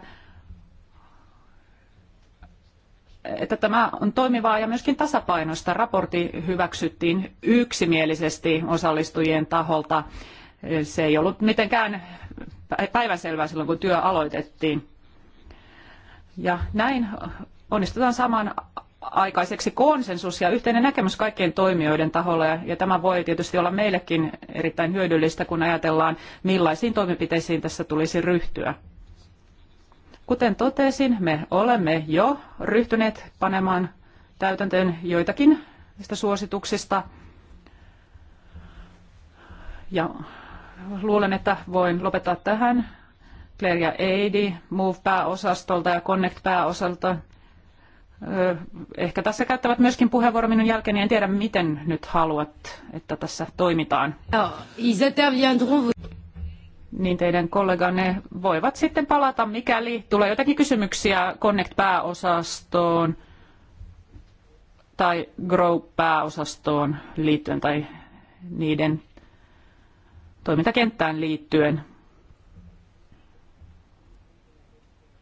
[SPEAKER 1] että tämä on toimivaa ja myöskin tasapainoista. Raportti hyväksyttiin yksimielisesti osallistujien taholta. Se ei ollut mitenkään päivänselvää silloin, kun työ aloitettiin. Ja näin onnistutaan saman aikaiseksi konsensus ja yhteinen näkemys kaikkien toimijoiden taholla. Ja tämä voi tietysti olla meillekin erittäin hyödyllistä, kun ajatellaan, millaisiin toimenpiteisiin tässä tulisi ryhtyä. Kuten totesin, me olemme jo ryhtyneet panemaan täytäntöön joitakin näistä suosituksista. Ja luulen, että voin lopettaa tähän. Claire ja Eidi, Move-pääosastolta ja Connect-pääosalta. Ehkä tässä käyttävät myöskin puheenvuoron minun jälkeeni. En tiedä, miten nyt haluat, että tässä toimitaan niin teidän kolleganne voivat sitten palata, mikäli tulee jotakin kysymyksiä Connect-pääosastoon tai Grow-pääosastoon liittyen tai niiden toimintakenttään liittyen.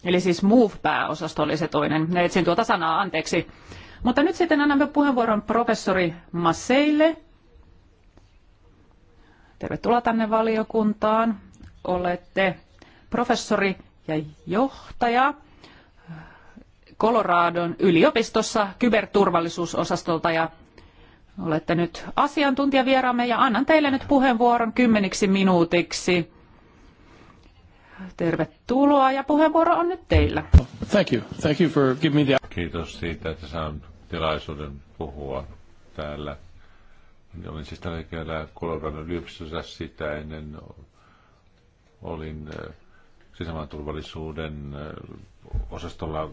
[SPEAKER 1] Eli siis Move-pääosasto oli se toinen. Etsin tuota sanaa, anteeksi. Mutta nyt sitten annamme puheenvuoron professori Masseille. Tervetuloa tänne valiokuntaan olette professori ja johtaja Coloradon yliopistossa kyberturvallisuusosastolta ja olette nyt asiantuntijavieraamme ja annan teille nyt puheenvuoron kymmeniksi minuutiksi. Tervetuloa ja puheenvuoro on nyt teillä.
[SPEAKER 3] Thank you. Thank you for giving me the... Kiitos siitä, että saan tilaisuuden puhua täällä. Olin siis tällä hetkellä Coloradon yliopistossa sitä ennen olin sisämaan turvallisuuden osastolla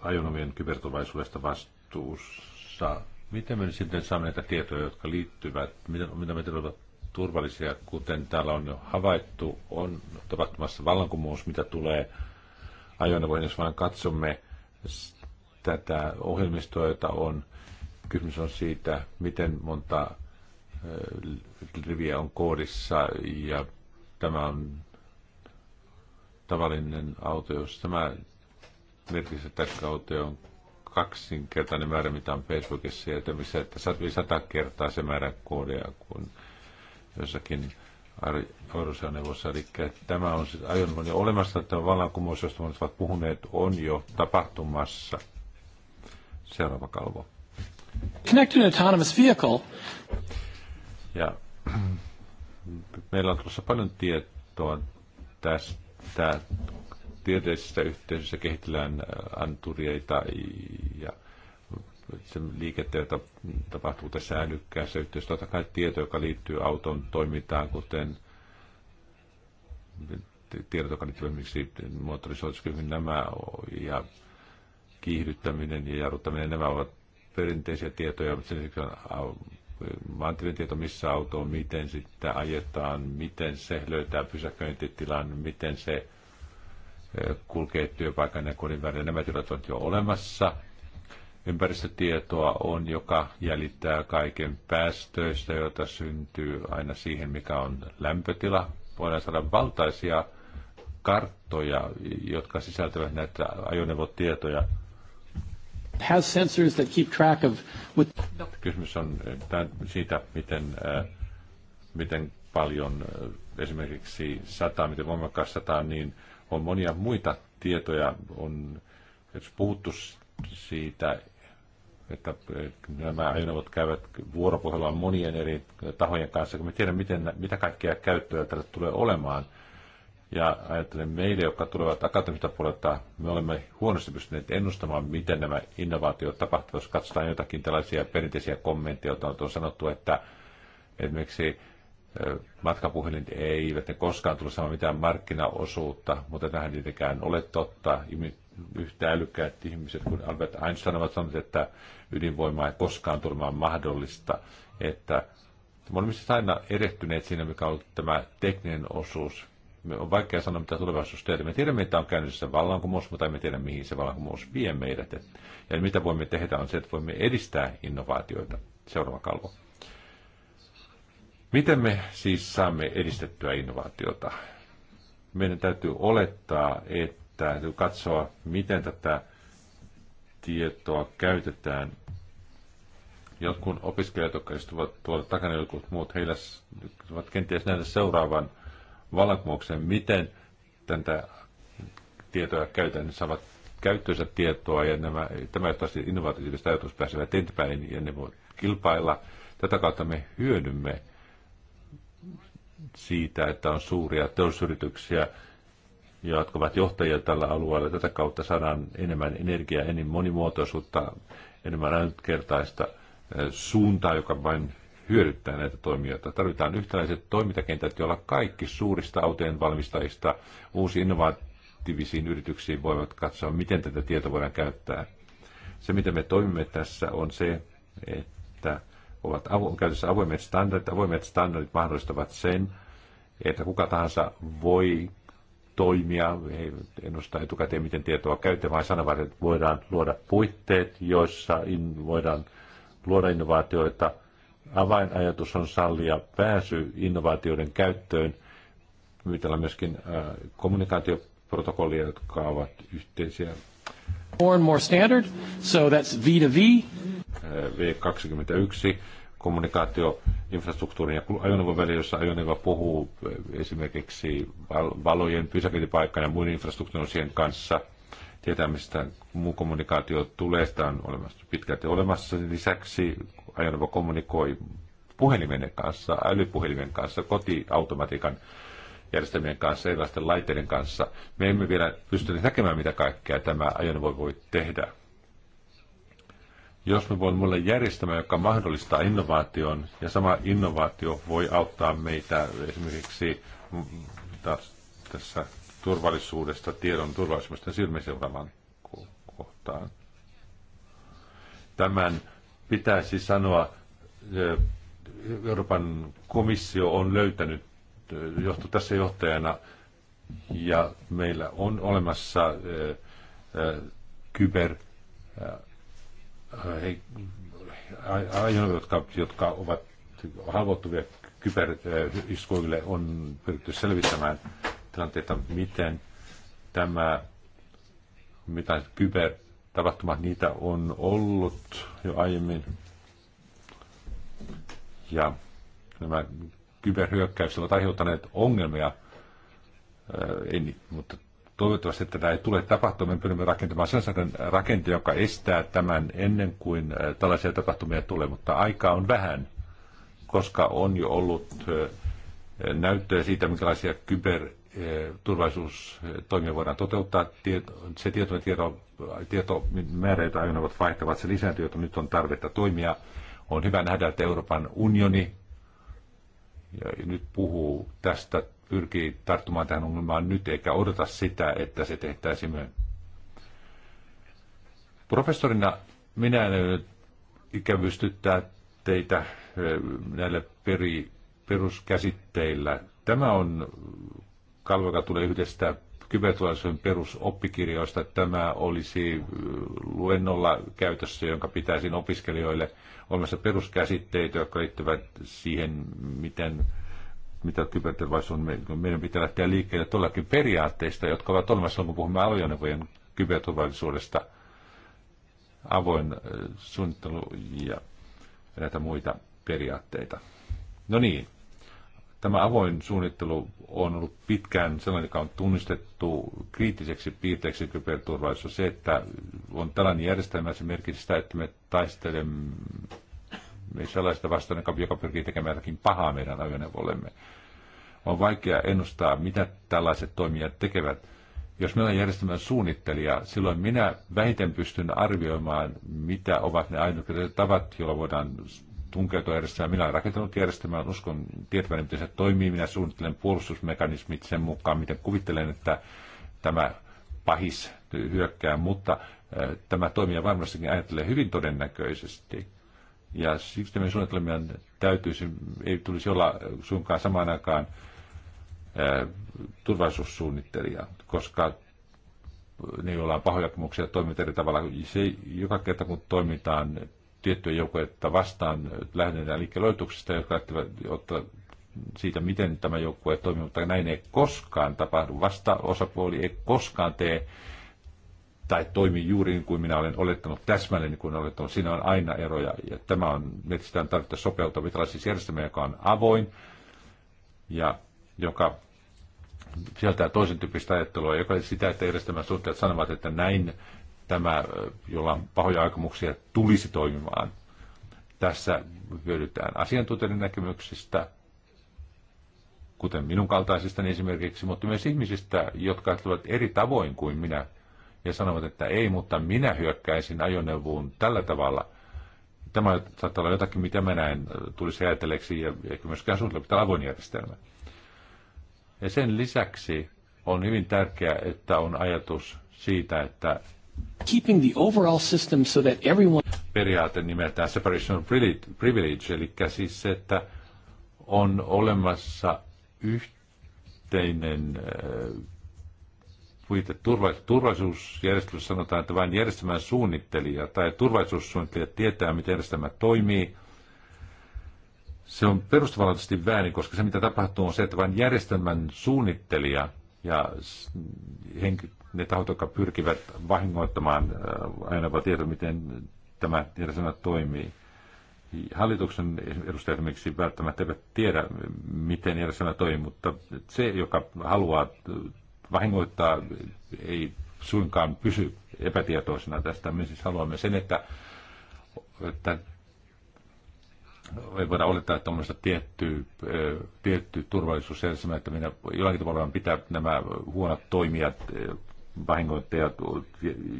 [SPEAKER 3] ajonomien kyberturvallisuudesta vastuussa. Miten me sitten saamme näitä tietoja, jotka liittyvät, mitä, mitä me tehdään turvallisia, kuten täällä on jo havaittu, on tapahtumassa vallankumous, mitä tulee ajoneuvoihin, jos vain katsomme tätä ohjelmistoa, jota on. Kysymys on siitä, miten monta riviä on koodissa ja Tämä on tavallinen auto, jos tämä merkitsee, että tämä auto on kaksinkertainen määrä, mitä on Facebookissa, ja missä, että sata kertaa se määrä koodia kuin jossakin Eurosia-neuvossa. eli tämä on siis ajoneuvon olemassa, että vallankumous, josta monet ovat puhuneet, on jo tapahtumassa. Seuraava kalvo.
[SPEAKER 1] Connected autonomous vehicle.
[SPEAKER 3] Ja meillä on tulossa paljon tietoa tästä tieteellisessä yhteisössä kehitellään äh, antureita ja se liikettä, jota tapahtuu tässä älykkäässä yhteisössä. Totta kai tieto, joka liittyy auton toimintaan, kuten tiedot, joka liittyy esimerkiksi moottorisoituskyvyn nämä ja kiihdyttäminen ja jarruttaminen, nämä ovat perinteisiä tietoja, mutta sen on maantieteen missä auto on, miten sitten ajetaan, miten se löytää pysäköintitilan, miten se eh, kulkee työpaikan ja kodin välillä. Nämä tilat ovat jo olemassa. Ympäristötietoa on, joka jäljittää kaiken päästöistä, joita syntyy aina siihen, mikä on lämpötila. Voidaan saada valtaisia karttoja, jotka sisältävät näitä ajoneuvotietoja –
[SPEAKER 1] has sensors that keep track of... With...
[SPEAKER 3] Kysymys on eh, siitä, miten, eh, miten paljon eh, esimerkiksi sataa, miten voimakkaasti sataa, niin on monia muita tietoja. On puhuttu siitä, että nämä ajoneuvot käyvät vuoropuhelua monien eri tahojen kanssa, kun me tiedämme, miten, mitä kaikkea käyttöä tälle tulee olemaan – ja ajattelen meille, jotka tulevat akateemista puolelta, me olemme huonosti pystyneet ennustamaan, miten nämä innovaatiot tapahtuvat. Jos katsotaan jotakin tällaisia perinteisiä kommentteja, joita on sanottu, että esimerkiksi matkapuhelin eivät ne koskaan tule saamaan mitään markkinaosuutta, mutta tähän tietenkään ole totta. Yhtä älykkäät ihmiset kuin Albert Einstein ovat sanoneet, että ydinvoima ei koskaan tule mahdollista. Että me olemme siis aina erehtyneet siinä, mikä on ollut tämä tekninen osuus on vaikea sanoa, mitä tulevaisuus tehdä. Me tiedämme, että on käynnissä vallankumous, mutta emme tiedä, mihin se vallankumous vie meidät. Ja mitä voimme tehdä on se, että voimme edistää innovaatioita. Seuraava kalvo. Miten me siis saamme edistettyä innovaatiota? Meidän täytyy olettaa, että katsoa, miten tätä tietoa käytetään jotkut opiskelijat, jotka istuvat tuolla takana, jotkut muut, heillä ovat kenties nähdä seuraavan vallankumouksen, miten tätä tietoa käytetään, saavat käyttöönsä tietoa ja nämä, tämä johtaa innovatiivista ajatus pääsevät eteenpäin ja ne voi kilpailla. Tätä kautta me hyödymme siitä, että on suuria teollisuusyrityksiä, jotka ovat johtajia tällä alueella. Tätä kautta saadaan enemmän energiaa, enemmän monimuotoisuutta, enemmän ainutkertaista eh, suuntaa, joka vain hyödyttää näitä toimijoita. Tarvitaan yhtäläiset toimintakentät, joilla kaikki suurista autojen valmistajista uusi innovatiivisiin yrityksiin voivat katsoa, miten tätä tietoa voidaan käyttää. Se, miten me toimimme tässä, on se, että ovat avo- käytössä avoimet standardit. Avoimet standardit mahdollistavat sen, että kuka tahansa voi toimia, ei ennustaa etukäteen, miten tietoa käytetään, vaan sanovat, että voidaan luoda puitteet, joissa in, voidaan luoda innovaatioita – avainajatus on sallia pääsy innovaatioiden käyttöön, Myytellään myöskin äh, kommunikaatioprotokollia, jotka ovat yhteisiä.
[SPEAKER 1] More and more standard,
[SPEAKER 3] so that's V2V. V21, äh, kommunikaatio infrastruktuurin ja ajoneuvon välillä, jossa ajoneuvo puhuu äh, esimerkiksi valojen pysäköintipaikan ja muiden infrastruktuurin kanssa – tietää, mistä muu kommunikaatio tulee. Sitä on olemassa pitkälti olemassa. Lisäksi ajoneuvo kommunikoi puhelimen kanssa, älypuhelimen kanssa, kotiautomatiikan järjestelmien kanssa, erilaisten laitteiden kanssa. Me emme vielä pystyneet näkemään, mitä kaikkea tämä ajoneuvo voi tehdä. Jos me voimme olla järjestelmä, joka mahdollistaa innovaation, ja sama innovaatio voi auttaa meitä esimerkiksi tässä turvallisuudesta, tiedon turvallisuudesta silmiseuraavan kohtaan. Tämän pitäisi sanoa, Euroopan komissio on löytänyt johto tässä johtajana ja meillä on olemassa kyber jotka, jotka ovat haavoittuvia kyberiskuille, on pyritty selvittämään tilanteita, miten tämä mitä kyber tapahtumat, niitä on ollut jo aiemmin. Ja nämä kyberhyökkäykset ovat aiheuttaneet ongelmia, en, niin, mutta toivottavasti tätä ei tule tapahtumaan. Me pyrimme rakentamaan sellaisen rakenteen, joka estää tämän ennen kuin tällaisia tapahtumia tulee, mutta aikaa on vähän, koska on jo ollut näyttöä siitä, minkälaisia kyber Eh, turvallisuustoimia eh, voidaan toteuttaa. Se tieto, tieto, määrä, jota ajoneuvot vaihtavat, se lisääntyy, jota nyt on tarvetta toimia. On hyvä nähdä, että Euroopan unioni ja nyt puhuu tästä, pyrkii tarttumaan tähän ongelmaan nyt, eikä odota sitä, että se tehtäisiin myöhemmin. Professorina minä en eh, ikävystyttää teitä näillä peri, peruskäsitteillä. Tämä on kalvo, joka tulee yhdestä kyberturvallisuuden perusoppikirjoista. Tämä olisi luennolla käytössä, jonka pitäisi opiskelijoille olemassa peruskäsitteitä, jotka liittyvät siihen, miten mitä kyberturvallisuus meidän pitää lähteä liikkeelle tuollakin periaatteista, jotka ovat olemassa, kun puhumme ajoneuvojen kyberturvallisuudesta, avoin suunnittelu ja näitä muita periaatteita. No niin, Tämä avoin suunnittelu on ollut pitkään sellainen, joka on tunnistettu kriittiseksi piirteeksi kyberturvallisuus. Se, että on tällainen järjestelmä, se merkitsee sitä, että me taistelemme sellaista vastaan, joka pyrkii tekemään jotakin pahaa meidän ajoneuvollemme. On vaikea ennustaa, mitä tällaiset toimijat tekevät – jos meillä on järjestelmän suunnittelija, silloin minä vähiten pystyn arvioimaan, mitä ovat ne ainutkertaiset tavat, joilla voidaan tunkeutua järjestelmään. Minä olen rakentanut järjestelmän, uskon tietäväni, miten se toimii. Minä suunnittelen puolustusmekanismit sen mukaan, miten kuvittelen, että tämä pahis hyökkää, mutta äh, tämä toimija varmastikin ajattelee hyvin todennäköisesti. Ja siksi meidän suunnitelmien täytyisi, ei tulisi olla suinkaan samaan aikaan äh, turvallisuussuunnittelija, koska ne, joilla on pahoja kokemuksia, toimivat eri tavalla. Se, joka kerta kun toimitaan tiettyä joukkuetta vastaan lähdetään liikkeelle oletuksista, jotka lähtevät ottaa siitä, miten tämä joukkue toimii, mutta näin ei koskaan tapahdu. Vasta osapuoli ei koskaan tee tai toimi juuri niin kuin minä olen olettanut, täsmälleen niin kuin olen olettanut. Siinä on aina eroja ja tämä on, mietitään tarvetta sopeutua tällaisessa järjestelmä, joka on avoin ja joka sieltä toisen tyyppistä ajattelua, joka sitä, että järjestelmän suhteet sanovat, että näin tämä, jolla on pahoja aikomuksia, tulisi toimimaan. Tässä hyödytään asiantuntijan näkemyksistä, kuten minun kaltaisistani esimerkiksi, mutta myös ihmisistä, jotka ajattelevat eri tavoin kuin minä ja sanovat, että ei, mutta minä hyökkäisin ajoneuvoon tällä tavalla. Tämä saattaa olla jotakin, mitä mä näen äh, tulisi ajatelleeksi ja ehkä myöskään suunnitella pitää avoin järjestelmä. Ja sen lisäksi on hyvin tärkeää, että on ajatus siitä, että keeping the overall system so that everyone... Periaate nimeltään separation of privilege, eli siis se, että on olemassa yhteinen äh, puite turvallisuusjärjestelmä, sanotaan, että vain järjestelmän suunnittelija tai turvallisuussuunnittelija tietää, miten järjestelmä toimii. Se on perustavallisesti väärin, koska se mitä tapahtuu on se, että vain järjestelmän suunnittelija – ja henki, ne tahot, jotka pyrkivät vahingoittamaan, äh, aina vaan tieto, miten tämä tiedosana toimii. Hallituksen edustajat esimerkiksi välttämättä eivät tiedä, miten järjestelmä toimii, mutta se, joka haluaa vahingoittaa, ei suinkaan pysy epätietoisena tästä. Me siis haluamme sen, että, että ei voida olettaa, että on tietty, tietty turvallisuusjärjestelmä, että minä jollakin tavalla pitää nämä huonot toimijat, vahingoittajat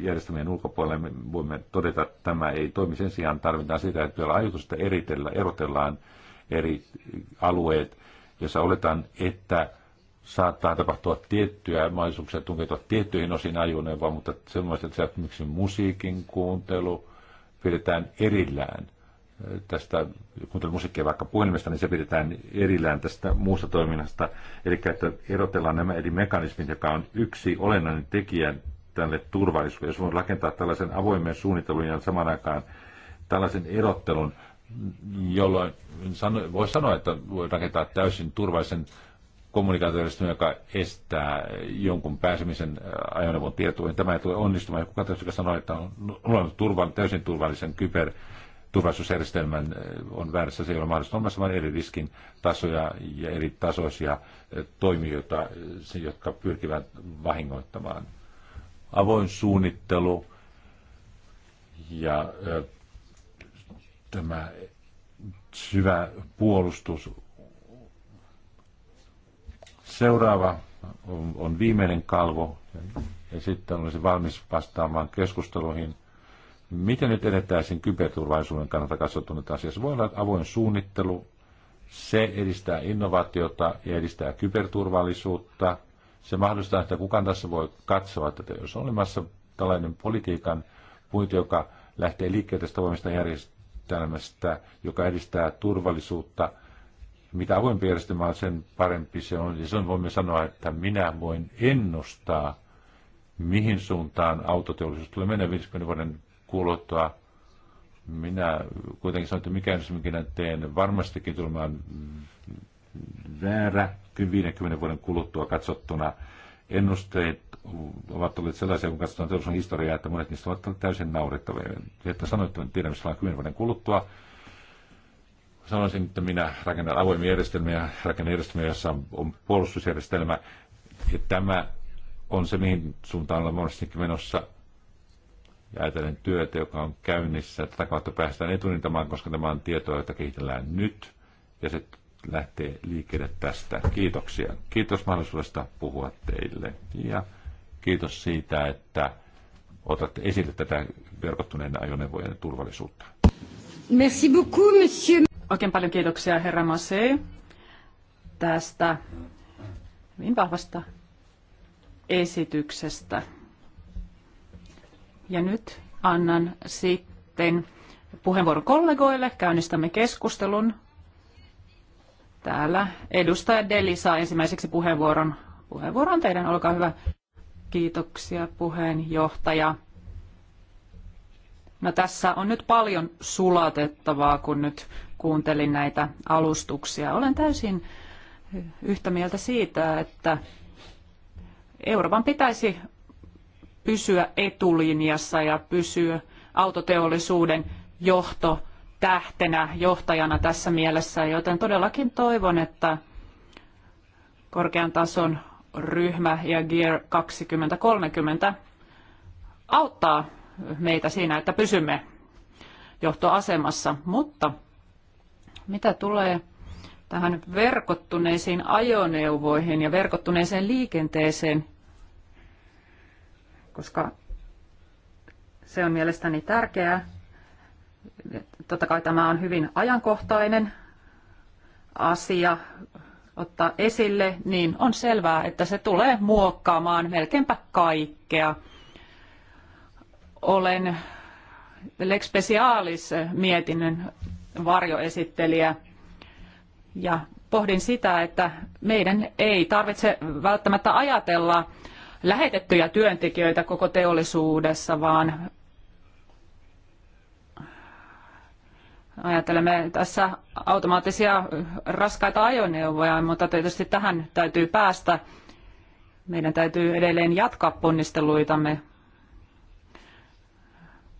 [SPEAKER 3] järjestelmien ulkopuolelle. Me voimme todeta, että tämä ei toimi. Sen sijaan tarvitaan sitä, että vielä ajatusta eritellä, erotellaan eri alueet, jossa oletaan, että saattaa tapahtua tiettyjä mahdollisuuksia tunkeutua tiettyihin osin ajoneuvoa, mutta sellaiset että miksi musiikin kuuntelu pidetään erillään – tästä, kun vaikka puhelimesta, niin se pidetään erillään tästä muusta toiminnasta. Eli että erotellaan nämä eri mekanismit, joka on yksi olennainen tekijä tälle turvallisuudelle. Jos voi rakentaa tällaisen avoimen suunnittelun ja saman aikaan tällaisen erottelun, jolloin sano, voisi sanoa, että voi rakentaa täysin turvallisen kommunikaatiojärjestelmä, joka estää jonkun pääsemisen äh, ajoneuvon tietoihin. Tämä ei tule onnistumaan. Joku katsoi, joka sanoo, että on luonut turvallisen, täysin turvallisen kyber turvallisuusjärjestelmän eh, on väärässä, se ei ole mahdollista olemassa, vaan eri riskin tasoja ja eri tasoisia eh, toimijoita, eh, jotka pyrkivät vahingoittamaan. Avoin suunnittelu ja tämä syvä puolustus. Seuraava on viimeinen kalvo ja sitten olisin valmis vastaamaan keskusteluihin – Miten nyt sen kyberturvallisuuden kannalta katsottuna asiassa? Voi olla avoin suunnittelu, se edistää innovaatiota ja edistää kyberturvallisuutta. Se mahdollistaa, että kukaan tässä voi katsoa, että jos on olemassa tällainen politiikan puinti, joka lähtee liikkeelle tästä voimista järjestelmästä, joka edistää turvallisuutta, mitä avoimpi järjestelmä on, sen parempi se on. Ja sen voimme sanoa, että minä voin ennustaa, mihin suuntaan autoteollisuus tulee mennä 50 vuoden kuluttua. Minä kuitenkin sanon, että mikä minä teen, varmastikin tulemaan väärä 50 vuoden kuluttua katsottuna. Ennusteet ovat olleet sellaisia, kun katsotaan teollisuuden historiaa, että monet niistä ovat olleet täysin naurettavia. että sanoit, että tiedän, missä on 10 vuoden kuluttua, sanoisin, että minä rakennan avoimia järjestelmiä, rakennan järjestelmiä, jossa on puolustusjärjestelmä, ja tämä on se, mihin suuntaan ollaan monestikin menossa ja ajatellen työtä, joka on käynnissä. Tätä kautta päästään etunintamaan, koska tämä on tietoa, jota kehitellään nyt ja se lähtee liikkeelle tästä. Kiitoksia. Kiitos mahdollisuudesta puhua teille ja kiitos siitä, että otatte esille tätä verkottuneen ajoneuvojen turvallisuutta.
[SPEAKER 2] Merci beaucoup,
[SPEAKER 1] monsieur. Oikein paljon kiitoksia, herra Masei, tästä hyvin vahvasta esityksestä. Ja nyt annan sitten puheenvuoron kollegoille. Käynnistämme keskustelun. Täällä edustaja Deli saa ensimmäiseksi puheenvuoron. Puheenvuoro on teidän, olkaa hyvä. Kiitoksia puheenjohtaja. No tässä on nyt paljon sulatettavaa, kun nyt kuuntelin näitä alustuksia. Olen täysin yhtä mieltä siitä, että Euroopan pitäisi pysyä etulinjassa ja pysyä autoteollisuuden johto tähtenä, johtajana tässä mielessä, joten todellakin toivon, että korkean tason ryhmä ja Gear 2030 auttaa meitä siinä, että pysymme johtoasemassa. Mutta mitä tulee tähän verkottuneisiin ajoneuvoihin ja verkottuneeseen liikenteeseen, koska se on mielestäni tärkeää. Totta kai tämä on hyvin ajankohtainen asia ottaa esille, niin on selvää, että se tulee muokkaamaan melkeinpä kaikkea. Olen Lex Specialis mietinnön varjoesittelijä ja pohdin sitä, että meidän ei tarvitse välttämättä ajatella lähetettyjä työntekijöitä koko teollisuudessa, vaan ajattelemme tässä automaattisia raskaita ajoneuvoja, mutta tietysti tähän täytyy päästä. Meidän täytyy edelleen jatkaa ponnisteluitamme,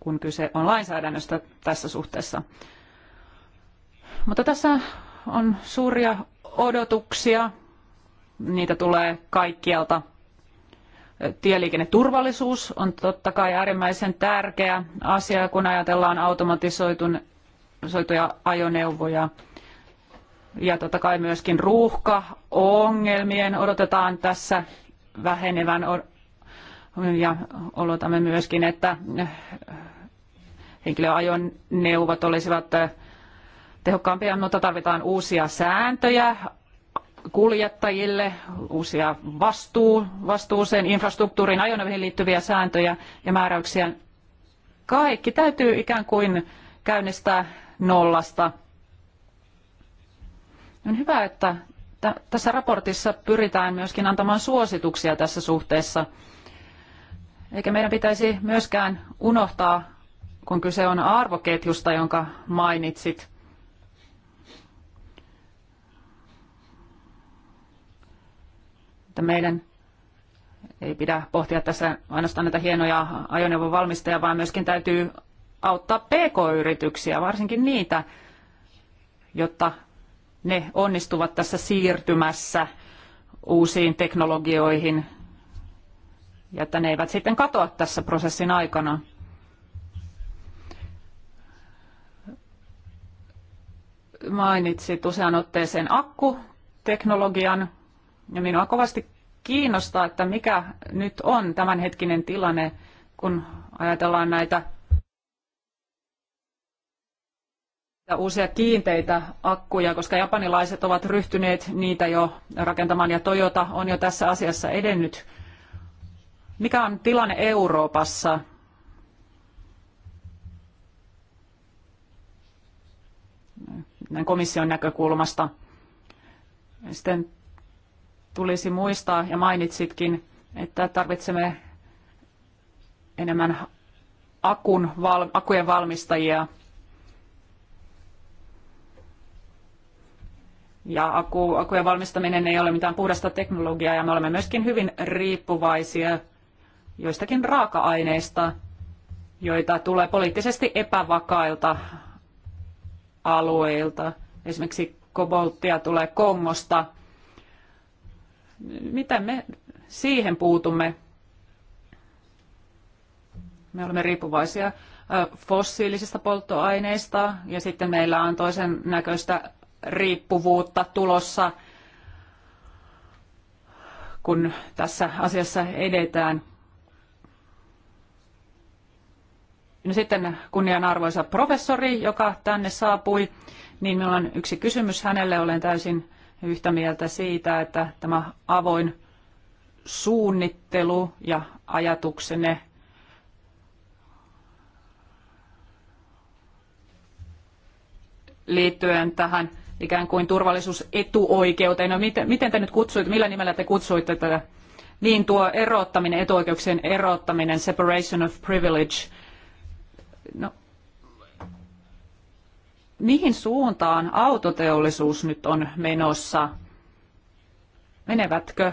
[SPEAKER 1] kun kyse on lainsäädännöstä tässä suhteessa. Mutta tässä on suuria odotuksia. Niitä tulee kaikkialta Tieliikenneturvallisuus on totta kai äärimmäisen tärkeä asia, kun ajatellaan automatisoituja ajoneuvoja. Ja totta kai myöskin ruuhka ongelmien odotetaan tässä vähenevän ja odotamme myöskin, että henkilöajoneuvot olisivat tehokkaampia, mutta tarvitaan uusia sääntöjä kuljettajille uusia vastuu, vastuuseen, infrastruktuurin, ajoneuvoihin liittyviä sääntöjä ja määräyksiä. Kaikki täytyy ikään kuin käynnistää nollasta. On hyvä, että tässä raportissa pyritään myöskin antamaan suosituksia tässä suhteessa. Eikä meidän pitäisi myöskään unohtaa, kun kyse on arvoketjusta, jonka mainitsit – että meidän ei pidä pohtia tässä ainoastaan näitä hienoja ajoneuvon valmistajia, vaan myöskin täytyy auttaa pk-yrityksiä, varsinkin niitä, jotta ne onnistuvat tässä siirtymässä uusiin teknologioihin ja että ne eivät sitten katoa tässä prosessin aikana. Mainitsit usean otteeseen akkuteknologian. Ja minua kovasti kiinnostaa, että mikä nyt on tämänhetkinen tilanne, kun ajatellaan näitä uusia kiinteitä akkuja, koska japanilaiset ovat ryhtyneet niitä jo rakentamaan ja Toyota on jo tässä asiassa edennyt. Mikä on tilanne Euroopassa? Näin komission näkökulmasta. Sitten tulisi muistaa, ja mainitsitkin, että tarvitsemme enemmän akun, val, akujen valmistajia Ja aku, akujen valmistaminen ei ole mitään puhdasta teknologiaa ja me olemme myöskin hyvin riippuvaisia joistakin raaka-aineista, joita tulee poliittisesti epävakailta alueilta. Esimerkiksi kobolttia tulee Kongosta Miten me siihen puutumme? Me olemme riippuvaisia fossiilisista polttoaineista ja sitten meillä on toisen näköistä riippuvuutta tulossa, kun tässä asiassa edetään. No sitten kunnianarvoisa professori, joka tänne saapui, niin minulla on yksi kysymys hänelle. Olen täysin yhtä mieltä siitä, että tämä avoin suunnittelu ja ajatuksenne liittyen tähän ikään kuin turvallisuusetuoikeuteen. No miten, miten te nyt kutsuitte, millä nimellä te kutsuitte tätä? Niin tuo erottaminen, etuoikeuksien erottaminen, separation of privilege. No, mihin suuntaan autoteollisuus nyt on menossa? Menevätkö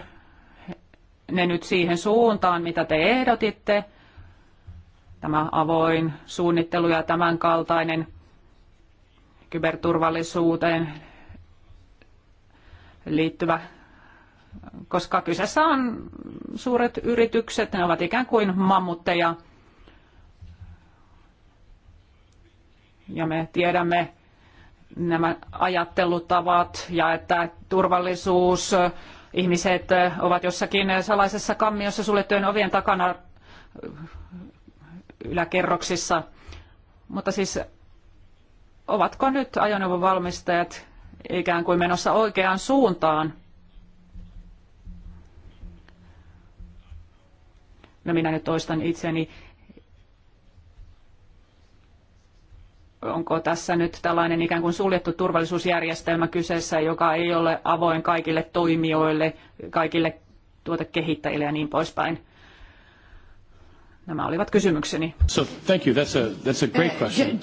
[SPEAKER 1] ne nyt siihen suuntaan, mitä te ehdotitte? Tämä avoin suunnittelu ja tämän kaltainen kyberturvallisuuteen liittyvä, koska kyseessä on suuret yritykset, ne ovat ikään kuin mammutteja – ja me tiedämme nämä ajattelutavat ja että turvallisuus, ihmiset ovat jossakin salaisessa kammiossa suljettujen ovien takana yläkerroksissa. Mutta siis ovatko nyt ajoneuvon valmistajat ikään kuin menossa oikeaan suuntaan? No minä nyt toistan itseni onko tässä nyt tällainen ikään kuin suljettu turvallisuusjärjestelmä kyseessä, joka ei ole avoin kaikille toimijoille, kaikille tuotekehittäjille ja niin poispäin. Nämä olivat kysymykseni. So, thank you. That's a, that's a great eh, question.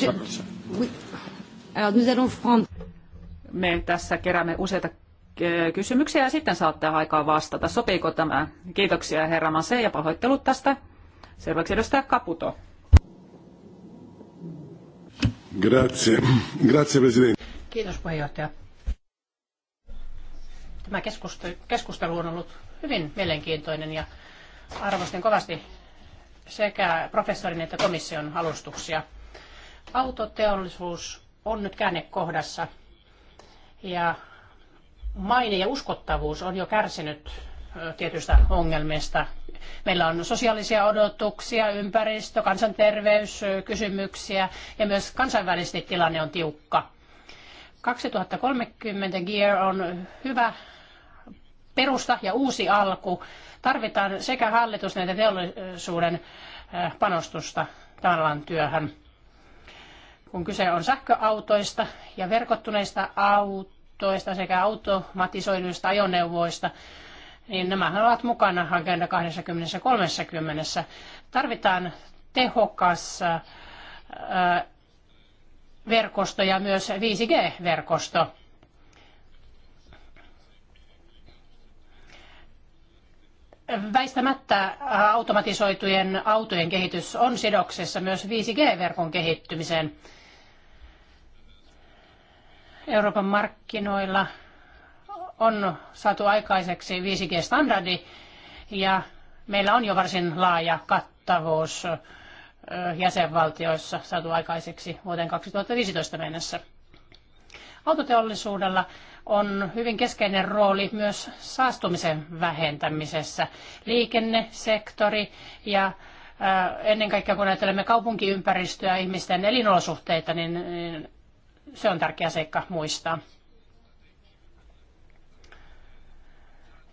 [SPEAKER 1] Me tässä keräämme useita eh, kysymyksiä ja sitten saatte aikaa vastata. Sopiiko tämä? Kiitoksia herra Mase ja pahoittelut tästä. Seuraavaksi edustaja Kaputo
[SPEAKER 3] arvoisa puhemies
[SPEAKER 2] Kiitos Tämä keskustelu on ollut hyvin mielenkiintoinen ja arvostin kovasti sekä professorin että komission alustuksia. Autoteollisuus on nyt käännekohdassa ja maine ja uskottavuus on jo kärsinyt tietystä ongelmista Meillä on sosiaalisia odotuksia, ympäristö, kansanterveyskysymyksiä ja myös kansainvälisesti tilanne on tiukka. 2030 Gear on hyvä perusta ja uusi alku. Tarvitaan sekä hallitus että teollisuuden äh, panostusta tämän alan työhön. Kun kyse on sähköautoista ja verkottuneista autoista sekä automatisoiduista ajoneuvoista, niin nämä ovat mukana Agenda 2030. Tarvitaan tehokas verkosto ja myös 5G-verkosto. Väistämättä automatisoitujen autojen kehitys on sidoksessa myös 5G-verkon kehittymiseen. Euroopan markkinoilla on saatu aikaiseksi 5G-standardi ja meillä on jo varsin laaja kattavuus jäsenvaltioissa saatu aikaiseksi vuoteen 2015 mennessä. Autoteollisuudella on hyvin keskeinen rooli myös saastumisen vähentämisessä. Liikennesektori ja ennen kaikkea kun ajattelemme kaupunkiympäristöä ja ihmisten elinolosuhteita, niin, niin se on tärkeä seikka muistaa.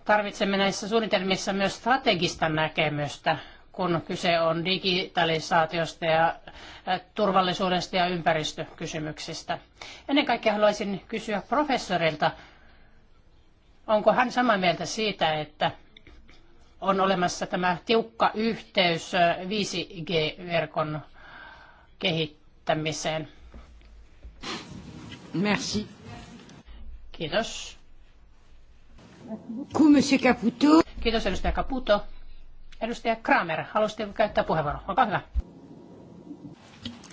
[SPEAKER 2] Tarvitsemme näissä suunnitelmissa myös strategista näkemystä, kun kyse on digitalisaatiosta ja turvallisuudesta ja ympäristökysymyksistä. Ennen kaikkea haluaisin kysyä professorilta, onko hän samaa mieltä siitä, että on olemassa tämä tiukka yhteys 5G-verkon kehittämiseen? Merci. Kiitos. Kiitos edustaja Caputo. Edustaja Kramer, haluaisitteko käyttää puheenvuoron? Olkaa hyvä.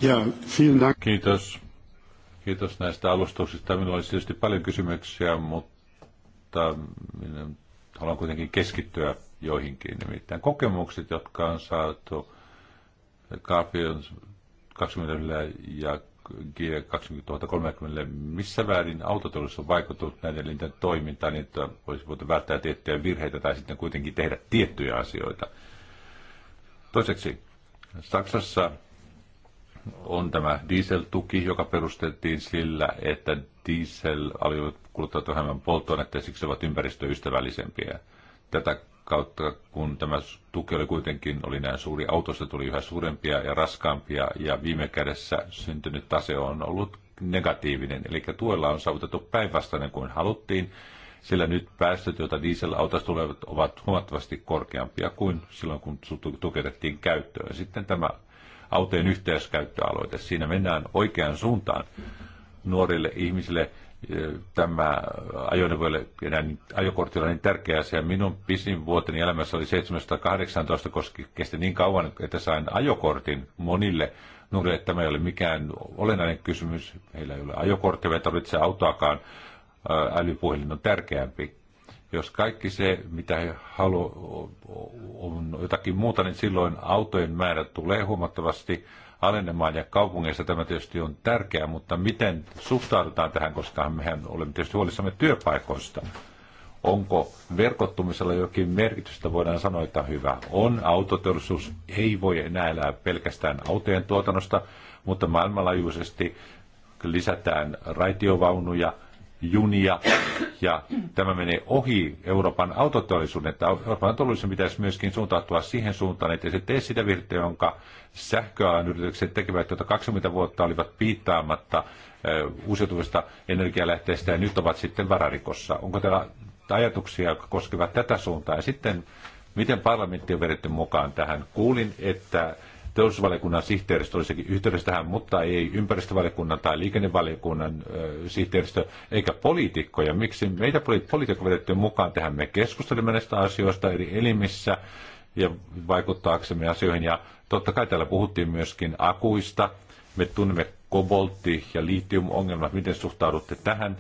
[SPEAKER 3] Ja, Kiitos. Kiitos näistä alustuksista. Minulla olisi tietysti paljon kysymyksiä, mutta minä haluan kuitenkin keskittyä joihinkin. Nimittäin kokemukset, jotka on saatu Garfield 20 ja G2030, missä väärin autoteollisuus on vaikuttanut näiden linten toimintaan, niin että olisi voitu välttää tiettyjä virheitä tai sitten kuitenkin tehdä tiettyjä asioita. Toiseksi, Saksassa on tämä dieseltuki, joka perusteltiin sillä, että diesel-alueet kuluttavat vähemmän polttoainetta ja siksi ovat ympäristöystävällisempiä. Tätä kautta, kun tämä tuki oli kuitenkin oli näin suuri. Autosta tuli yhä suurempia ja raskaampia ja viime kädessä syntynyt tase on ollut negatiivinen. Eli tuella on saavutettu päinvastainen kuin haluttiin, sillä nyt päästöt, joita dieselautosta tulevat, ovat huomattavasti korkeampia kuin silloin, kun tuketettiin käyttöön. Sitten tämä autojen yhteiskäyttöaloite, siinä mennään oikeaan suuntaan nuorille ihmisille – tämä ajoneuvoille ajokortilla niin tärkeä asia. Minun pisin vuoteni elämässä oli 718, koska kesti niin kauan, että sain ajokortin monille nuorille. Tämä ei ole mikään olennainen kysymys. Heillä ei ole ajokorttia, ei tarvitse autoakaan. Älypuhelin on tärkeämpi. Jos kaikki se, mitä he haluavat, on jotakin muuta, niin silloin autojen määrä tulee huomattavasti alenemaan ja kaupungeissa tämä tietysti on tärkeää, mutta miten suhtaudutaan tähän, koska mehän olemme tietysti huolissamme työpaikoista. Onko verkottumisella jokin merkitystä, voidaan sanoa, että hyvä on. Autoteollisuus ei voi enää elää pelkästään autojen tuotannosta, mutta maailmanlaajuisesti lisätään raitiovaunuja – junia, ja tämä menee ohi Euroopan autoteollisuuden, että Euroopan autoteollisuuden pitäisi myöskin suuntautua siihen suuntaan, että se tee sitä virta, jonka sähköalan yritykset tekevät, jota 20 vuotta olivat piittaamatta eh, uusiutuvista energialähteistä, ja nyt ovat sitten vararikossa. Onko teillä ajatuksia, jotka koskevat tätä suuntaa? Ja sitten, miten parlamentti on vedetty mukaan tähän? Kuulin, että teollisuusvaliokunnan sihteeristö olisikin yhteydessä tähän, mutta ei ympäristövaliokunnan tai liikennevaliokunnan sihteeristö, eikä poliitikkoja. Miksi meitä poliitikko vedettiin mukaan tähän? Me keskustelemme näistä asioista eri elimissä ja vaikuttaaksemme asioihin. Ja totta kai täällä puhuttiin myöskin akuista. Me tunnemme koboltti- ja litiumongelmat. Miten suhtaudutte tähän?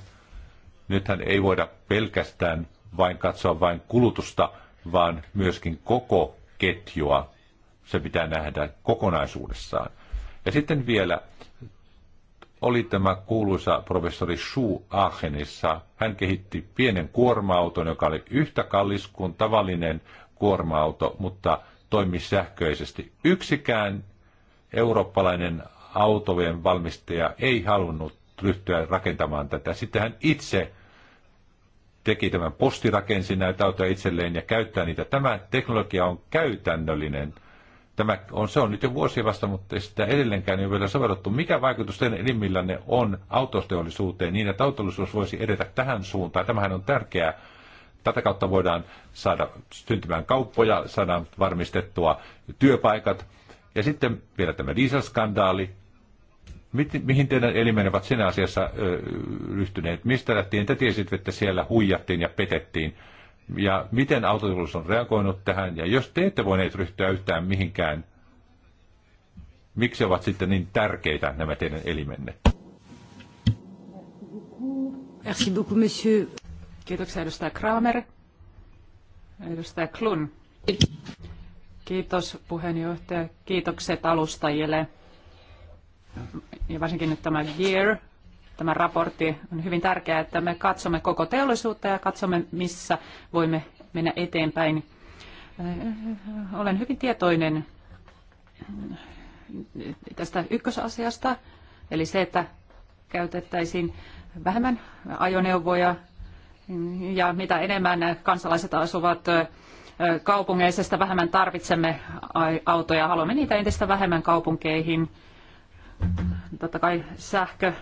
[SPEAKER 3] Nythän ei voida pelkästään vain katsoa vain kulutusta, vaan myöskin koko ketjua se pitää nähdä kokonaisuudessaan. Ja sitten vielä oli tämä kuuluisa professori Shu Aachenissa. Hän kehitti pienen kuorma-auton, joka oli yhtä kallis kuin tavallinen kuorma-auto, mutta toimi sähköisesti. Yksikään eurooppalainen autojen valmistaja ei halunnut ryhtyä rakentamaan tätä. Sitten hän itse teki tämän postirakensin näitä autoja itselleen ja käyttää niitä. Tämä teknologia on käytännöllinen – Tämä on, se on nyt jo vuosi vasta, mutta sitä edelleenkään ei ole vielä sovellettu. Mikä vaikutus teidän elimmillänne on autosteollisuuteen niin, että autollisuus voisi edetä tähän suuntaan? Tämähän on tärkeää. Tätä kautta voidaan saada syntymään kauppoja, saadaan varmistettua työpaikat. Ja sitten vielä tämä dieselskandaali. Mihin teidän elimenne ovat siinä asiassa ryhtyneet? Mistä lähtien te tiesitte, että siellä huijattiin ja petettiin? ja miten autoteollisuus on reagoinut tähän. Ja jos te ette voineet ryhtyä yhtään mihinkään, miksi ovat sitten niin tärkeitä nämä teidän elimenne?
[SPEAKER 1] Merci beaucoup, monsieur. Kiitoksia edustaja Kramer. Edustaja Klun. Kiitos puheenjohtaja. Kiitokset alustajille. Ja varsinkin nyt tämä Gear tämä raportti. On hyvin tärkeää, että me katsomme koko teollisuutta ja katsomme, missä voimme mennä eteenpäin. Äh, olen hyvin tietoinen tästä ykkösasiasta, eli se, että käytettäisiin vähemmän ajoneuvoja ja mitä enemmän kansalaiset asuvat äh, kaupungeissa, sitä vähemmän tarvitsemme autoja. Haluamme niitä entistä vähemmän kaupunkeihin. Totta kai sähkö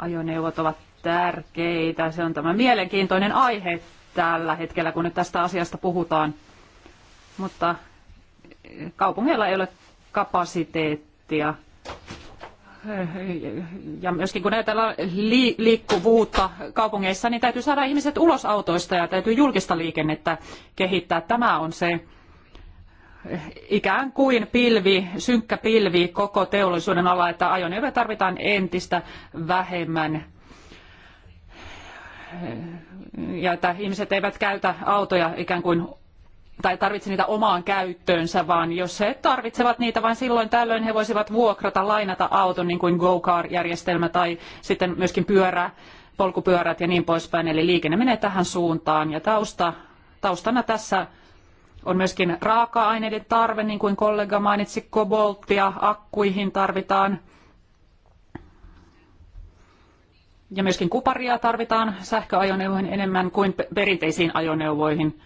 [SPEAKER 1] ajoneuvot ovat tärkeitä. Se on tämä mielenkiintoinen aihe tällä hetkellä, kun nyt tästä asiasta puhutaan. Mutta eh, kaupungeilla ei ole kapasiteettia. Eh, ja myöskin kun ajatellaan liikkuvuutta kaupungeissa, niin täytyy saada ihmiset ulos autoista ja täytyy julkista liikennettä kehittää. Tämä on se ikään kuin pilvi, synkkä pilvi koko teollisuuden alla, että ajoneuvoja tarvitaan entistä vähemmän ja että ihmiset eivät käytä autoja ikään kuin tai tarvitse niitä omaan käyttöönsä, vaan jos he tarvitsevat niitä vain silloin tällöin, he voisivat vuokrata, lainata auton, niin kuin go-car-järjestelmä tai sitten myöskin pyörä, polkupyörät ja niin poispäin. Eli liikenne menee tähän suuntaan ja tausta, taustana tässä on myöskin raaka-aineiden tarve, niin kuin kollega mainitsi, kobolttia akkuihin tarvitaan. Ja myöskin kuparia tarvitaan sähköajoneuvoihin enemmän kuin perinteisiin ajoneuvoihin.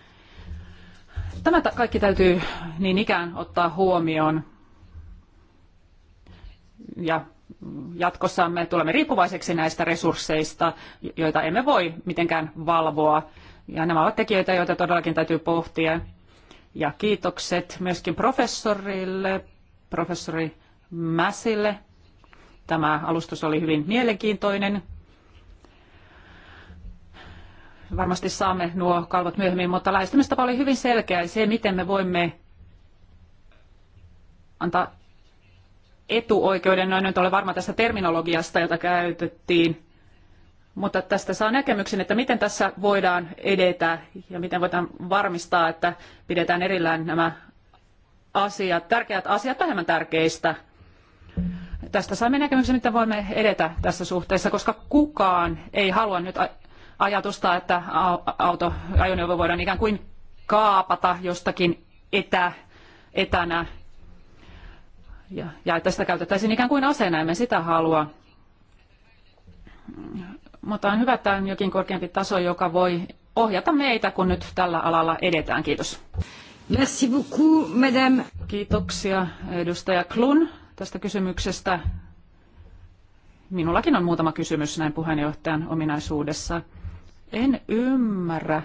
[SPEAKER 1] Tämä kaikki täytyy niin ikään ottaa huomioon. Ja jatkossa me tulemme riippuvaiseksi näistä resursseista, joita emme voi mitenkään valvoa. Ja nämä ovat tekijöitä, joita todellakin täytyy pohtia. Ja kiitokset myöskin professorille, professori Mäsille. Tämä alustus oli hyvin mielenkiintoinen. Varmasti saamme nuo kalvot myöhemmin, mutta lähestymistapa oli hyvin selkeä. Se, miten me voimme antaa etuoikeuden, no en nyt ole varma tästä terminologiasta, jota käytettiin, mutta tästä saa näkemyksen, että miten tässä voidaan edetä ja miten voidaan varmistaa, että pidetään erillään nämä asiat, tärkeät asiat vähemmän tärkeistä. Tästä saamme näkemyksen, miten voimme edetä tässä suhteessa, koska kukaan ei halua nyt ajatusta, että auto, ajoneuvo voidaan ikään kuin kaapata jostakin etä, etänä ja, ja että sitä käytettäisiin ikään kuin aseena, emme sitä halua. Mutta on hyvä, että on jokin korkeampi taso, joka voi ohjata meitä, kun nyt tällä alalla edetään. Kiitos. Merci beaucoup, madame. Kiitoksia edustaja Klun tästä kysymyksestä. Minullakin on muutama kysymys näin puheenjohtajan ominaisuudessa. En ymmärrä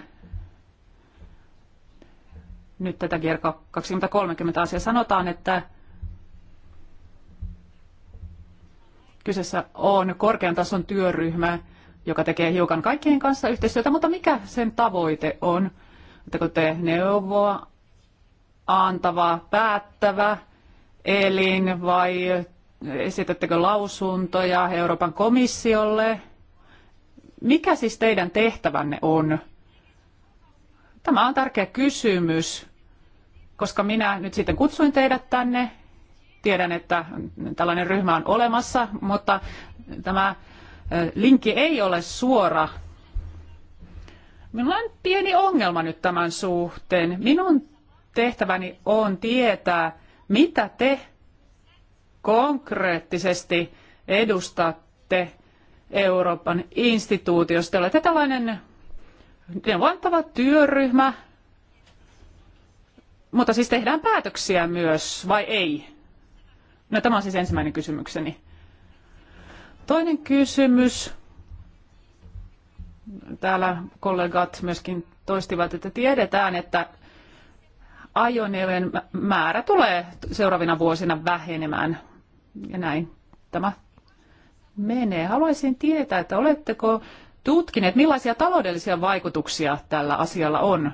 [SPEAKER 1] nyt tätä GER 2030 asiaa. Sanotaan, että kyseessä on korkean tason työryhmä, joka tekee hiukan kaikkien kanssa yhteistyötä, mutta mikä sen tavoite on? Oletteko te neuvoa antava, päättävä elin vai esitettekö lausuntoja Euroopan komissiolle? Mikä siis teidän tehtävänne on? Tämä on tärkeä kysymys, koska minä nyt sitten kutsuin teidät tänne. Tiedän, että tällainen ryhmä on olemassa, mutta tämä linkki ei ole suora. Minulla on pieni ongelma nyt tämän suhteen. Minun tehtäväni on tietää, mitä te konkreettisesti edustatte Euroopan instituutiosta. Olette tällainen neuvontava työryhmä, mutta siis tehdään päätöksiä myös, vai ei? No tämä on siis ensimmäinen kysymykseni. Toinen kysymys. Täällä kollegat myöskin toistivat, että tiedetään, että ajoneuvojen määrä tulee seuraavina vuosina vähenemään. Ja näin tämä menee. Haluaisin tietää, että oletteko tutkineet, millaisia taloudellisia vaikutuksia tällä asialla on?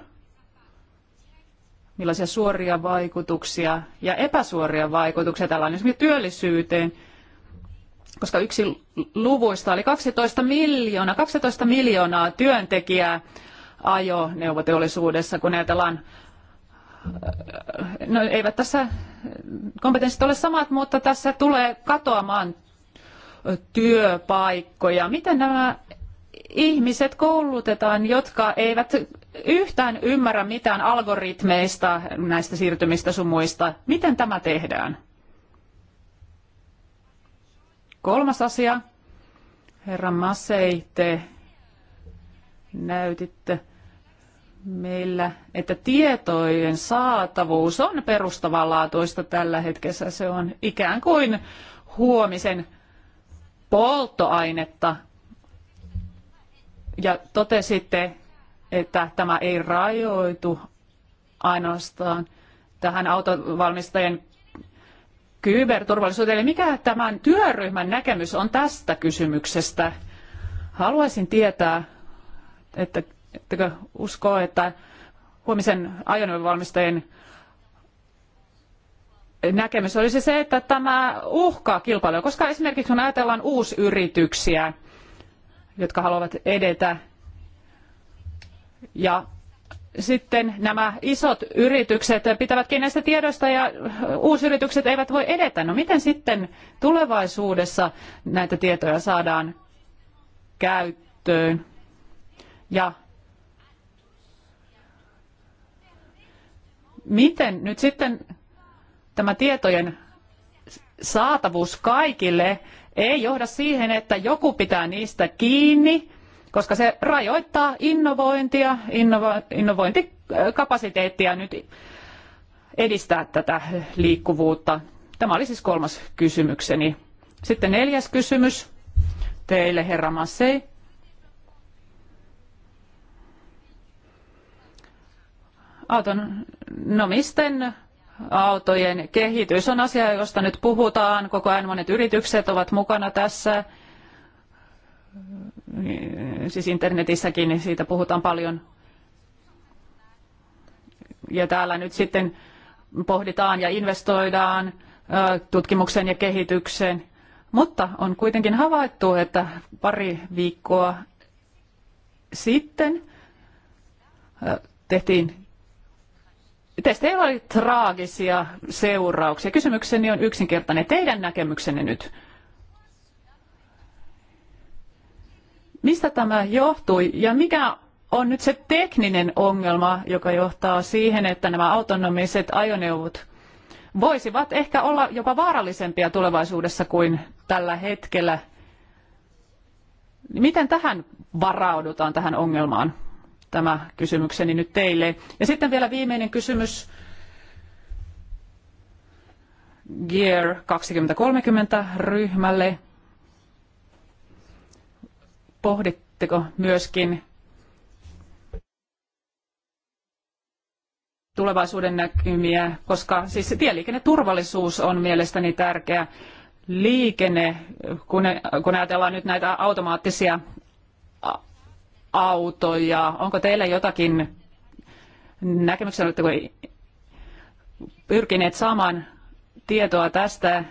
[SPEAKER 1] Millaisia suoria vaikutuksia ja epäsuoria vaikutuksia tällä on esimerkiksi työllisyyteen – koska yksi luvuista oli 12 miljoonaa, 12 miljoonaa työntekijää ajoneuvoteollisuudessa, kun ajatellaan äh, no eivät tässä kompetenssit ole samat, mutta tässä tulee katoamaan työpaikkoja. Miten nämä ihmiset koulutetaan, jotka eivät yhtään ymmärrä mitään algoritmeista, näistä siirtymistä sun muista? Miten tämä tehdään? Kolmas asia. Herra Massei, te näytitte meillä, että tietojen saatavuus on perustavanlaatuista tällä hetkessä. Se on ikään kuin huomisen polttoainetta. Ja totesitte, että tämä ei rajoitu ainoastaan tähän autovalmistajien kyberturvallisuuteen. Eli mikä tämän työryhmän näkemys on tästä kysymyksestä? Haluaisin tietää, että ettekö usko, että huomisen ajoneuvovalmistajien näkemys olisi se, että tämä uhkaa kilpailua, koska esimerkiksi kun ajatellaan uusyrityksiä, jotka haluavat edetä ja sitten nämä isot yritykset pitävät kiinni näistä tiedoista ja uusyritykset eivät voi edetä. No miten sitten tulevaisuudessa näitä tietoja saadaan käyttöön? Ja miten nyt sitten tämä tietojen saatavuus kaikille ei johda siihen, että joku pitää niistä kiinni koska se rajoittaa innovointia, innovointikapasiteettia nyt edistää tätä liikkuvuutta. Tämä oli siis kolmas kysymykseni. Sitten neljäs kysymys teille, herra Massei. Autonomisten autojen kehitys on asia, josta nyt puhutaan. Koko ajan monet yritykset ovat mukana tässä siis internetissäkin niin siitä puhutaan paljon. Ja täällä nyt sitten pohditaan ja investoidaan tutkimukseen ja kehitykseen. Mutta on kuitenkin havaittu, että pari viikkoa sitten tehtiin testeillä oli traagisia seurauksia. Kysymykseni on yksinkertainen. Teidän näkemyksenne nyt – Mistä tämä johtui ja mikä on nyt se tekninen ongelma, joka johtaa siihen, että nämä autonomiset ajoneuvot voisivat ehkä olla jopa vaarallisempia tulevaisuudessa kuin tällä hetkellä. Miten tähän varaudutaan tähän ongelmaan? Tämä kysymykseni nyt teille. Ja sitten vielä viimeinen kysymys. Gear 2030 ryhmälle pohditteko myöskin tulevaisuuden näkymiä, koska siis tieliikenneturvallisuus on mielestäni tärkeä liikenne, kun, kun ajatellaan nyt näitä automaattisia autoja. Onko teillä jotakin näkemyksiä, oletteko pyrkineet saamaan tietoa tästä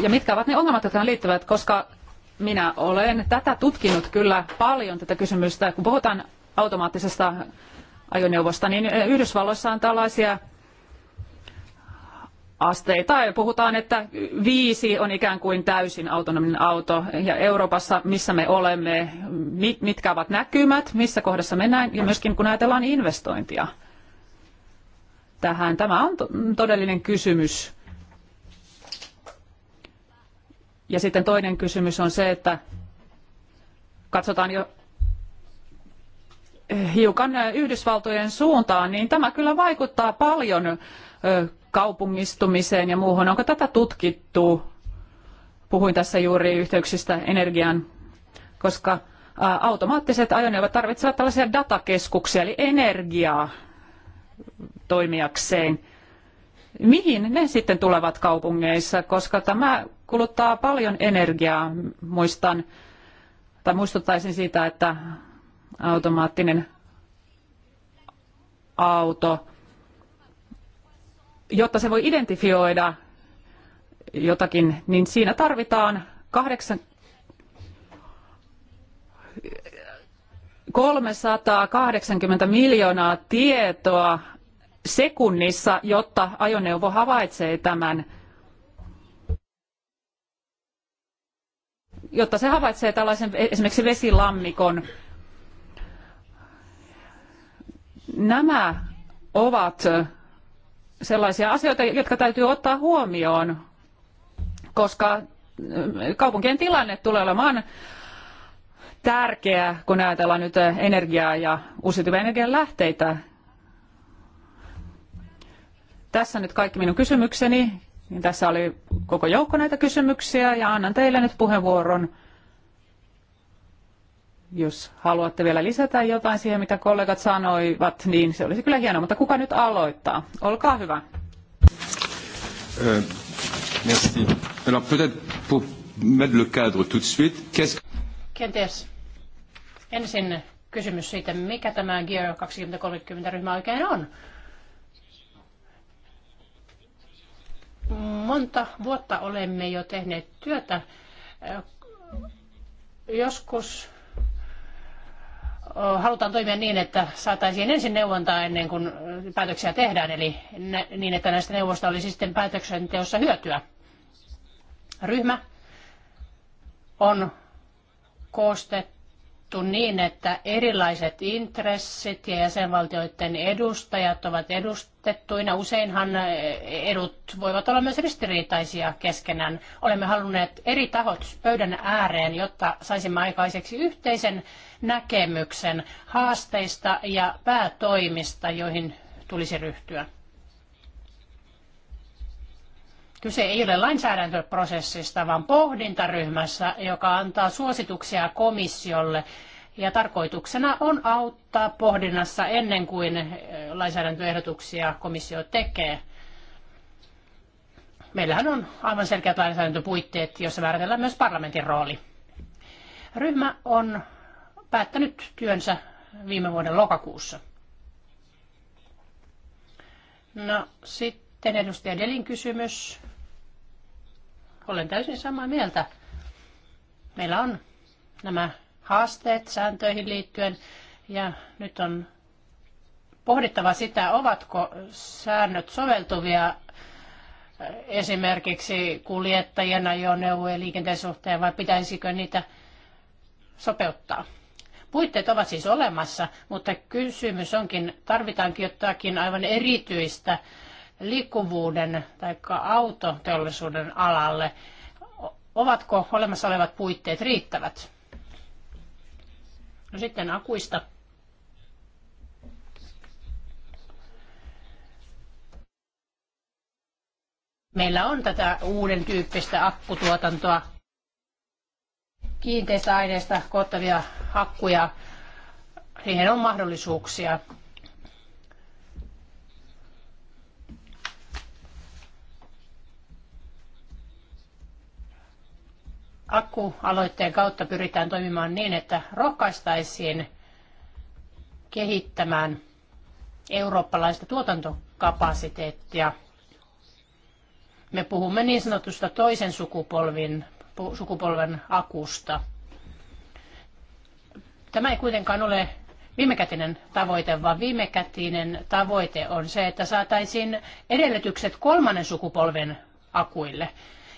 [SPEAKER 1] ja mitkä ovat ne ongelmat, jotka liittyvät, koska minä olen tätä tutkinut kyllä paljon tätä kysymystä. Kun puhutaan automaattisesta ajoneuvosta, niin eh, Yhdysvalloissa on tällaisia asteita. Ja puhutaan, että viisi on ikään kuin täysin autonominen auto. Ja Euroopassa, missä me olemme, mitkä ovat näkymät, missä kohdassa mennään, ja myöskin kun ajatellaan investointia tähän. Tämä on todellinen kysymys. Ja sitten toinen kysymys on se, että katsotaan jo hiukan Yhdysvaltojen suuntaan, niin tämä kyllä vaikuttaa paljon kaupungistumiseen ja muuhun. Onko tätä tutkittu? Puhuin tässä juuri yhteyksistä energiaan, koska automaattiset ajoneuvot tarvitsevat tällaisia datakeskuksia, eli energiaa toimijakseen. Mihin ne sitten tulevat kaupungeissa, koska tämä kuluttaa paljon energiaa. Muistan, tai muistuttaisin siitä, että automaattinen auto, jotta se voi identifioida jotakin, niin siinä tarvitaan kahdeksan 380 miljoonaa tietoa sekunnissa, jotta ajoneuvo havaitsee tämän jotta se havaitsee tällaisen esimerkiksi vesilammikon. Nämä ovat sellaisia asioita, jotka täytyy ottaa huomioon, koska kaupunkien tilanne tulee olemaan tärkeä, kun ajatellaan nyt energiaa ja uusiutuvia energian lähteitä. Tässä nyt kaikki minun kysymykseni tässä oli koko joukko näitä kysymyksiä ja annan teille nyt puheenvuoron. Jos haluatte vielä lisätä jotain siihen, mitä kollegat sanoivat, niin se olisi kyllä hienoa. Mutta kuka nyt aloittaa? Olkaa hyvä.
[SPEAKER 3] Merci. Alors peut-être pour mettre le cadre tout de suite, qu'est-ce
[SPEAKER 2] Kenties ensin kysymys siitä, mikä tämä Gear 2030-ryhmä oikein on. monta vuotta olemme jo tehneet työtä. Joskus halutaan toimia niin, että saataisiin ensin neuvontaa ennen kuin päätöksiä tehdään, eli niin, että näistä neuvosta olisi sitten päätöksenteossa hyötyä. Ryhmä on koostettu laadittu niin, että erilaiset intressit ja jäsenvaltioiden edustajat ovat edustettuina. Useinhan edut voivat olla myös ristiriitaisia keskenään. Olemme halunneet eri tahot pöydän ääreen, jotta saisimme aikaiseksi yhteisen näkemyksen haasteista ja päätoimista, joihin tulisi ryhtyä. Kyse ei ole lainsäädäntöprosessista, vaan pohdintaryhmässä, joka antaa suosituksia komissiolle. Ja tarkoituksena on auttaa pohdinnassa ennen kuin eh, lainsäädäntöehdotuksia komissio tekee. Meillähän on aivan selkeät lainsäädäntöpuitteet, joissa määritellään myös parlamentin rooli. Ryhmä on päättänyt työnsä viime vuoden lokakuussa. No sitten edustaja Delin kysymys. Olen täysin samaa mieltä. Meillä on nämä haasteet sääntöihin liittyen ja nyt on pohdittava sitä, ovatko säännöt soveltuvia esimerkiksi kuljettajien ajoneuvojen liikenteen suhteen vai pitäisikö niitä sopeuttaa. Puitteet ovat siis olemassa, mutta kysymys onkin, tarvitaankin jotakin aivan erityistä liikkuvuuden tai autoteollisuuden alalle. Ovatko olemassa olevat puitteet riittävät? No sitten akuista. Meillä on tätä uuden tyyppistä akkutuotantoa, kiinteistä aineista koottavia hakkuja. Siihen on mahdollisuuksia. akku aloitteen kautta pyritään toimimaan niin, että rohkaistaisiin kehittämään eurooppalaista tuotantokapasiteettia. Me puhumme niin sanotusta toisen sukupolvin, sukupolven akusta. Tämä ei kuitenkaan ole viimekätinen tavoite, vaan viimekätinen tavoite on se, että saataisiin edellytykset kolmannen sukupolven akuille.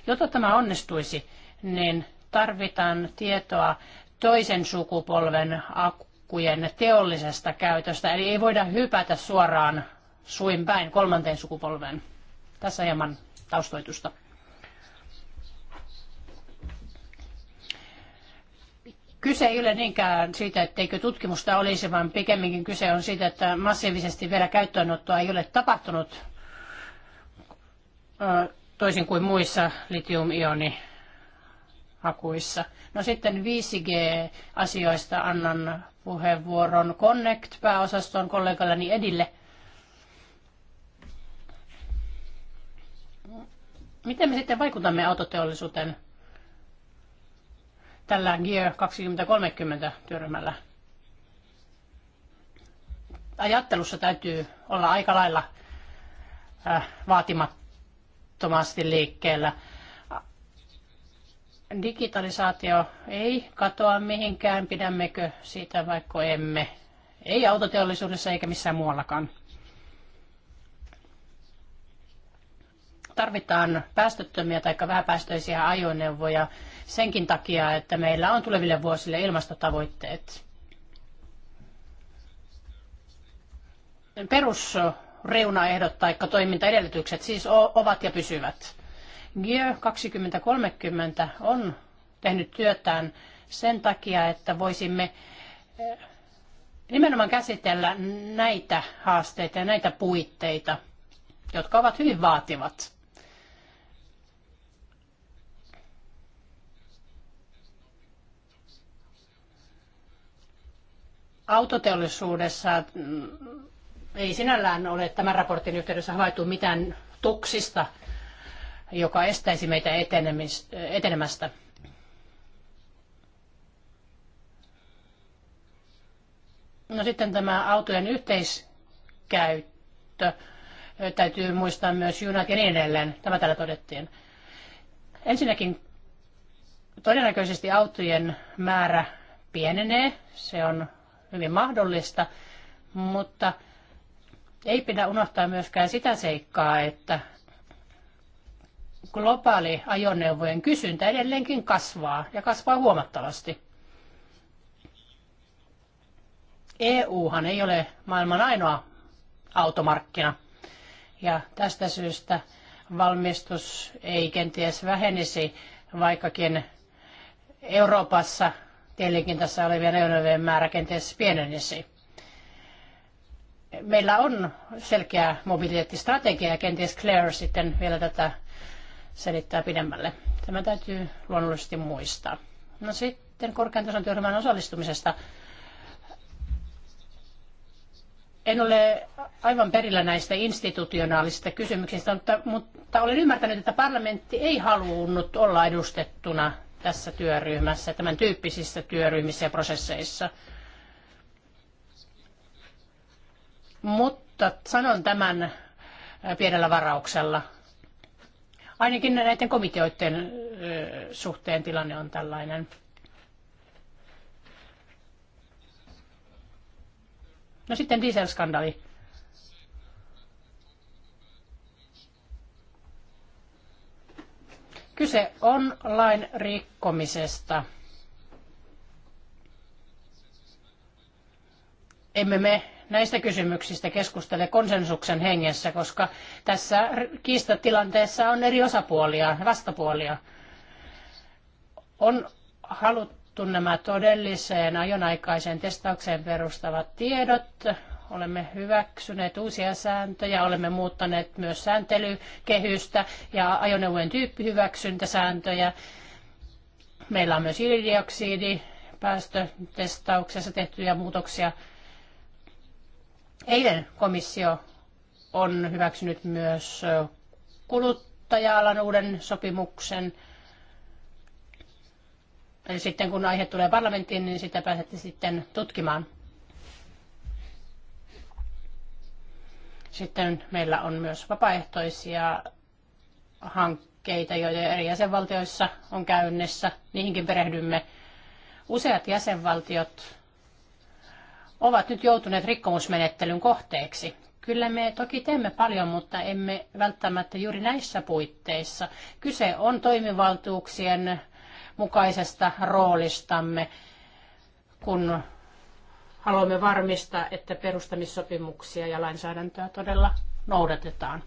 [SPEAKER 2] Jotta tämä onnistuisi, niin tarvitaan tietoa toisen sukupolven akkujen teollisesta käytöstä. Eli ei voida hypätä suoraan suin päin kolmanteen sukupolveen. Tässä hieman taustoitusta. Kyse ei ole niinkään siitä, etteikö tutkimusta olisi, vaan pikemminkin kyse on siitä, että massiivisesti vielä käyttöönottoa ei ole tapahtunut toisin kuin muissa litium-ioni akuissa. No sitten 5G-asioista annan puheenvuoron Connect-pääosaston kollegallani Edille. Miten me sitten vaikutamme autoteollisuuteen tällä Gear 2030 työryhmällä? Ajattelussa täytyy olla aika lailla äh, vaatimattomasti liikkeellä digitalisaatio ei katoa mihinkään, pidämmekö siitä vaikka emme. Ei autoteollisuudessa eikä missään muuallakaan. Tarvitaan päästöttömiä tai vähäpäästöisiä ajoneuvoja senkin takia, että meillä on tuleville vuosille ilmastotavoitteet. Perusreunaehdot tai toimintaedellytykset siis ovat ja pysyvät. GIE 2030 on tehnyt työtään sen takia, että voisimme eh, nimenomaan käsitellä näitä haasteita ja näitä puitteita, jotka ovat hyvin vaativat. Autoteollisuudessa mm, ei sinällään ole tämän raportin yhteydessä havaittu mitään toksista joka estäisi meitä etenemästä. No sitten tämä autojen yhteiskäyttö. Täytyy muistaa myös junat ja niin edelleen. Tämä täällä todettiin. Ensinnäkin todennäköisesti autojen määrä pienenee. Se on hyvin mahdollista, mutta ei pidä unohtaa myöskään sitä seikkaa, että globaali ajoneuvojen kysyntä edelleenkin kasvaa ja kasvaa huomattavasti. EUhan ei ole maailman ainoa automarkkina. Ja tästä syystä valmistus ei kenties vähenisi, vaikkakin Euroopassa tieliikenteessä olevien ajoneuvojen määrä kenties pienenisi. Meillä on selkeä mobiliteettistrategia ja kenties Claire sitten vielä tätä selittää pidemmälle. Tämä täytyy luonnollisesti muistaa. No sitten korkean tason työryhmän osallistumisesta. En ole aivan perillä näistä institutionaalisista kysymyksistä, mutta, mutta olen ymmärtänyt, että parlamentti ei halunnut olla edustettuna tässä työryhmässä, tämän tyyppisissä työryhmissä ja prosesseissa. Mutta sanon tämän pienellä varauksella. Ainakin näiden komiteoiden suhteen tilanne on tällainen. No sitten dieselskandaali. Kyse on lain rikkomisesta. Emme me näistä kysymyksistä keskustele konsensuksen hengessä, koska tässä kiistatilanteessa on eri osapuolia, vastapuolia. On haluttu nämä todelliseen ajonaikaiseen testaukseen perustavat tiedot. Olemme hyväksyneet uusia sääntöjä, olemme muuttaneet myös sääntelykehystä ja ajoneuvojen tyyppihyväksyntäsääntöjä. Meillä on myös hiilidioksidipäästötestauksessa päästötestauksessa tehtyjä muutoksia. Eilen komissio on hyväksynyt myös kuluttaja-alan uuden sopimuksen. Eli sitten kun aihe tulee parlamenttiin, niin sitä pääsette sitten tutkimaan. Sitten meillä on myös vapaaehtoisia hankkeita, joita eri jäsenvaltioissa on käynnissä. Niihinkin perehdymme. Useat jäsenvaltiot ovat nyt joutuneet rikkomusmenettelyn kohteeksi. Kyllä me toki teemme paljon, mutta emme välttämättä juuri näissä puitteissa. Kyse on toimivaltuuksien mukaisesta roolistamme, kun haluamme varmistaa, että perustamissopimuksia ja lainsäädäntöä todella noudatetaan.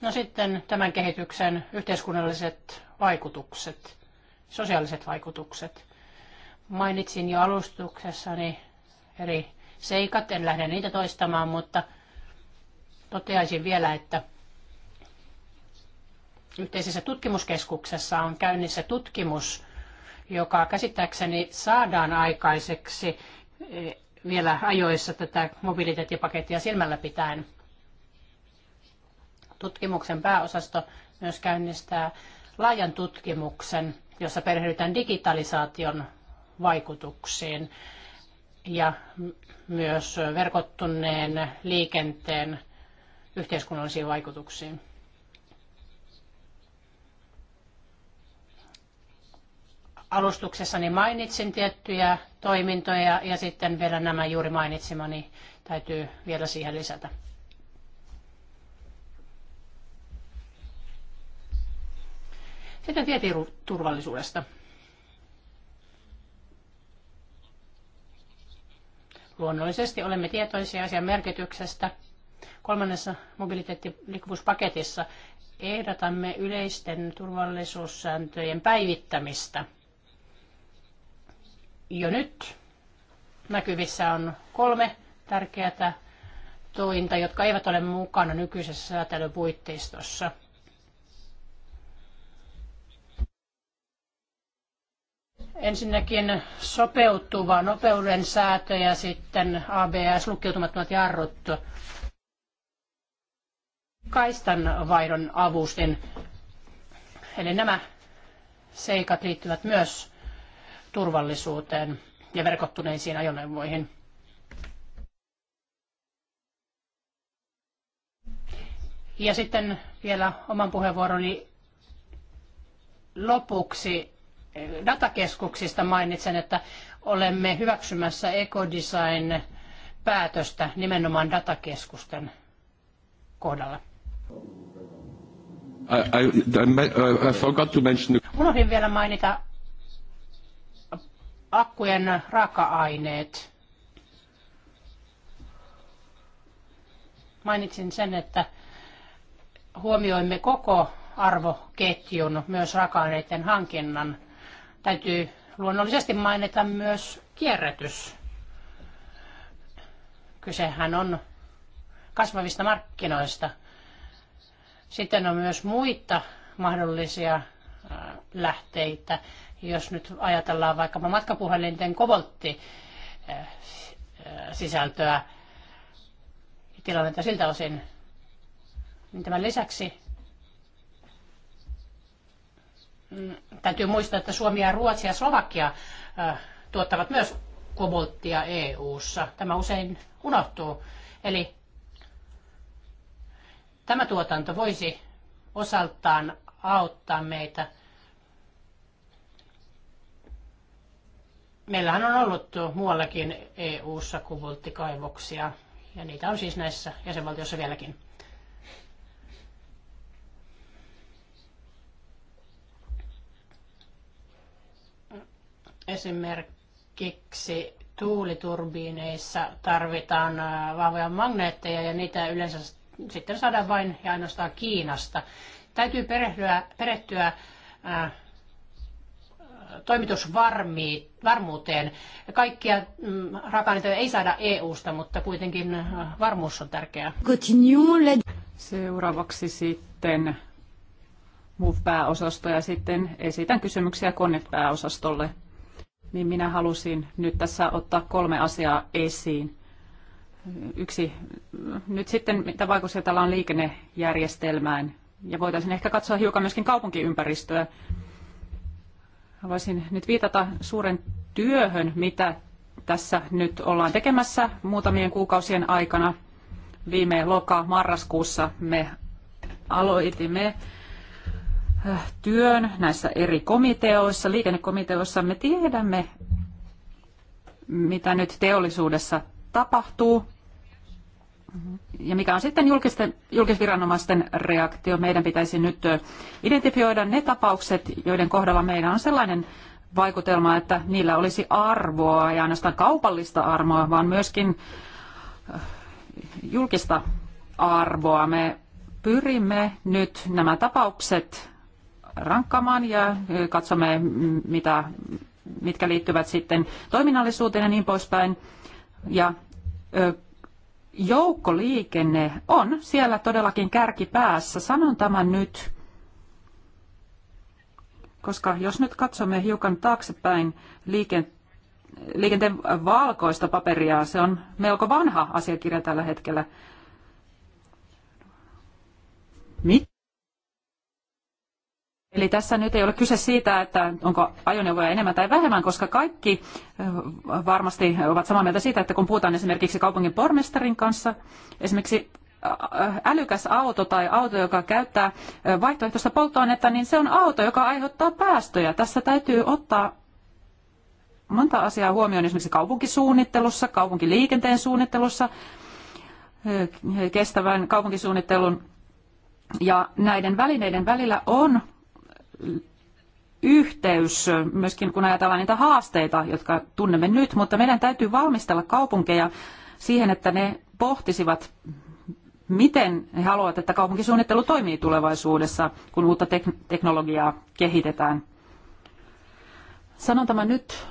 [SPEAKER 2] No sitten tämän kehityksen yhteiskunnalliset vaikutukset, sosiaaliset vaikutukset. Mainitsin jo alustuksessani eri seikat, en lähde niitä toistamaan, mutta toteaisin vielä, että yhteisessä tutkimuskeskuksessa on käynnissä tutkimus, joka käsittääkseni saadaan aikaiseksi eh, vielä ajoissa tätä mobiliteettipakettia silmällä pitäen tutkimuksen pääosasto myös käynnistää laajan tutkimuksen, jossa perehdytään digitalisaation vaikutuksiin ja myös verkottuneen liikenteen yhteiskunnallisiin vaikutuksiin. Alustuksessani mainitsin tiettyjä toimintoja ja sitten vielä nämä juuri mainitsemani täytyy vielä siihen lisätä. Sitten turvallisuudesta? Luonnollisesti olemme tietoisia asian merkityksestä. Kolmannessa mobiliteettiliikkuvuuspaketissa ehdotamme yleisten turvallisuussääntöjen päivittämistä. Jo nyt näkyvissä on kolme tärkeää tointa, jotka eivät ole mukana nykyisessä säätelypuitteistossa – Ensinnäkin sopeutuva nopeuden säätö ja sitten ABS, lukkiutumattomat jarrut, kaistanvaihdon avustin. Eli nämä seikat liittyvät myös turvallisuuteen ja verkottuneisiin ajoneuvoihin. Ja sitten vielä oman puheenvuoroni lopuksi datakeskuksista mainitsen, että olemme hyväksymässä ekodesign päätöstä nimenomaan datakeskusten kohdalla. Unohdin vielä mainita akkujen raaka-aineet. Mainitsin sen, että huomioimme koko arvoketjun, myös raaka-aineiden hankinnan. Täytyy luonnollisesti mainita myös kierrätys. Kysehän on kasvavista markkinoista. Sitten on myös muita mahdollisia äh, lähteitä. Jos nyt ajatellaan vaikkapa matkapuhelinten kovoltti äh, sisältöä tilannetta siltä osin, niin tämän lisäksi Mm, täytyy muistaa, että Suomi ja Ruotsi ja Slovakia tuottavat myös kobolttia EU-ssa. Tämä usein unohtuu. Eli tämä tuotanto voisi osaltaan auttaa meitä. Meillähän on ollut muuallakin EU-ssa kobolttikaivoksia, ja niitä on siis näissä jäsenvaltioissa vieläkin. Esimerkiksi tuuliturbiineissa tarvitaan äh, vahvoja magneetteja ja niitä yleensä sitten saadaan vain ja ainoastaan Kiinasta. Täytyy perehtyä, perehtyä äh, toimitusvarmuuteen. Kaikkia mm, raaka ei saada EU-sta, mutta kuitenkin äh, varmuus on tärkeää. Seuraavaksi
[SPEAKER 1] sitten Move-pääosasto ja sitten esitän kysymyksiä konepääosastolle. pääosastolle niin minä halusin nyt tässä ottaa kolme asiaa esiin. Yksi, nyt sitten mitä vaikutuksia tällä on liikennejärjestelmään, ja voitaisiin ehkä katsoa hiukan myöskin kaupunkiympäristöä. Haluaisin nyt viitata suuren työhön, mitä tässä nyt ollaan tekemässä muutamien kuukausien aikana. Viime loka-marraskuussa me aloitimme Äh, työn näissä eri komiteoissa, liikennekomiteoissa. Me tiedämme, mitä nyt teollisuudessa tapahtuu ja mikä on sitten julkisten, julkisviranomaisten reaktio. Meidän pitäisi nyt äh, identifioida ne tapaukset, joiden kohdalla meillä on sellainen vaikutelma, että niillä olisi arvoa, ja ainoastaan kaupallista arvoa, vaan myöskin äh, julkista arvoa. Me pyrimme nyt nämä tapaukset rankkaamaan ja katsomme, mitä, mitkä liittyvät sitten toiminnallisuuteen ja niin poispäin. Ja joukkoliikenne on siellä todellakin kärkipäässä. Sanon tämän nyt, koska jos nyt katsomme hiukan taaksepäin liikenteen liikenteen valkoista paperia. Se on melko vanha asiakirja tällä hetkellä. Mit? Eli tässä nyt ei ole kyse siitä, että onko ajoneuvoja enemmän tai vähemmän, koska kaikki varmasti ovat samaa mieltä siitä, että kun puhutaan esimerkiksi kaupungin pormestarin kanssa, esimerkiksi älykäs auto tai auto, joka käyttää vaihtoehtoista polttoainetta, niin se on auto, joka aiheuttaa päästöjä. Tässä täytyy ottaa monta asiaa huomioon esimerkiksi kaupunkisuunnittelussa, kaupunkiliikenteen suunnittelussa, kestävän kaupunkisuunnittelun ja näiden välineiden välillä on yhteys, myöskin kun ajatellaan niitä haasteita, jotka tunnemme nyt, mutta meidän täytyy valmistella kaupunkeja siihen, että ne pohtisivat, miten he haluavat, että kaupunkisuunnittelu toimii tulevaisuudessa, kun uutta teknologiaa kehitetään. Sanon tämän nyt,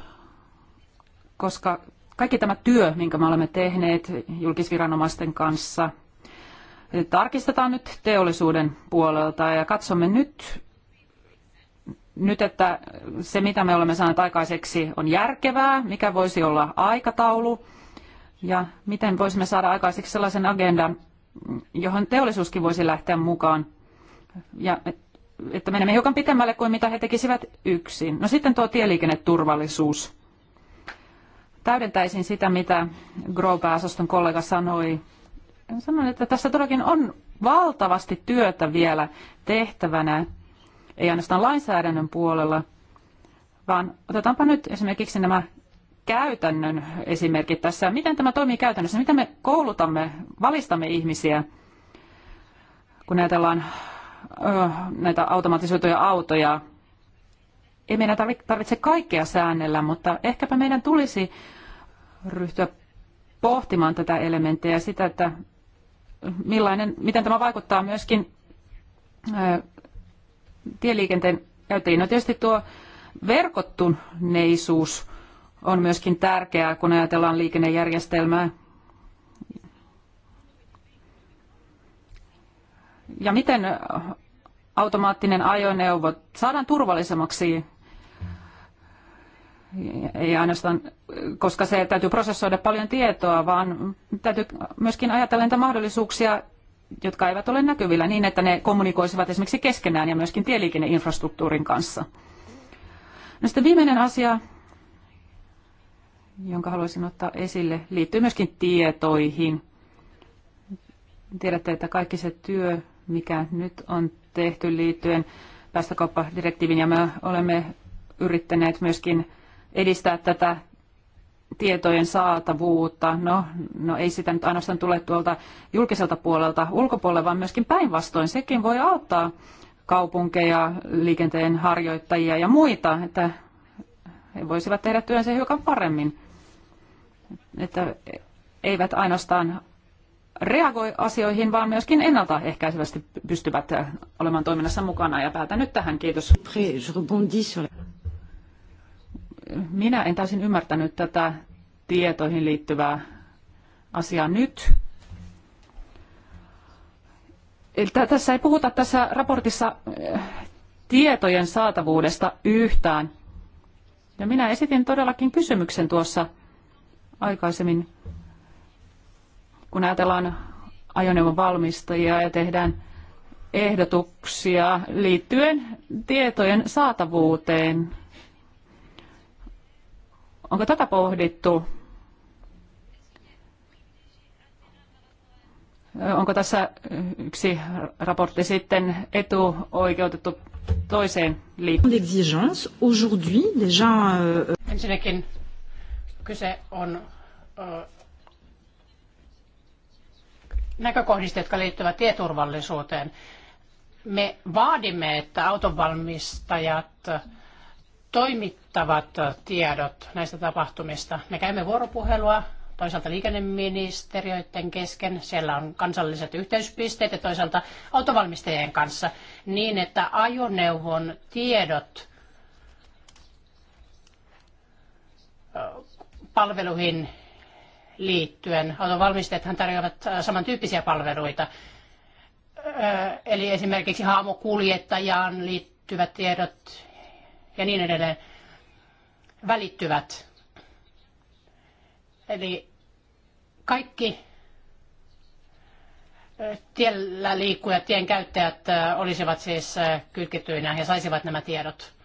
[SPEAKER 1] koska kaikki tämä työ, minkä me olemme tehneet julkisviranomaisten kanssa, tarkistetaan nyt teollisuuden puolelta ja katsomme nyt, nyt, että se mitä me olemme saaneet aikaiseksi on järkevää, mikä voisi olla aikataulu ja miten voisimme saada aikaiseksi sellaisen agendan, johon teollisuuskin voisi lähteä mukaan. Ja että menemme hiukan pitemmälle kuin mitä he tekisivät yksin. No sitten tuo tieliikenneturvallisuus. Täydentäisin sitä, mitä Grow-pääosaston kollega sanoi. Sanoin, että tässä todellakin on valtavasti työtä vielä tehtävänä ei ainoastaan lainsäädännön puolella, vaan otetaanpa nyt esimerkiksi nämä käytännön esimerkit tässä. Miten tämä toimii käytännössä? Miten me koulutamme, valistamme ihmisiä, kun ajatellaan näitä automatisoituja autoja? Ei meidän tarvitse kaikkea säännellä, mutta ehkäpä meidän tulisi ryhtyä pohtimaan tätä elementtiä ja sitä, että millainen, miten tämä vaikuttaa myöskin tieliikenteen käyttäjiin. No tietysti tuo verkottuneisuus on myöskin tärkeää, kun ajatellaan liikennejärjestelmää. Ja miten automaattinen ajoneuvo saadaan turvallisemmaksi ei ainoastaan, koska se täytyy prosessoida paljon tietoa, vaan täytyy myöskin ajatella niitä mahdollisuuksia, jotka eivät ole näkyvillä niin, että ne kommunikoisivat esimerkiksi keskenään ja myöskin tieliikenneinfrastruktuurin kanssa. No sitten viimeinen asia, jonka haluaisin ottaa esille, liittyy myöskin tietoihin. Tiedätte, että kaikki se työ, mikä nyt on tehty liittyen päästökauppadirektiivin, ja me olemme yrittäneet myöskin edistää tätä tietojen saatavuutta. No, no ei sitä nyt ainoastaan tule tuolta julkiselta puolelta ulkopuolelle, vaan myöskin päinvastoin. Sekin voi auttaa kaupunkeja, liikenteen harjoittajia ja muita, että he voisivat tehdä työnsä hiukan paremmin. Että eivät ainoastaan reagoi asioihin, vaan myöskin ennaltaehkäisevästi pystyvät olemaan toiminnassa mukana. Ja päätän nyt tähän. Kiitos minä en täysin ymmärtänyt tätä tietoihin liittyvää asiaa nyt. tässä ei puhuta tässä raportissa eh, tietojen saatavuudesta yhtään. Ja minä esitin todellakin kysymyksen tuossa aikaisemmin, kun ajatellaan ajoneuvon valmistajia ja tehdään ehdotuksia liittyen tietojen saatavuuteen Onko tätä pohdittu? Onko tässä yksi raportti sitten etuoikeutettu toiseen liittyen? Euh,
[SPEAKER 2] Ensinnäkin kyse on näkökohdista, jotka liittyvät tieturvallisuuteen. Me vaadimme, että autonvalmistajat toimittavat tiedot näistä tapahtumista. Me käymme vuoropuhelua toisaalta liikenneministeriöiden kesken, siellä on kansalliset yhteyspisteet ja toisaalta autovalmistajien kanssa, niin että ajoneuvon tiedot palveluihin liittyen, autovalmistajathan tarjoavat samantyyppisiä palveluita, eli esimerkiksi haamokuljettajaan liittyvät tiedot ja niin edelleen välittyvät. Eli kaikki tiellä liikkujat, tien käyttäjät olisivat siis kytkettyinä ja saisivat nämä tiedot.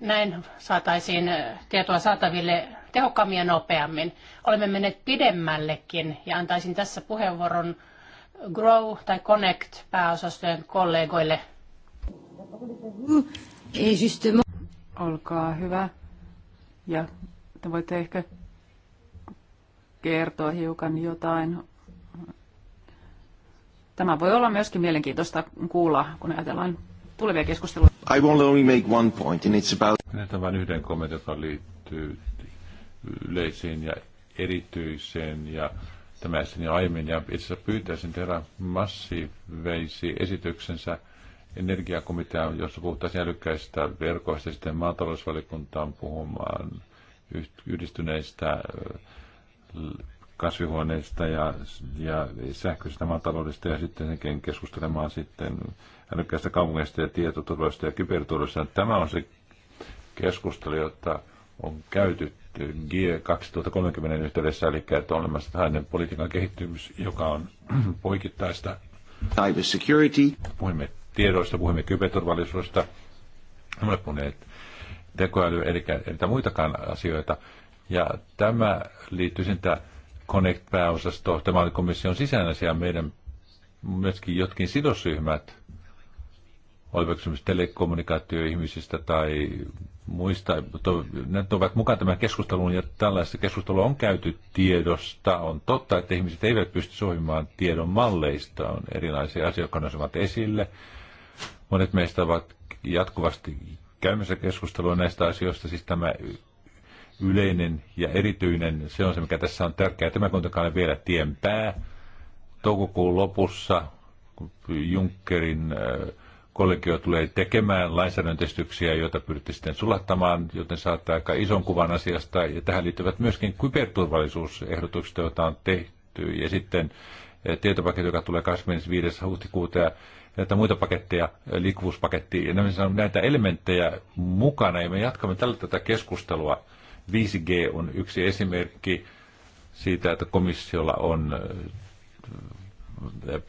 [SPEAKER 2] Näin saataisiin tietoa saataville tehokkaammin ja nopeammin. Olemme menneet pidemmällekin ja antaisin tässä puheenvuoron Grow tai Connect-pääosastojen kollegoille.
[SPEAKER 1] Olkaa hyvä. Ja te voitte ehkä kertoa hiukan jotain. Tämä voi olla myöskin mielenkiintoista kuulla, kun ajatellaan tulevia keskusteluja.
[SPEAKER 3] I will only make one point, and it's about... Minä vain yhden kommentin, joka liittyy yleiseen ja erityiseen ja tämä jo aiemmin, ja itse asiassa pyytäisin tehdä massiiveisi esityksensä energiakomitea, jossa puhuttaisiin älykkäistä verkoista, sitten maatalousvalikuntaan puhumaan yhdistyneistä kasvihuoneista ja, ja sähköisestä maataloudesta ja sitten keskustelemaan sitten älykkäistä kaupungeista ja tietoturvallisuudesta ja kyberturvallisuudesta. Tämä on se keskustelu, jota on käytetty G2030 yhteydessä, eli että on olemassa tällainen politiikan kehittymys, joka on poikittaista. Cyber security. Puhumme tiedoista, puhumme kyberturvallisuudesta, olemme puhuneet tekoälyä, eli, eli muitakaan asioita. Ja tämä liittyy sitä Connect-pääosasto, tämä oli komission sisäinen asia, meidän myöskin jotkin sidosryhmät, olipa kysymys telekommunikaatioihmisistä tai muista, to, ne ovat mukaan tämän keskusteluun ja tällaista keskustelua on käyty tiedosta. On totta, että ihmiset eivät pysty sovimaan tiedon malleista, on erilaisia asioita, jotka nousevat esille. Monet meistä ovat jatkuvasti käymässä keskustelua näistä asioista, siis tämä yleinen ja erityinen, se on se, mikä tässä on tärkeää. Tämä kuitenkaan on vielä tien pää. Toukokuun lopussa Junckerin äh, kollegio tulee tekemään lainsäädäntöstyksiä, joita pyritte sitten sulattamaan, joten saattaa aika ison kuvan asiasta. Ja tähän liittyvät myöskin kyberturvallisuusehdotukset, joita on tehty. Ja sitten eh, tietopaketti, joka tulee 25. huhtikuuta ja näitä muita paketteja, eh, liikkuvuuspaketti. Ja nämä on näitä elementtejä mukana ja me jatkamme tällä tätä keskustelua. 5G on yksi esimerkki siitä, että komissiolla on eh,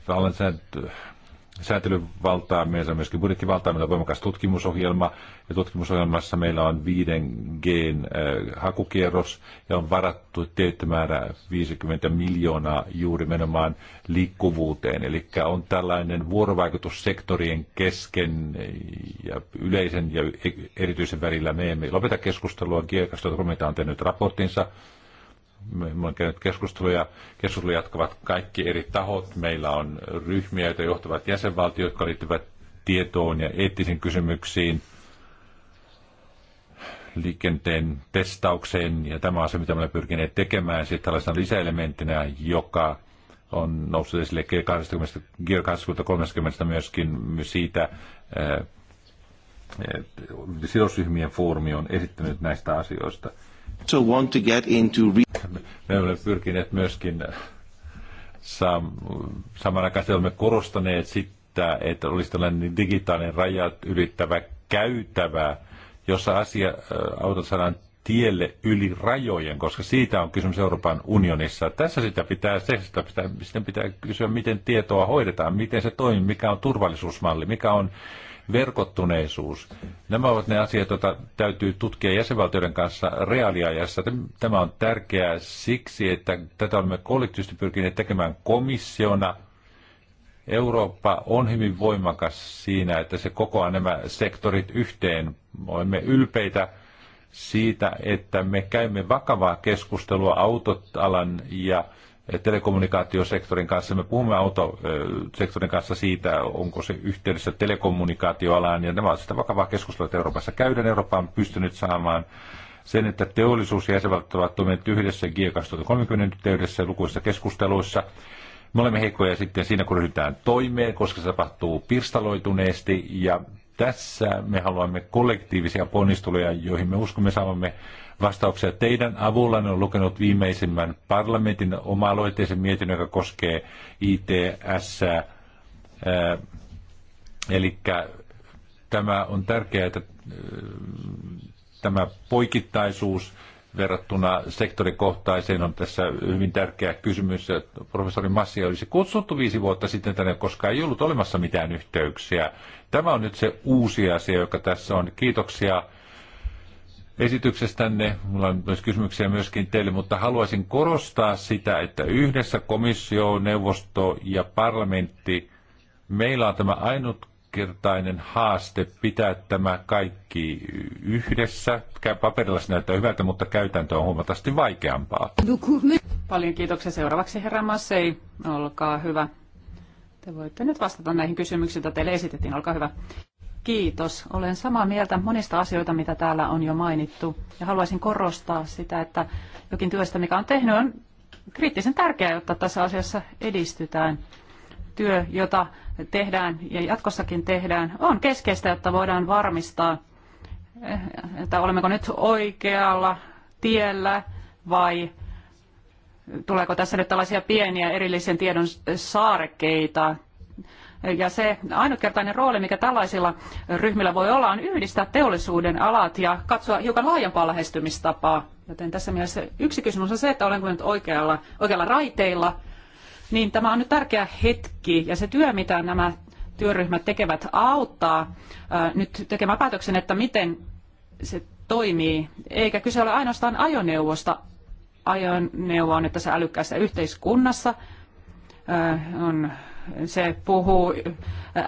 [SPEAKER 3] säätelyvaltaa, meillä on myöskin budjettivaltaa, meillä on voimakas tutkimusohjelma, ja tutkimusohjelmassa meillä on 5G äh, hakukierros, ja on varattu tietty määrä 50 miljoonaa juuri menemään liikkuvuuteen. Eli on tällainen vuorovaikutus sektorien kesken ja yleisen ja e-, erityisen välillä. Me emme lopeta keskustelua, G23 on tehnyt raporttinsa, me on käynyt keskusteluja. Keskusteluja jatkavat kaikki eri tahot. Meillä on ryhmiä, joita johtavat jäsenvaltiot, jotka liittyvät tietoon ja eettisiin kysymyksiin, liikenteen testaukseen. Ja tämä on se, mitä me olemme pyrkineet tekemään sitten siis tällaisena lisäelementtinä, joka on noussut esille G20-30 myöskin siitä, että eh, eh, sidosryhmien foorumi on esittänyt näistä asioista – So want to get into me olemme pyrkineet myöskin äh, sam- saman aikaan olemme korostaneet sitä, että olisi tällainen digitaalinen rajat ylittävä käytävä, jossa asia, äh, autot saadaan tielle yli rajojen, koska siitä on kysymys Euroopan unionissa. Tässä sitä pitää, sitä pitää, sitä pitää kysyä, miten tietoa hoidetaan, miten se toimii, mikä on turvallisuusmalli, mikä on verkottuneisuus. Nämä ovat ne asiat, joita täytyy tutkia jäsenvaltioiden kanssa reaaliajassa. Tämä on tärkeää siksi, että tätä olemme kollektiivisesti pyrkineet tekemään komissiona. Eurooppa on hyvin voimakas siinä, että se kokoaa nämä sektorit yhteen. Olemme ylpeitä siitä, että me käymme vakavaa keskustelua autotalan ja telekommunikaatiosektorin kanssa. Me puhumme autosektorin kanssa siitä, onko se yhteydessä telekommunikaatioalaan, ja nämä ovat sitä vakavaa keskustelua, että Euroopassa käydään. Eurooppa on pystynyt saamaan sen, että teollisuus ja jäsenvaltiot ovat toimineet yhdessä G2030 yhteydessä lukuissa keskusteluissa. Me olemme heikkoja sitten siinä, kun ryhdytään toimeen, koska se tapahtuu pirstaloituneesti ja tässä me haluamme kollektiivisia ponnisteluja, joihin me uskomme saavamme vastauksia. Teidän avullanne on lukenut viimeisimmän parlamentin oma-aloitteisen mietinnön, joka koskee ITS. Eli tämä on tärkeää, että tämä poikittaisuus verrattuna sektorikohtaiseen on tässä hyvin tärkeä kysymys. Professori Massia olisi kutsuttu viisi vuotta sitten tänne, koska ei ollut olemassa mitään yhteyksiä. Tämä on nyt se uusi asia, joka tässä on. Kiitoksia esityksestänne. Mulla on myös kysymyksiä myöskin teille, mutta haluaisin korostaa sitä, että yhdessä komissio, neuvosto ja parlamentti, meillä on tämä ainutkertainen haaste pitää tämä kaikki yhdessä. Paperilla se näyttää hyvältä, mutta käytäntö on huomattavasti vaikeampaa.
[SPEAKER 1] Paljon kiitoksia. Seuraavaksi herra Massei, olkaa hyvä. Te voitte nyt vastata näihin kysymyksiin, joita teille esitettiin. Olkaa hyvä kiitos. Olen samaa mieltä monista asioita, mitä täällä on jo mainittu. Ja haluaisin korostaa sitä, että jokin työstä, mikä on tehnyt, on kriittisen tärkeää, jotta tässä asiassa edistytään. Työ, jota tehdään ja jatkossakin tehdään, on keskeistä, jotta voidaan varmistaa, että olemmeko nyt oikealla tiellä vai tuleeko tässä nyt tällaisia pieniä erillisen tiedon saarekkeita ja se ainutkertainen rooli, mikä tällaisilla ryhmillä voi olla, on yhdistää teollisuuden alat ja katsoa hiukan laajempaa lähestymistapaa. Joten tässä mielessä yksi kysymys on se, että olenko nyt oikealla, oikealla raiteilla, niin tämä on nyt tärkeä hetki ja se työ, mitä nämä työryhmät tekevät, auttaa ää, nyt tekemään päätöksen, että miten se toimii. Eikä kyse ole ainoastaan ajoneuvosta. Ajoneuvo on nyt tässä älykkäässä yhteiskunnassa. Ää, on se puhuu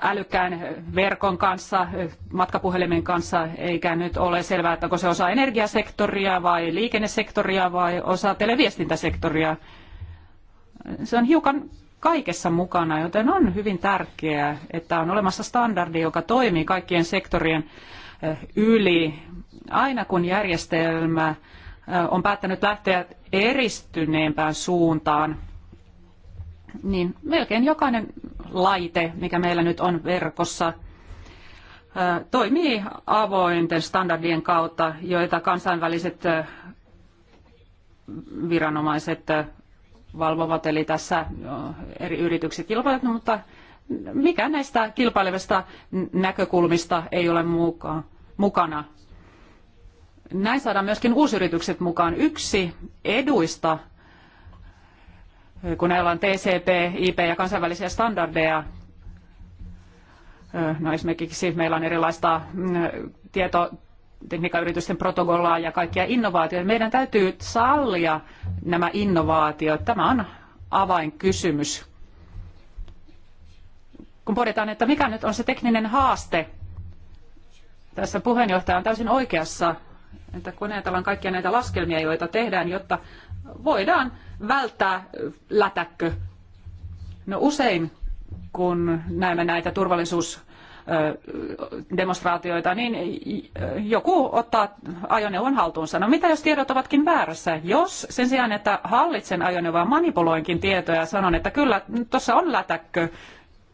[SPEAKER 1] älykkään verkon kanssa, matkapuhelimen kanssa, eikä nyt ole selvää, että onko se osa energiasektoria vai liikennesektoria vai osa televiestintäsektoria. Se on hiukan kaikessa mukana, joten on hyvin tärkeää, että on olemassa standardi, joka toimii kaikkien sektorien eh, yli. Aina kun järjestelmä eh, on päättänyt lähteä eristyneempään suuntaan, niin melkein jokainen laite, mikä meillä nyt on verkossa, toimii avointen standardien kautta, joita kansainväliset viranomaiset valvovat, eli tässä eri yritykset kilpailevat, no, mutta mikä näistä kilpailevista näkökulmista ei ole mukana. Näin saadaan myöskin uusyritykset mukaan. Yksi eduista kun ajatellaan TCP, IP ja kansainvälisiä standardeja, no esimerkiksi meillä on erilaista mm, tietotekniikkayritysten protokollaa ja kaikkia innovaatioita. Meidän täytyy sallia nämä innovaatiot. Tämä on avainkysymys. Kun pohditaan, että mikä nyt on se tekninen haaste, tässä puheenjohtaja on täysin oikeassa, että kun ajatellaan kaikkia näitä laskelmia, joita tehdään, jotta voidaan välttää lätäkkö. No usein, kun näemme näitä turvallisuus demonstraatioita, niin joku ottaa ajoneuvon haltuunsa. No mitä jos tiedot ovatkin väärässä? Jos sen sijaan, että hallitsen ajoneuvoa, manipuloinkin tietoja ja sanon, että kyllä tuossa on lätäkkö,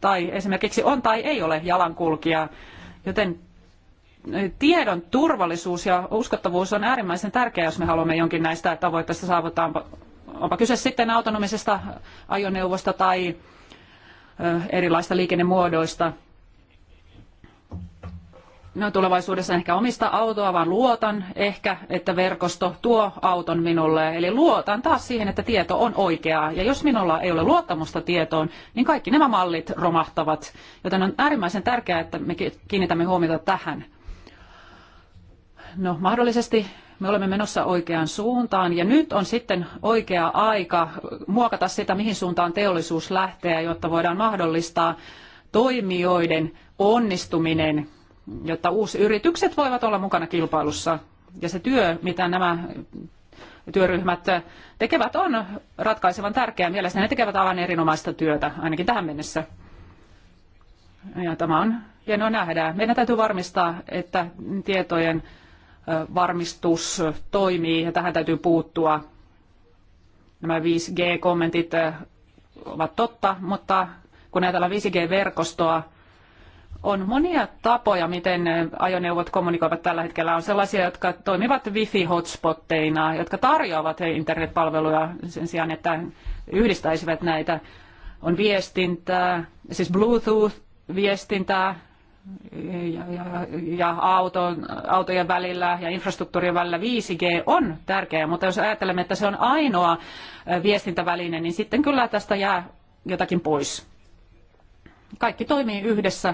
[SPEAKER 1] tai esimerkiksi on tai ei ole jalankulkija, joten tiedon turvallisuus ja uskottavuus on äärimmäisen tärkeää, jos me haluamme jonkin näistä tavoitteista saavuttaa. Onpa kyse sitten autonomisesta ajoneuvosta tai erilaista liikennemuodoista. No, tulevaisuudessa ehkä omista autoa, vaan luotan ehkä, että verkosto tuo auton minulle. Eli luotan taas siihen, että tieto on oikeaa. Ja jos minulla ei ole luottamusta tietoon, niin kaikki nämä mallit romahtavat. Joten on äärimmäisen tärkeää, että me kiinnitämme huomiota tähän. No mahdollisesti me olemme menossa oikeaan suuntaan ja nyt on sitten oikea aika muokata sitä, mihin suuntaan teollisuus lähtee, jotta voidaan mahdollistaa toimijoiden onnistuminen, jotta uusyritykset voivat olla mukana kilpailussa. Ja se työ, mitä nämä työryhmät tekevät, on ratkaisevan tärkeää. Mielestäni ne tekevät aivan erinomaista työtä, ainakin tähän mennessä. Ja tämä on hienoa nähdä. Meidän täytyy varmistaa, että tietojen varmistus toimii ja tähän täytyy puuttua. Nämä 5G-kommentit eh, ovat totta, mutta kun ajatellaan 5G-verkostoa, on monia tapoja, miten eh, ajoneuvot kommunikoivat tällä hetkellä. On sellaisia, jotka toimivat wifi-hotspotteina, jotka tarjoavat internetpalveluja sen sijaan, että yhdistäisivät näitä. On viestintää, siis Bluetooth-viestintää, ja, ja, ja autojen välillä ja infrastruktuurien välillä 5G on tärkeä, mutta jos ajattelemme, että se on ainoa viestintäväline, niin sitten kyllä tästä jää jotakin pois. Kaikki toimii yhdessä.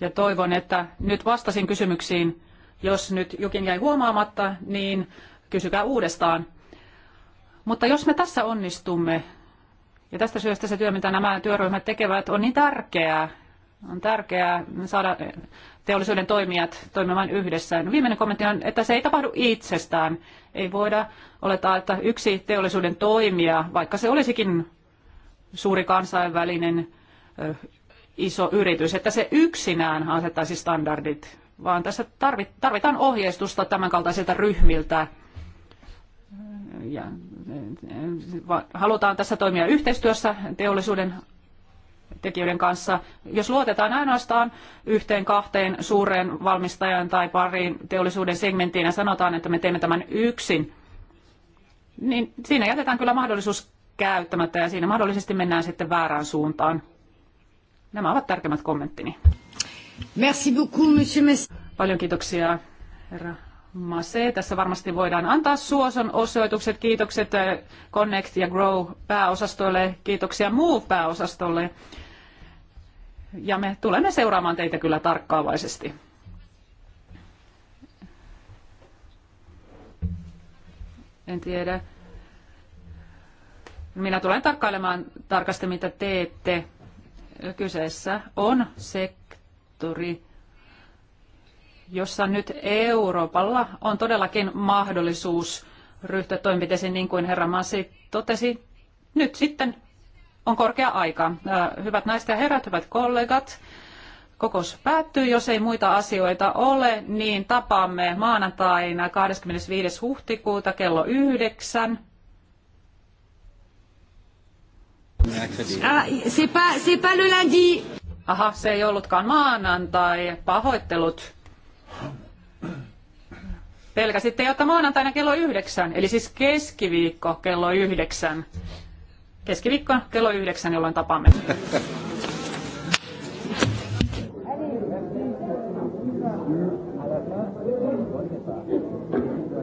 [SPEAKER 1] Ja toivon, että nyt vastasin kysymyksiin. Jos nyt jokin jäi huomaamatta, niin kysykää uudestaan. Mutta jos me tässä onnistumme, ja tästä syystä se työ, mitä nämä työryhmät tekevät, on niin tärkeää. On tärkeää saada teollisuuden toimijat toimimaan yhdessä. No, viimeinen kommentti on, että se ei tapahdu itsestään. Ei voida olettaa, että yksi teollisuuden toimija, vaikka se olisikin suuri kansainvälinen iso yritys, että se yksinään asettaisi standardit, vaan tässä tarvitaan ohjeistusta tämänkaltaisilta ryhmiltä. Ja halutaan tässä toimia yhteistyössä teollisuuden tekijöiden kanssa. Jos luotetaan ainoastaan yhteen, kahteen suureen valmistajan tai pariin teollisuuden segmenttiin ja sanotaan, että me teemme tämän yksin, niin siinä jätetään kyllä mahdollisuus käyttämättä ja siinä mahdollisesti mennään sitten väärään suuntaan. Nämä ovat tärkeimmät kommenttini. Merci beaucoup, monsieur Paljon kiitoksia, herra Mase. Tässä varmasti voidaan antaa suoson osoitukset. Kiitokset eh, Connect ja Grow pääosastolle. Kiitoksia Move pääosastolle. Ja me tulemme seuraamaan teitä kyllä tarkkaavaisesti. En tiedä. Minä tulen tarkkailemaan tarkasti, mitä teette. Kyseessä on sektori, jossa nyt Euroopalla on todellakin mahdollisuus ryhtyä toimenpiteisiin, niin kuin herra Masi totesi. Nyt sitten on korkea aika. Äh, hyvät naiset ja herrat, hyvät kollegat, kokous päättyy. Jos ei muita asioita ole, niin tapaamme maanantaina 25. huhtikuuta kello 9. Ah, c'est
[SPEAKER 2] pas, c'est pas le lundi.
[SPEAKER 1] Aha, se ei ollutkaan maanantai. Pahoittelut. Pelkäsitte, että maanantaina kello yhdeksän, eli siis keskiviikko kello yhdeksän. Keskiviikko kello yhdeksän, jolloin tapaamme.